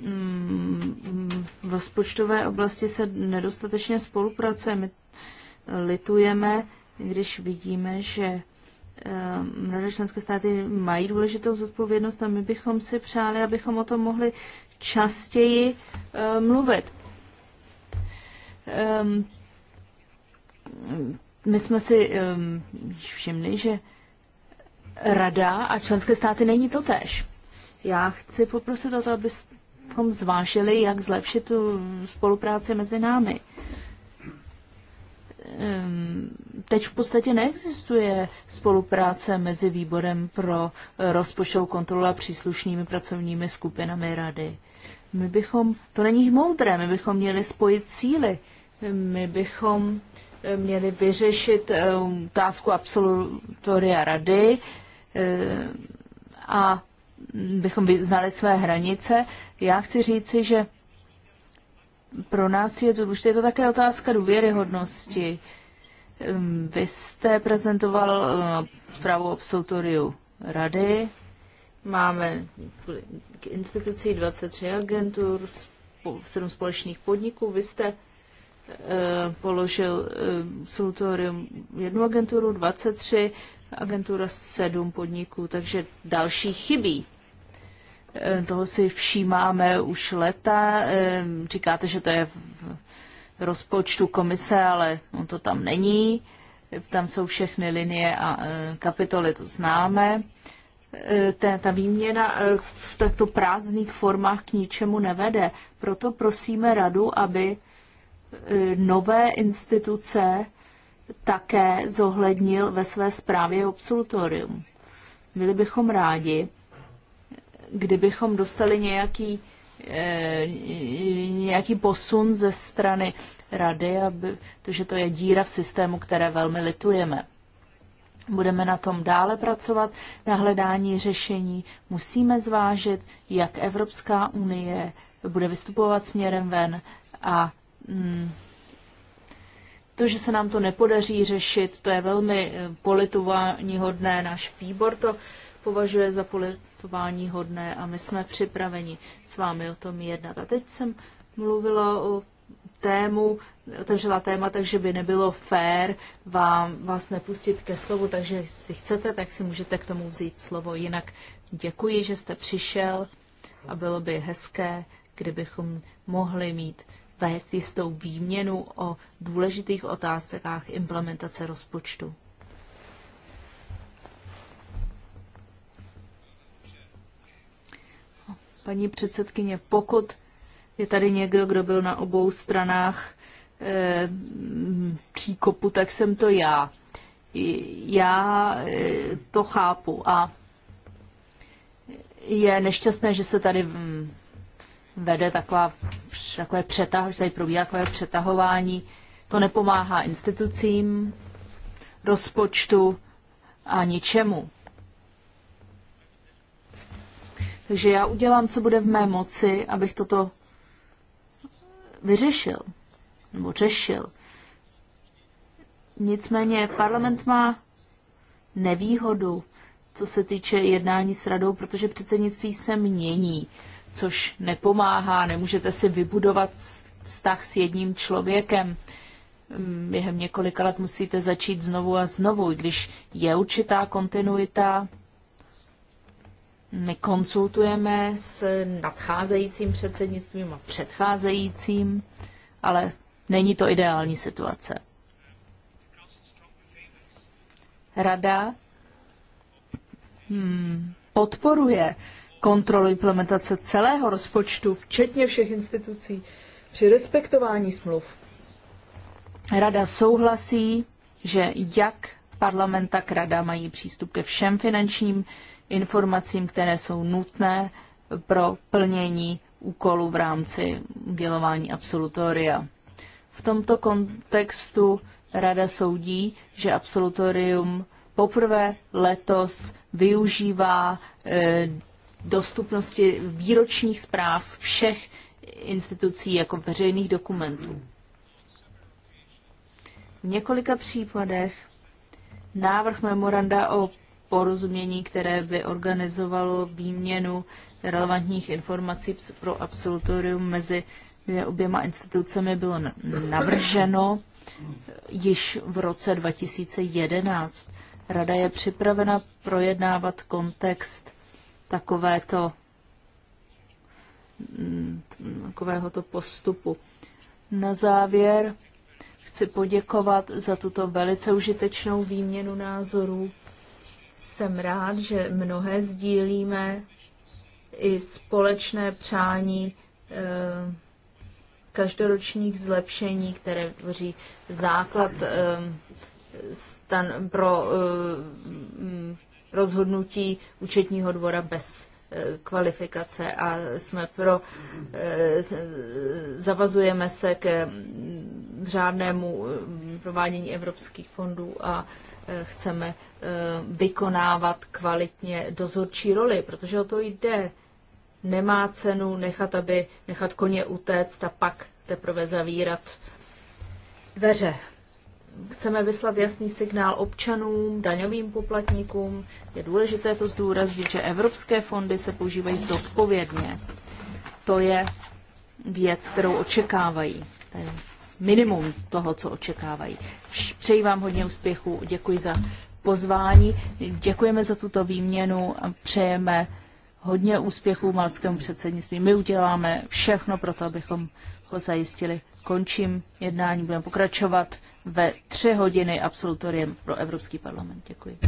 [SPEAKER 4] mm, v rozpočtové oblasti se nedostatečně spolupracuje. My litujeme, když vidíme, že eh, mnohé členské státy mají důležitou zodpovědnost a my bychom si přáli, abychom o tom mohli častěji eh, mluvit. Ehm, my jsme si ehm, všimli, že rada a členské státy není to tež. Já chci poprosit o to, abychom zvážili, jak zlepšit tu spolupráci mezi námi. Ehm, teď v podstatě neexistuje spolupráce mezi výborem pro rozpočtovou kontrolu a příslušnými pracovními skupinami rady. My bychom, to není moudré, my bychom měli spojit síly, my bychom měli vyřešit ehm, otázku absolutoria rady, Eh, a bychom znali své hranice. Já chci říci, že pro nás je to, už je to také otázka důvěryhodnosti. Ehm, vy jste prezentoval eh, zprávu absolutoriu rady. Máme k institucí 23 agentur, 7 společných podniků. Vy jste eh, položil absolutorium jednu agenturu, 23 agentura sedm podniků, takže další chybí. E, toho si všímáme už leta. E, říkáte, že to je v rozpočtu komise, ale on no, to tam není. Tam jsou všechny linie a e, kapitoly, to známe. Ta, ta výměna v takto prázdných formách k ničemu nevede. Proto prosíme radu, aby nové instituce také zohlednil ve své zprávě absolutorium. Byli bychom rádi, kdybychom dostali nějaký, e, nějaký posun ze strany rady, aby, protože to je díra v systému, které velmi litujeme. Budeme na tom dále pracovat, na hledání řešení. Musíme zvážit, jak Evropská unie bude vystupovat směrem ven a mm, to, že se nám to nepodaří řešit, to je velmi eh, politování hodné. Náš výbor to považuje za politování hodné a my jsme připraveni s vámi o tom jednat. A teď jsem mluvila o tému, otevřela téma, takže by nebylo fér vám, vás nepustit ke slovu, takže si chcete, tak si můžete k tomu vzít slovo. Jinak děkuji, že jste přišel a bylo by hezké, kdybychom mohli mít vést jistou výměnu o důležitých otázkách implementace rozpočtu. Paní předsedkyně, pokud je tady někdo, kdo byl na obou stranách e, příkopu, tak jsem to já. Já eh, to chápu a je nešťastné, že se tady vede taková, takové přetah, že tady probíhá takové přetahování. To nepomáhá institucím, rozpočtu a ničemu. Takže já udělám, co bude v mé moci, abych toto vyřešil nebo řešil. Nicméně parlament má nevýhodu, co se týče jednání s radou, protože předsednictví se mění což nepomáhá. Nemůžete si vybudovat vztah s jedním člověkem. Mm, Během několika let musíte začít znovu a znovu, i když je určitá kontinuita. My konsultujeme s nadcházejícím předsednictvím a předcházejícím, ale není to ideální situace. Rada hmm, podporuje kontrolu implementace celého rozpočtu, včetně všech institucí, při respektování smluv. Rada souhlasí, že jak parlament, tak rada mají přístup ke všem finančním informacím, které jsou nutné pro plnění úkolu v rámci udělování absolutoria. V tomto kontextu rada soudí, že absolutorium poprvé letos využívá eh, dostupnosti výročních zpráv všech institucí jako veřejných dokumentů. V několika případech návrh memoranda o porozumění, které by organizovalo výměnu relevantních informací pro absolutorium mezi oběma institucemi, bylo navrženo již v roce 2011. Rada je připravena projednávat kontext takovéto mm, takovéhoto postupu. Na závěr chci poděkovat za tuto velice užitečnou výměnu názorů. Jsem rád, že mnohé sdílíme i společné přání eh, každoročních zlepšení, které tvoří základ eh, stan, pro eh, mm, rozhodnutí účetního dvora bez eh, kvalifikace a jsme pro, eh, zavazujeme se k mm, řádnému mm, provádění evropských fondů a eh, chceme vykonávat kvalitně dozorčí roli, protože o to jde. Nemá cenu nechat, aby nechat koně utéct a pak teprve zavírat dveře chceme vyslat jasný signál občanům, daňovým poplatníkům. Je důležité to zdůraznit, že evropské fondy se používají zodpovědně. To je věc, kterou očekávají. To je minimum toho, co očekávají. Přeji vám hodně úspěchu, děkuji za pozvání, děkujeme za tuto výměnu a přejeme hodně úspěchů malckému předsednictví. My uděláme všechno pro to, abychom ho zajistili. Končím jednání, budeme pokračovat ve tři hodiny absolutoriem pro Evropský
[SPEAKER 2] parlament. Děkuji.